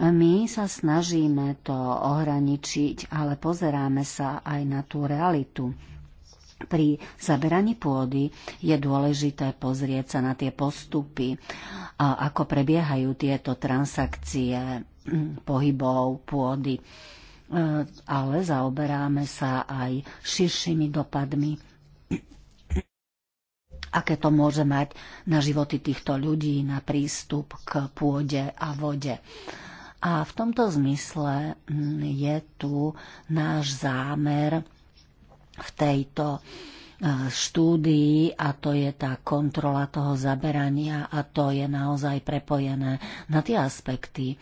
My sa snažíme to ohraničiť, ale pozeráme sa aj na tú realitu pri zaberaní pôdy je dôležité pozrieť sa na tie postupy, a ako prebiehajú tieto transakcie pohybov pôdy. Ale zaoberáme sa aj širšími dopadmi, aké to môže mať na životy týchto ľudí, na prístup k pôde a vode. A v tomto zmysle je tu náš zámer v tejto e, štúdii a to je tá kontrola toho zaberania a to je naozaj prepojené na tie aspekty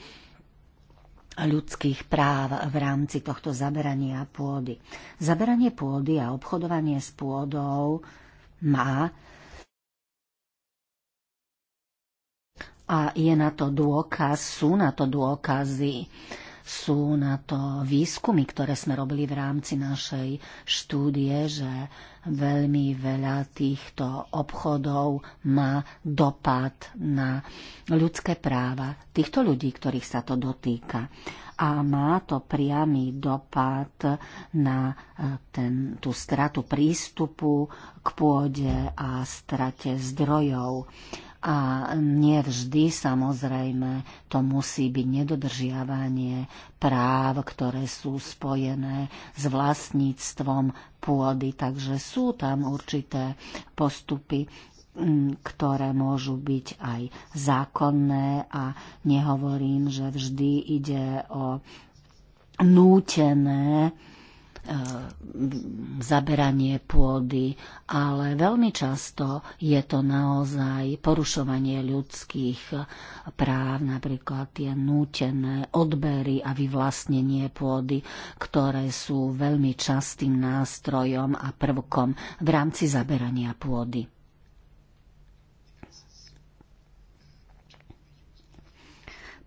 ľudských práv v rámci tohto zaberania pôdy. Zaberanie pôdy a obchodovanie s pôdou má a je na to dôkaz, sú na to dôkazy sú na to výskumy, ktoré sme robili v rámci našej štúdie, že veľmi veľa týchto obchodov má dopad na ľudské práva týchto ľudí, ktorých sa to dotýka. A má to priamy dopad na e, ten, tú stratu prístupu k pôde a strate zdrojov a nevždy samozrejme to musí byť nedodržiavanie práv, ktoré sú spojené s vlastníctvom pôdy. Takže sú tam určité postupy, ktoré môžu byť aj zákonné a nehovorím, že vždy ide o nútené E, zaberanie pôdy, ale veľmi často je to naozaj porušovanie ľudských práv, napríklad tie nútené odbery a vyvlastnenie pôdy, ktoré sú veľmi častým nástrojom a prvkom v rámci zaberania pôdy.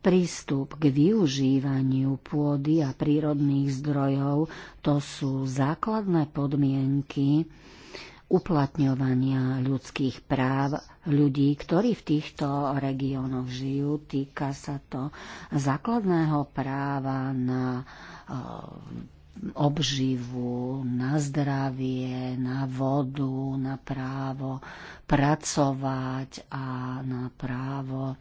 Prístup k využívaniu pôdy a prírodných zdrojov to sú základné podmienky uplatňovania ľudských práv ľudí, ktorí v týchto regiónoch žijú. Týka sa to základného práva na eh, obživu, na zdravie, na vodu, na právo pracovať a na právo, e,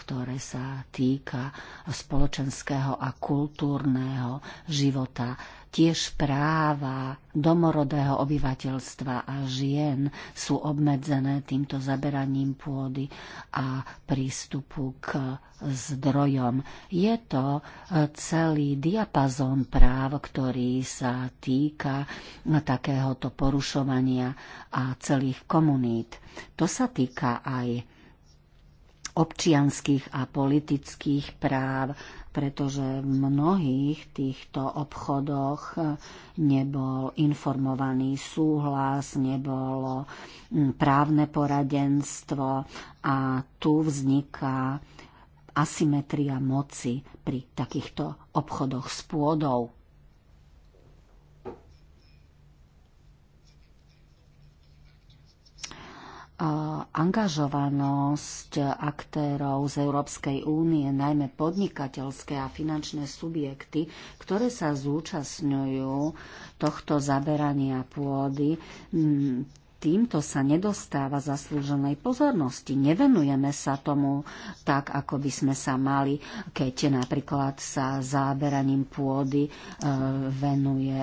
ktoré sa týka spoločenského a kultúrneho života Tiež práva domorodého obyvateľstva a žien sú obmedzené týmto zaberaním pôdy a prístupu k zdrojom. Je to e, celý diapazón práv, ktorý sa týka takéhoto porušovania a celých komunít. To sa týka aj občianských a politických práv, pretože v mnohých týchto obchodoch eh, nebol informovaný súhlas, nebolo hm, právne poradenstvo a tu vzniká asymetria moci pri takýchto obchodoch s pôdou. angažovanosť aktérov z Európskej únie, najmä podnikateľské a finančné subjekty, ktoré sa zúčastňujú tohto zaberania pôdy, týmto sa nedostáva zaslúženej pozornosti. Nevenujeme sa tomu tak, ako by sme sa mali, keď napríklad sa záberaním pôdy e, venuje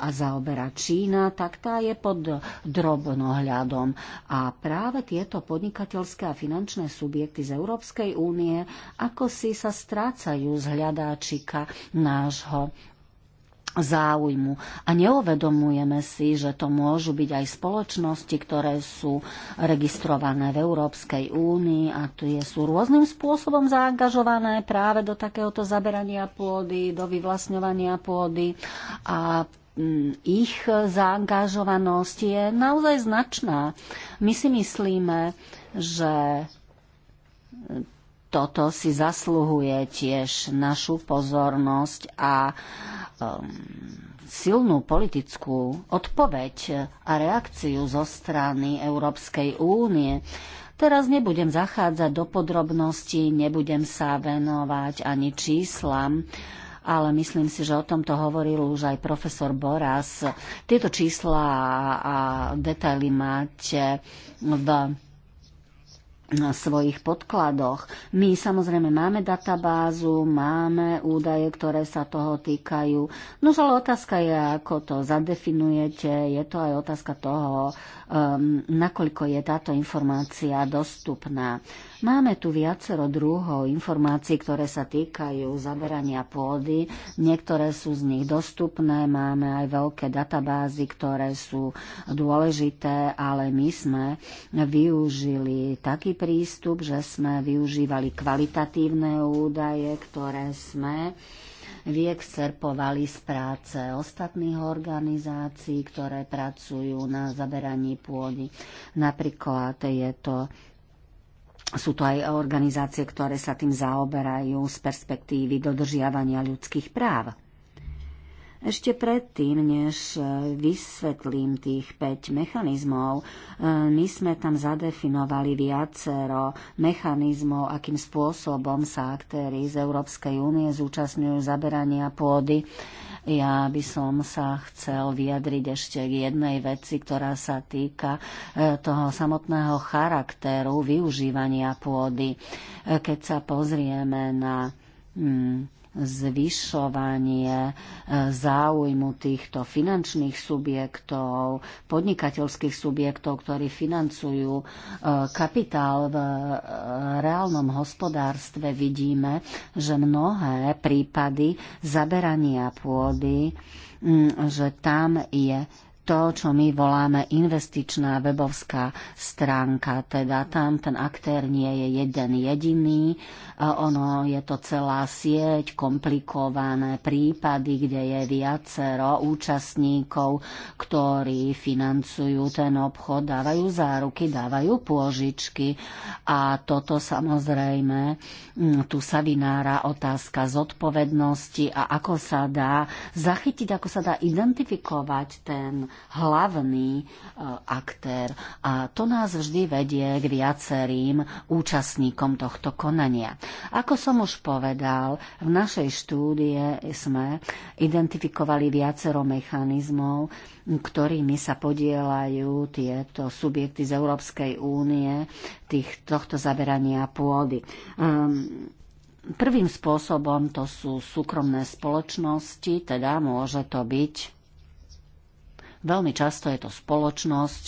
a zaoberá Čína, tak tá je pod drobnohľadom. A práve tieto podnikateľské a finančné subjekty z Európskej únie ako si sa strácajú z hľadáčika nášho záujmu. A neuvedomujeme si, že to môžu byť aj spoločnosti, ktoré sú registrované v Európskej únii a tu je, sú rôznym spôsobom zaangažované práve do takéhoto zaberania pôdy, do vyvlastňovania pôdy a mm, ich zaangažovanosť je naozaj značná. My si myslíme, že mm, toto si zasluhuje tiež našu pozornosť a Um, silnú politickú odpoveď a reakciu zo strany Európskej únie. Teraz nebudem zachádzať do podrobností, nebudem sa venovať ani číslam, ale myslím si, že o tomto hovoril už aj profesor Boras. Tieto čísla a detaily máte v na svojich podkladoch. My samozrejme máme databázu, máme údaje, ktoré sa toho týkajú. No ale otázka je, ako to zadefinujete. Je to aj otázka toho, um, nakoľko je táto informácia dostupná. Máme tu viacero druhov informácií, ktoré sa týkajú zaberania pôdy. Niektoré sú z nich dostupné, máme aj veľké databázy, ktoré sú dôležité, ale my sme využili taký prístup, že sme využívali kvalitatívne údaje, ktoré sme vyexcerpovali z práce ostatných organizácií, ktoré pracujú na zaberaní pôdy. Napríklad je to sú to aj organizácie, ktoré sa tým zaoberajú z perspektívy dodržiavania ľudských práv. Ešte predtým, než vysvetlím tých 5 mechanizmov, e, my sme tam zadefinovali viacero mechanizmov, akým spôsobom sa aktéry z Európskej únie zúčastňujú zaberania pôdy ja by som sa chcel vyjadriť ešte k jednej veci, ktorá sa týka e, toho samotného charakteru využívania pôdy. E, keď sa pozrieme na hmm, zvyšovanie e, záujmu týchto finančných subjektov, podnikateľských subjektov, ktorí financujú e, kapitál v e, reálnom hospodárstve, vidíme, že mnohé prípady zaberania pôdy, že tam je to, čo my voláme investičná webovská stránka. Teda tam ten aktér nie je jeden jediný, ono je to celá sieť, komplikované prípady, kde je viacero účastníkov, ktorí financujú ten obchod, dávajú záruky, dávajú pôžičky a toto samozrejme, tu sa vynára otázka zodpovednosti a ako sa dá zachytiť, ako sa dá identifikovať ten hlavný e, aktér. A to nás vždy vedie k viacerým účastníkom tohto konania. Ako som už povedal, v našej štúdie sme identifikovali viacero mechanizmov, ktorými sa podielajú tieto subjekty z Európskej únie tých, tohto zaberania pôdy. Um, prvým spôsobom to sú súkromné spoločnosti, teda môže to byť Veľmi často je to spoločnosť,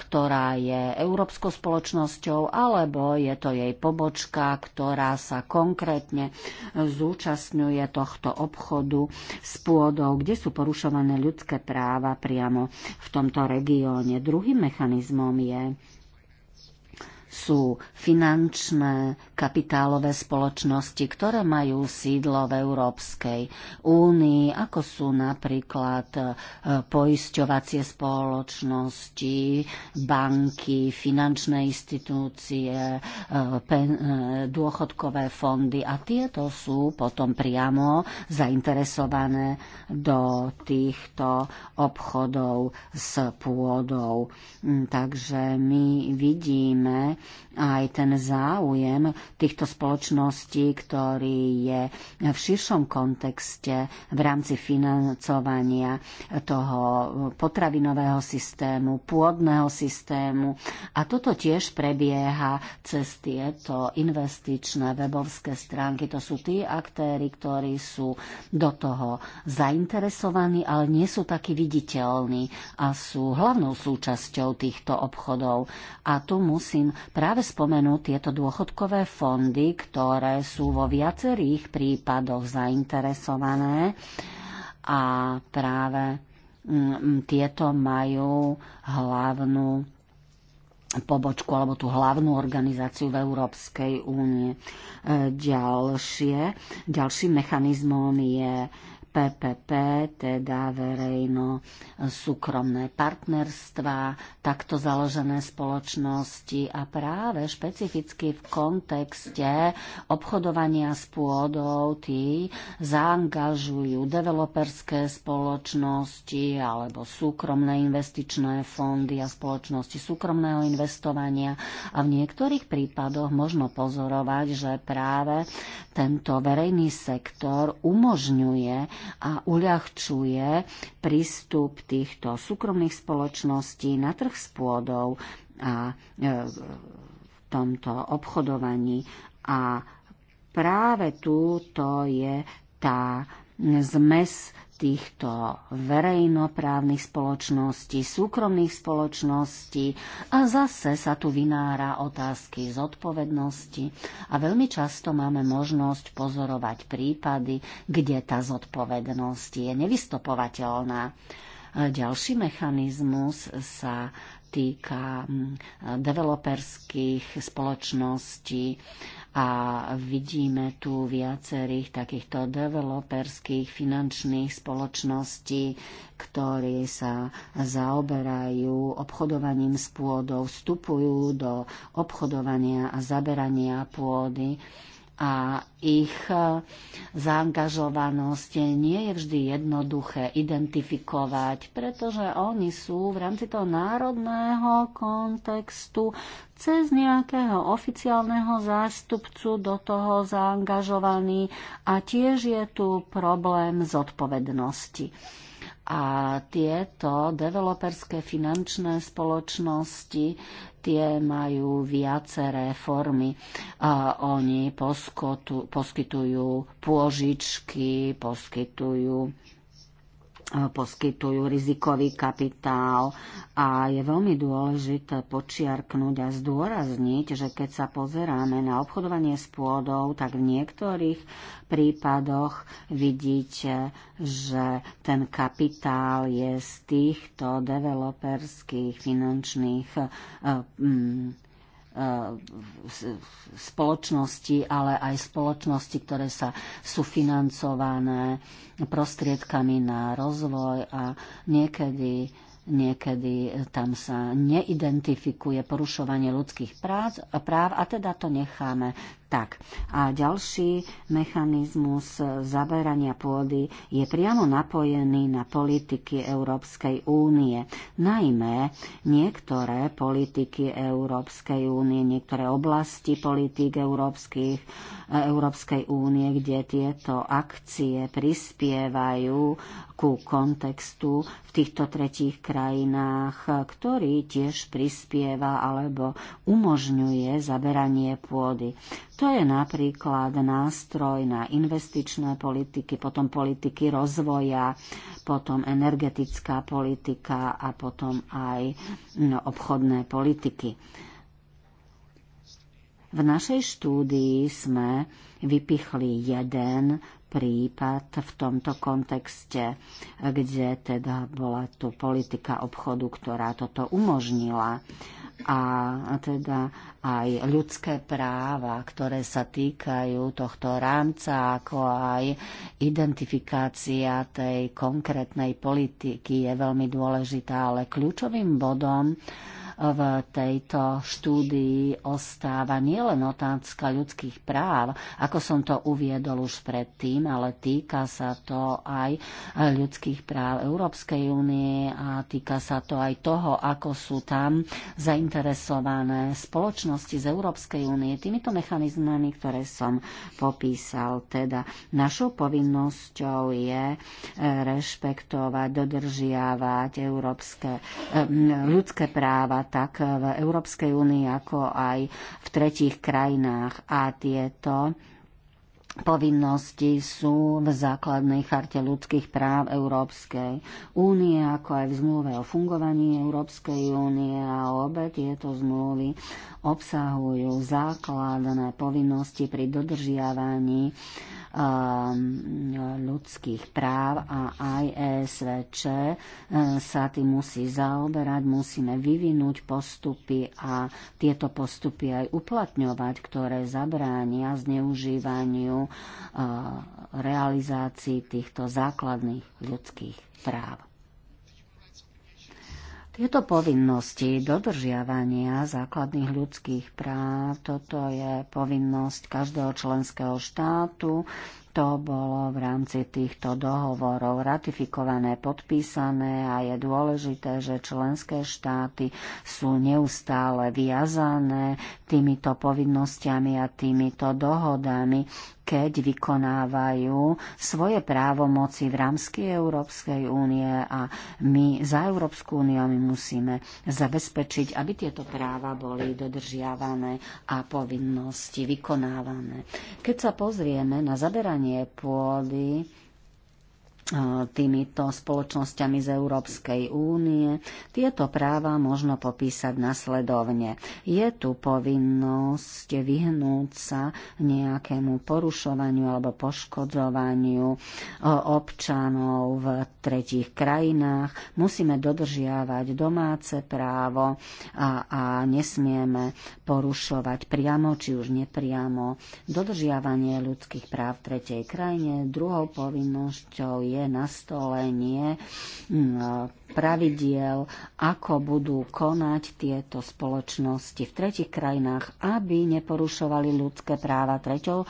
ktorá je európskou spoločnosťou, alebo je to jej pobočka, ktorá sa konkrétne zúčastňuje tohto obchodu s pôdou, kde sú porušované ľudské práva priamo v tomto regióne. Druhým mechanizmom je sú finančné kapitálové spoločnosti, ktoré majú sídlo v Európskej únii, ako sú napríklad e, poisťovacie spoločnosti, banky, finančné institúcie, e, e, dôchodkové fondy a tieto sú potom priamo zainteresované do týchto obchodov s pôdou. Mm, takže my vidíme, aj ten záujem týchto spoločností, ktorý je v širšom kontexte v rámci financovania toho potravinového systému, pôdneho systému. A toto tiež prebieha cez tieto investičné webovské stránky. To sú tí aktéry, ktorí sú do toho zainteresovaní, ale nie sú takí viditeľní a sú hlavnou súčasťou týchto obchodov. A tu musím práve spomenú tieto dôchodkové fondy, ktoré sú vo viacerých prípadoch zainteresované a práve mm, tieto majú hlavnú pobočku alebo tú hlavnú organizáciu v Európskej únie. E, ďalšie, ďalším mechanizmom je PPP, teda verejno-súkromné partnerstva, takto založené spoločnosti a práve špecificky v kontexte obchodovania s pôdou tí zaangažujú developerské spoločnosti alebo súkromné investičné fondy a spoločnosti súkromného investovania a v niektorých prípadoch možno pozorovať, že práve tento verejný sektor umožňuje a uľahčuje prístup týchto súkromných spoločností na trh s pôdou a e, v tomto obchodovaní. A práve túto je tá zmes týchto verejnoprávnych spoločností, súkromných spoločností a zase sa tu vynára otázky zodpovednosti a veľmi často máme možnosť pozorovať prípady, kde tá zodpovednosť je nevystopovateľná. Ďalší mechanizmus sa týka mm, developerských spoločností a vidíme tu viacerých takýchto developerských finančných spoločností, ktorí sa zaoberajú obchodovaním s pôdou, vstupujú do obchodovania a zaberania pôdy a ich e, zaangažovanosť nie je vždy jednoduché identifikovať, pretože oni sú v rámci toho národného kontextu cez nejakého oficiálneho zástupcu do toho zaangažovaní a tiež je tu problém zodpovednosti. A tieto developerské finančné spoločnosti tie majú viaceré formy. A oni poskytujú pôžičky, poskytujú poskytujú rizikový kapitál a je veľmi dôležité počiarknúť a zdôrazniť, že keď sa pozeráme na obchodovanie s pôdou, tak v niektorých prípadoch vidíte, že ten kapitál je z týchto developerských finančných eh, Eh, spoločnosti, ale aj spoločnosti, ktoré sa sú financované prostriedkami na rozvoj a niekedy niekedy tam sa neidentifikuje porušovanie ľudských práv, a teda to necháme tak. A ďalší mechanizmus zaberania pôdy je priamo napojený na politiky Európskej únie. Najmä niektoré politiky Európskej únie, niektoré oblasti politik Európskych, e, Európskej únie, kde tieto akcie prispievajú ku kontextu v týchto tretích krajinách, ktorý tiež prispieva alebo umožňuje zaberanie pôdy. To je napríklad nástroj na investičné politiky, potom politiky rozvoja, potom energetická politika a potom aj no, obchodné politiky. V našej štúdii sme vypichli jeden prípad v tomto kontexte, kde teda bola tu politika obchodu, ktorá toto umožnila a teda aj ľudské práva, ktoré sa týkajú tohto rámca, ako aj identifikácia tej konkrétnej politiky je veľmi dôležitá, ale kľúčovým bodom v tejto štúdii ostáva nielen otázka ľudských práv, ako som to uviedol už predtým, ale týka sa to aj ľudských práv Európskej únie a týka sa to aj toho, ako sú tam zainteresované spoločnosti z Európskej únie týmito mechanizmami, ktoré som popísal. Teda našou povinnosťou je e, rešpektovať, dodržiavať európske e, ľudské práva, tak v Európskej únii, ako aj v tretích krajinách. A tieto povinnosti sú v základnej charte ľudských práv Európskej únie, ako aj v zmluve o fungovaní Európskej únie a obe tieto zmluvy obsahujú základné povinnosti pri dodržiavaní uh, Um, ľudských práv a aj ESVČ uh, sa tým musí zaoberať, musíme vyvinúť postupy a tieto postupy aj uplatňovať, ktoré zabránia zneužívaniu uh, realizácii týchto základných ľudských práv. Tieto povinnosti dodržiavania základných ľudských práv, toto je povinnosť každého členského štátu, to bolo v rámci týchto dohovorov ratifikované, podpísané a je dôležité, že členské štáty sú neustále viazané týmito povinnosťami a týmito dohodami, keď vykonávajú svoje právomoci v rámci Európskej únie a my za Európsku úniu my musíme zabezpečiť, aby tieto práva boli dodržiavané a povinnosti vykonávané. Keď sa pozrieme na zaberanie využívanie pôdy týmito spoločnosťami z Európskej únie. Tieto práva možno popísať nasledovne. Je tu povinnosť vyhnúť sa nejakému porušovaniu alebo poškodzovaniu občanov v tretích krajinách. Musíme dodržiavať domáce právo a, a nesmieme porušovať priamo či už nepriamo dodržiavanie ľudských práv v tretej krajine. Druhou povinnosťou je nastolenie mm, pravidiel, ako budú konať tieto spoločnosti v tretich krajinách, aby neporušovali ľudské práva. Treťou e,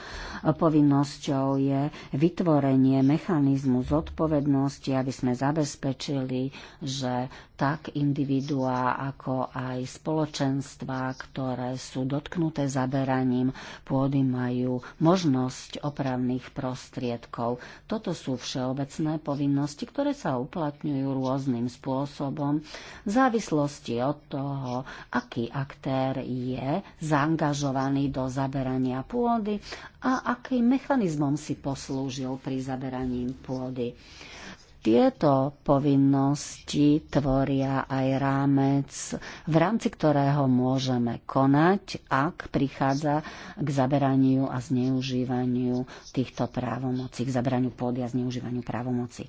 povinnosťou je vytvorenie mechanizmu zodpovednosti, aby sme zabezpečili, že tak individuá, ako aj spoločenstva, ktoré sú dotknuté zaberaním pôdy, majú možnosť opravných prostriedkov. Toto sú všeobecné povinnosti, ktoré sa uplatňujú rôznym spôsobom v závislosti od toho, aký aktér je zaangažovaný do zaberania pôdy a akým mechanizmom si poslúžil pri zaberaní pôdy. Tieto povinnosti tvoria aj rámec, v rámci ktorého môžeme konať, ak prichádza k zaberaniu a zneužívaniu týchto právomocí, k zaberaniu pôdy a zneužívaniu právomocí e,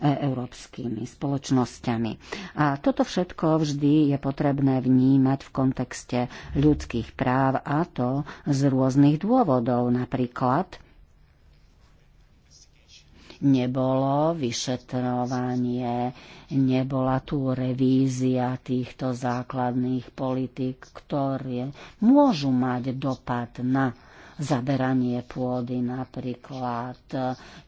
európskymi spoločnosťami. A toto všetko vždy je potrebné vnímať v kontexte ľudských práv a to z rôznych dôvodov, napríklad nebolo vyšetrovanie, nebola tu revízia týchto základných politik, ktoré môžu mať dopad na zaberanie pôdy napríklad,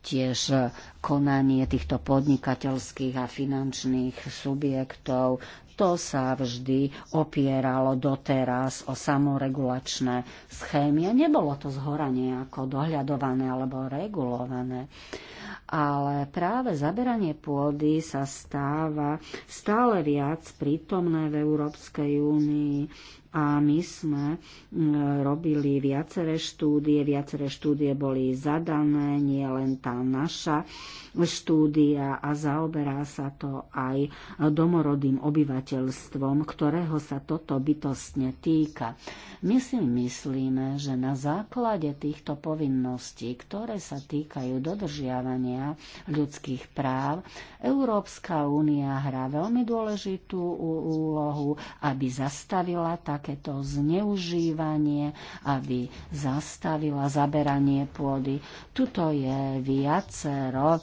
tiež konanie týchto podnikateľských a finančných subjektov. To sa vždy opieralo doteraz o samoregulačné schémy a nebolo to zhora nejako dohľadované alebo regulované ale práve zaberanie pôdy sa stáva stále viac prítomné v Európskej únii a my sme mm, robili viaceré štúdie, viaceré štúdie boli zadané, nie len tá naša štúdia a zaoberá sa to aj domorodým obyvateľstvom, ktorého sa toto bytostne týka. My si myslíme, že na základe týchto povinností, ktoré sa týkajú dodržiavania ľudských práv, Európska únia hrá veľmi dôležitú úlohu, aby zastavila tak takéto zneužívanie, aby zastavila zaberanie pôdy. Tuto je viacero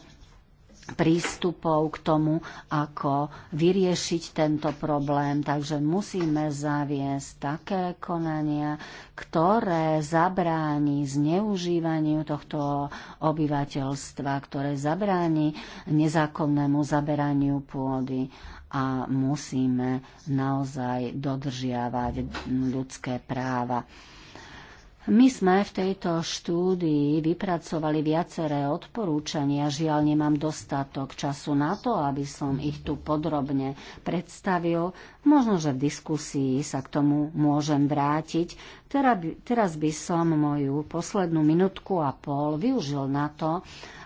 prístupov k tomu, ako vyriešiť tento problém. Takže musíme zaviesť také konania, ktoré zabráni zneužívaniu tohto obyvateľstva, ktoré zabráni nezákonnému zaberaniu pôdy a musíme naozaj dodržiavať ľudské práva. My sme v tejto štúdii vypracovali viaceré odporúčania. Žiaľ, nemám dostatok času na to, aby som ich tu podrobne predstavil. Možno, že v diskusii sa k tomu môžem vrátiť. Teraz by som moju poslednú minutku a pol využil na to,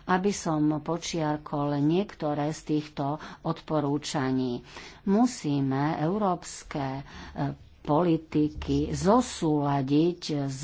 aby som počiarkol niektoré z týchto odporúčaní. Musíme európske eh, politiky zosúladiť s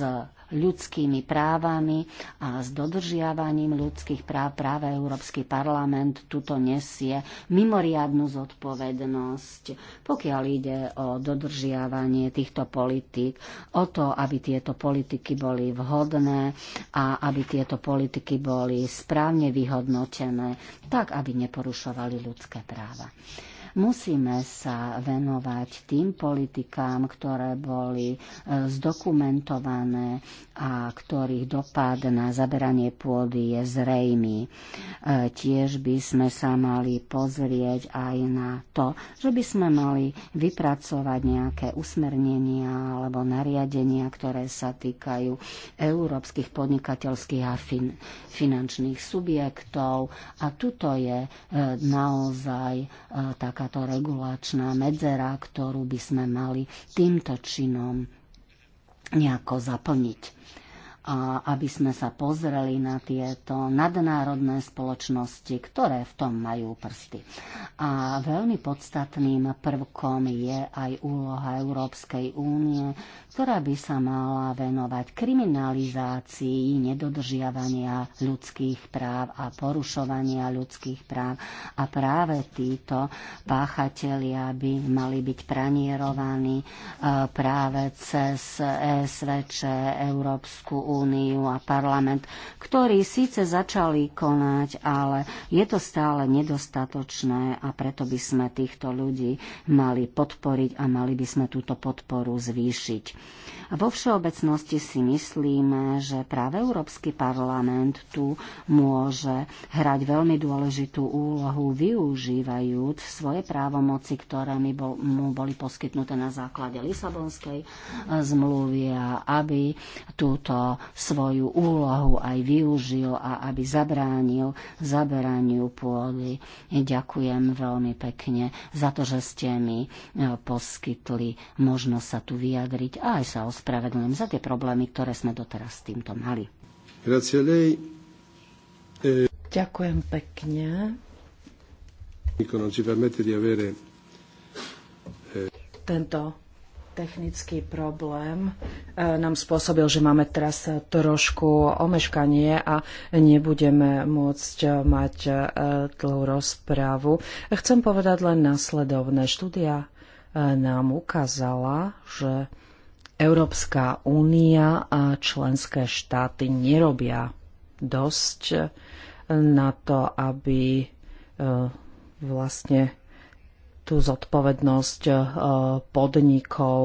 ľudskými právami a s dodržiavaním ľudských práv práve Európsky parlament tuto nesie mimoriadnu zodpovednosť, pokiaľ ide o dodržiavanie týchto politík, o to, aby tieto politiky boli vhodné a aby tieto politiky boli správne vyhodnotené, tak aby neporušovali ľudské práva. Musíme sa venovať tým politikám, ktoré boli e, zdokumentované a ktorých dopad na zaberanie pôdy je zrejmý. E, tiež by sme sa mali pozrieť aj na to, že by sme mali vypracovať nejaké usmernenia alebo nariadenia, ktoré sa týkajú európskych podnikateľských a fin- finančných subjektov. A tuto je e, naozaj taká takáto regulačná medzera, ktorú by sme mali týmto činom nejako zaplniť a aby sme sa pozreli na tieto nadnárodné spoločnosti, ktoré v tom majú prsty. A veľmi podstatným prvkom je aj úloha Európskej únie, ktorá by sa mala venovať kriminalizácii nedodržiavania ľudských práv a porušovania ľudských práv. A práve títo páchatelia by mali byť pranierovaní e, práve cez ESVČ, Európsku úniu a parlament, ktorí síce začali konať, ale je to stále nedostatočné a preto by sme týchto ľudí mali podporiť a mali by sme túto podporu zvýšiť. Vo všeobecnosti si myslíme, že práve Európsky parlament tu môže hrať veľmi dôležitú úlohu, využívajúc svoje právomoci, ktoré mu boli poskytnuté na základe Lisabonskej e, zmluvy a aby túto svoju úlohu aj využil a aby zabránil zaberaniu pôdy. Ďakujem veľmi pekne za to, že ste mi e, poskytli možnosť sa tu vyjadriť a aj sa ospravedlňujem za tie problémy, ktoré sme doteraz s týmto mali. E, Ďakujem pekne.
E,
Tento technický problém e, nám spôsobil, že máme teraz trošku omeškanie a nebudeme môcť mať dlhú rozprávu. Chcem povedať len následovné. Štúdia nám ukázala, že Európska únia a členské štáty nerobia dosť na to, aby e, vlastne tú zodpovednosť e, podnikov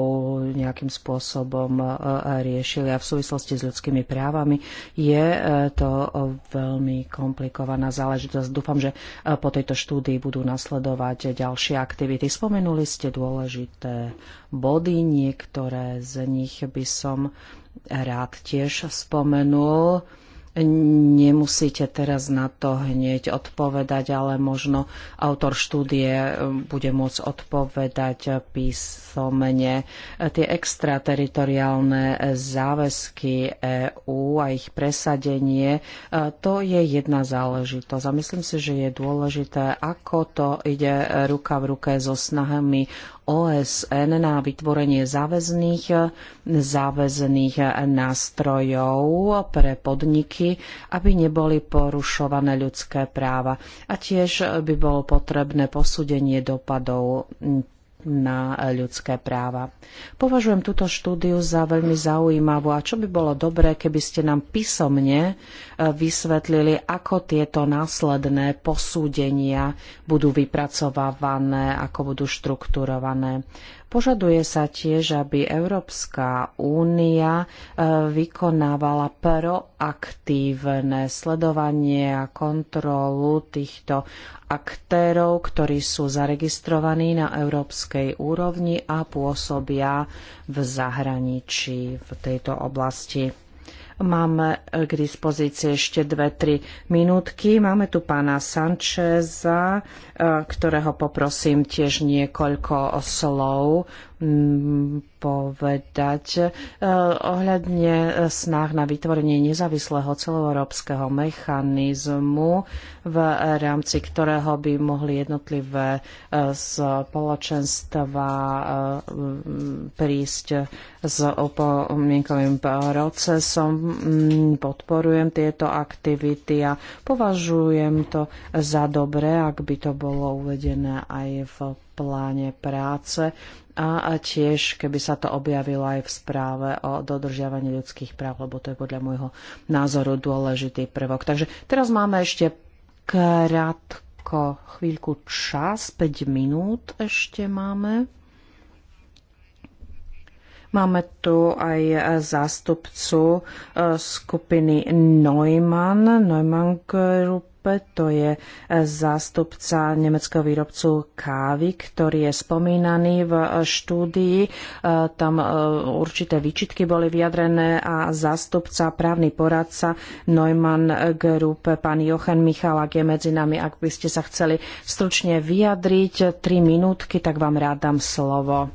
nejakým spôsobom e, e, riešili. A v súvislosti s ľudskými právami je to veľmi komplikovaná záležitosť. Dúfam, že po tejto štúdii budú nasledovať ďalšie aktivity. Spomenuli ste dôležité body, niektoré z nich by som rád tiež spomenul. Nemusíte teraz na to hneď odpovedať, ale možno autor štúdie e, bude môcť odpovedať písomne. E, tie extrateritoriálne záväzky EÚ a ich presadenie, e, to je jedna záležitosť. A myslím si, že je dôležité, ako to ide ruka v ruke so snahami OSN na vytvorenie záväzných, záväzných nástrojov pre podniky, aby neboli porušované ľudské práva. A tiež by bolo potrebné posúdenie dopadov na ľudské práva. Považujem túto štúdiu za veľmi zaujímavú a čo by bolo dobré, keby ste nám písomne e, vysvetlili, ako tieto následné posúdenia budú vypracovávané, ako budú štrukturované. Požaduje sa tiež, aby Európska únia e, vykonávala proaktívne sledovanie a kontrolu týchto aktérov, ktorí sú zaregistrovaní na európskej úrovni a pôsobia v zahraničí v tejto oblasti. Máme eh, k dispozícii ešte 2-3 minútky. Máme tu pána Sančeza, eh, ktorého poprosím tiež niekoľko slov Mm, povedať e, ohľadne snah na vytvorenie nezávislého celoeurópskeho mechanizmu, v rámci ktorého by mohli jednotlivé e, spoločenstva e, prísť s opomienkovým procesom. Mm, podporujem tieto aktivity a považujem to za dobré, ak by to bolo uvedené aj v pláne práce a tiež, keby sa to objavilo aj v správe o dodržiavaní ľudských práv, lebo to je podľa môjho názoru dôležitý prvok. Takže teraz máme ešte krátko chvíľku čas, 5 minút ešte máme. Máme tu aj zástupcu e, skupiny Neumann, Neumann Group to je e, zástupca nemeckého výrobcu kávy, ktorý je spomínaný v e, štúdii. E, tam určité výčitky boli vyjadrené a zástupca, právny poradca Neumann Group, pán Jochen Michalak je medzi nami. Ak by ste sa chceli stručne vyjadriť, tri minútky, tak vám rád dám slovo.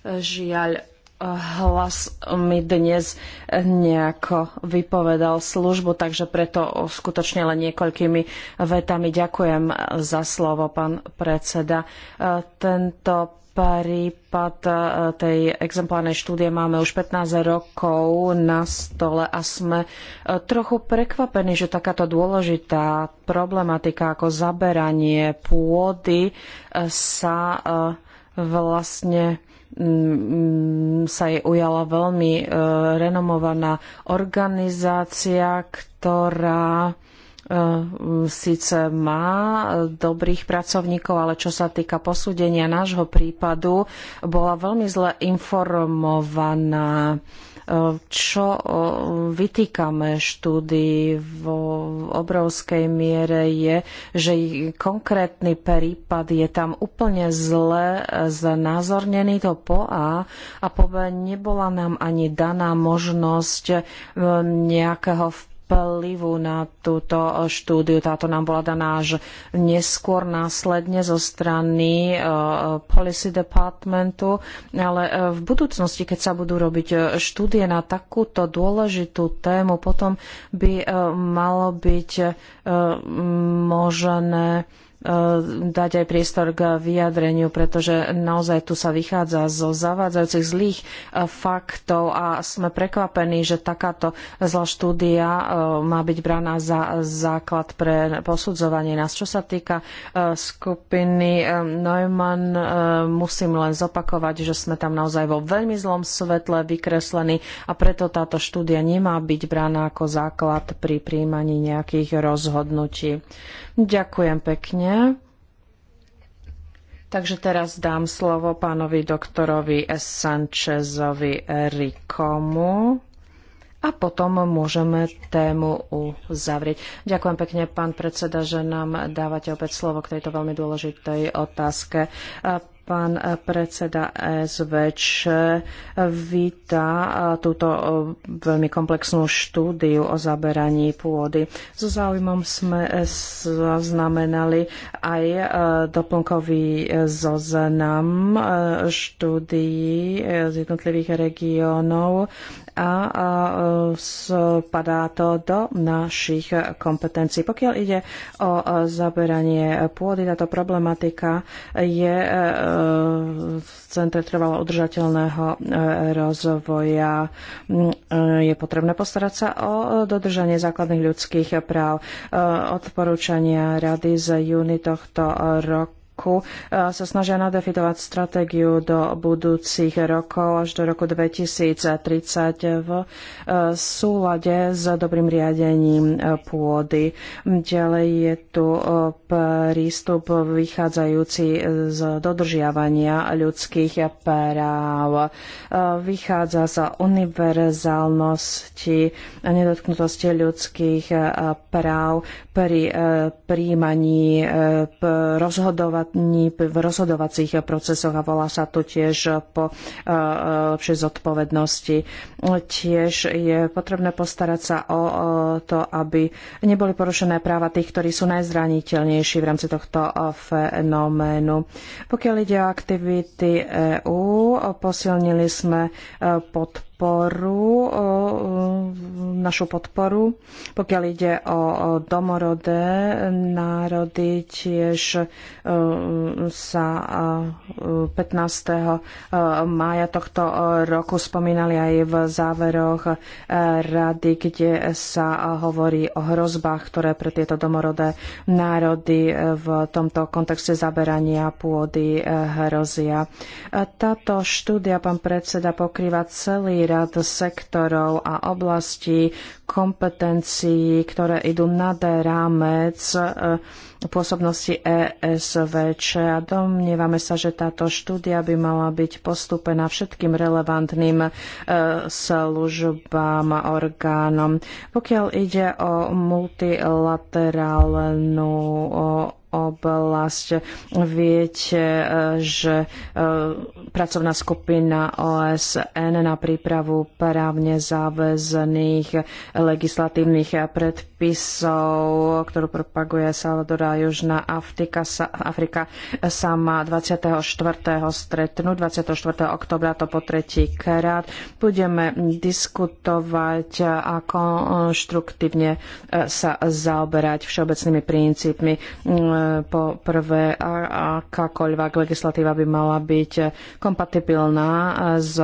Žiaľ, hlas mi dnes nejako vypovedal službu, takže preto skutočne len niekoľkými vetami ďakujem za slovo, pán predseda. E, tento prípad e, tej exemplárnej štúdie máme už 15 rokov na stole a sme e, trochu prekvapení, že takáto dôležitá problematika ako zaberanie pôdy sa vlastne Mm, sa jej ujala veľmi e, renomovaná organizácia, ktorá e, síce má dobrých pracovníkov, ale čo sa týka posúdenia nášho prípadu, bola veľmi zle informovaná. Čo e, vytýkame štúdii v obrovskej miere je, že konkrétny prípad je tam úplne zle znázornený to po A a po B nebola nám ani daná možnosť e, nejakého vplyvu vplyvu na túto štúdiu. Táto nám bola daná až neskôr následne zo strany e, e, Policy Departmentu, ale e, v budúcnosti, keď sa budú robiť štúdie na takúto dôležitú tému, potom by malo byť možné Eh, dať aj priestor k vyjadreniu, pretože naozaj tu sa vychádza zo zavádzajúcich zlých eh, faktov a sme prekvapení, že takáto zlá štúdia eh, má byť braná za základ pre posudzovanie nás. Čo sa týka skupiny Neumann, musím len zopakovať, že sme tam naozaj vo veľmi zlom svetle vykreslení a preto táto štúdia nemá byť braná ako základ pri príjmaní nejakých rozhodnutí. Ďakujem pekne pekne. Takže teraz dám slovo pánovi doktorovi S. Sanchezovi Rikomu a potom môžeme tému uzavrieť. Ďakujem pekne, pán predseda, že nám dávate opäť slovo k tejto veľmi dôležitej otázke pán predseda SVČ víta e, túto e, veľmi komplexnú štúdiu o zaberaní pôdy. So záujmom sme zaznamenali aj e, doplnkový zoznam štúdií z jednotlivých regiónov a spadá to do našich kompetencií. Pokiaľ ide o zaberanie pôdy, táto problematika je e, v Centre trvalo udržateľného e, rozvoja. Mm, e, je potrebné postarať sa o dodržanie základných ľudských práv. Odporúčania rady z júni tohto roku roku e, sa snažia nadefinovať stratégiu do budúcich rokov až do roku 2030 v e, súlade s dobrým riadením e, pôdy. Ďalej je tu prístup vychádzajúci z dodržiavania ľudských práv. Vychádza sa univerzálnosti a nedotknutosti ľudských práv pri príjmaní rozhodovať uplatní v rozhodovacích procesoch a volá sa to tiež po lepšej e, zodpovednosti. Tiež je potrebné postarať sa o to, aby neboli porušené práva tých, ktorí sú najzraniteľnejší v rámci tohto e, fenoménu. Pokiaľ ide o aktivity EÚ, posilnili sme e, podporu podporu, našu podporu, pokiaľ ide o domorodé národy, tiež sa 15. mája tohto roku spomínali aj v záveroch e, rady, kde sa hovorí o hrozbách, ktoré pre tieto domorodé národy e, v tomto kontexte zaberania pôdy e, hrozia. Táto štúdia, pán predseda, pokrýva celý rad sektorov a oblastí kompetencií, ktoré idú nad rámec eh, pôsobnosti ESV a domnievame sa, že táto štúdia by mala byť postúpená všetkým relevantným e, službám a orgánom. Pokiaľ ide o multilaterálnu oblasť. Viete, že e, pracovná skupina OSN na prípravu právne záväzných legislatívnych predpisov, ktorú propaguje Salvador Južná Afrika sa, Afrika sa má 24. stretnúť, 24. oktobra to po tretí krát. Budeme diskutovať a konštruktívne e, sa zaoberať všeobecnými princípmi. E, po prvé, akákoľvek legislatíva by mala byť kompatibilná e, s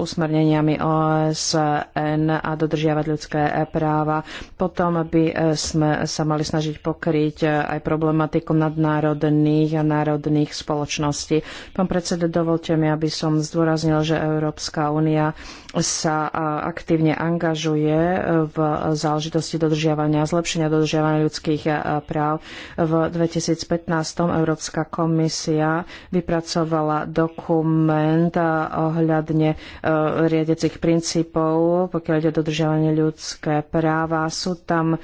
usmerneniami OSN a dodržiavať ľudské práva. Potom by sme sa mali snažiť pokryť aj problematiku nadnárodných a národných spoločností. Pán predseda, dovolte mi, aby som zdôraznil, že Európska únia sa aktívne angažuje e, v záležitosti dodržiavania, zlepšenia dodržiavania ľudských e, práv. V 2015 Európska komisia vypracovala dokument e, ohľadne riadecich princípov, pokiaľ ide o dodržiavanie ľudské práva. Sú tam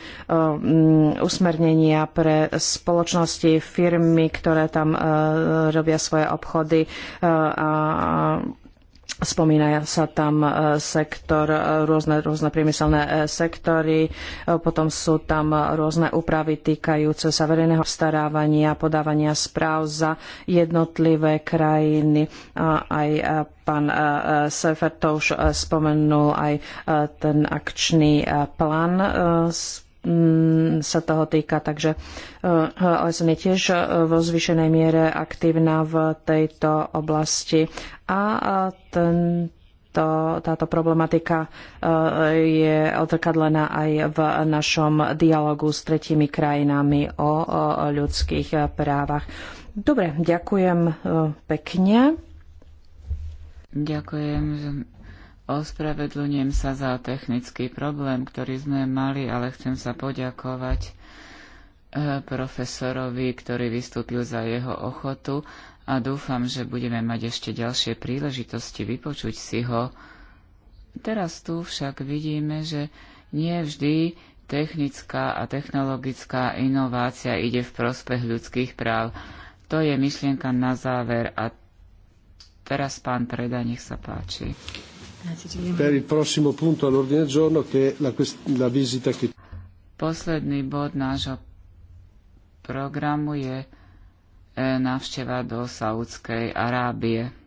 usmernenia pre spoločnosti, firmy, ktoré tam robia svoje obchody a Spomína sa tam e, sektor, e, rôzne, rôzne priemyselné e, sektory, potom sú tam rôzne úpravy týkajúce sa verejného starávania, podávania správ za jednotlivé krajiny. Aj pán Sefer to už spomenul, aj ten akčný plán Mm, sa toho týka. Takže eh, OSN je tiež eh, vo zvyšenej miere aktívna v tejto oblasti. A ten to, táto problematika eh, je odrkadlená aj v našom dialogu s tretími krajinami o, o ľudských právach. Dobre, ďakujem pekne.
Ďakujem Ospravedlňujem sa za technický problém, ktorý sme mali, ale chcem sa poďakovať e, profesorovi, ktorý vystúpil za jeho ochotu a dúfam, že budeme mať ešte ďalšie príležitosti vypočuť si ho. Teraz tu však vidíme, že nie vždy technická a technologická inovácia ide v prospech ľudských práv. To je myšlienka na záver a teraz pán Preda, nech sa páči per il
prossimo punto all'ordine del giorno che è la, la visita che...
Posledný bod nášho programu je eh, návšteva do Saudskej Arábie.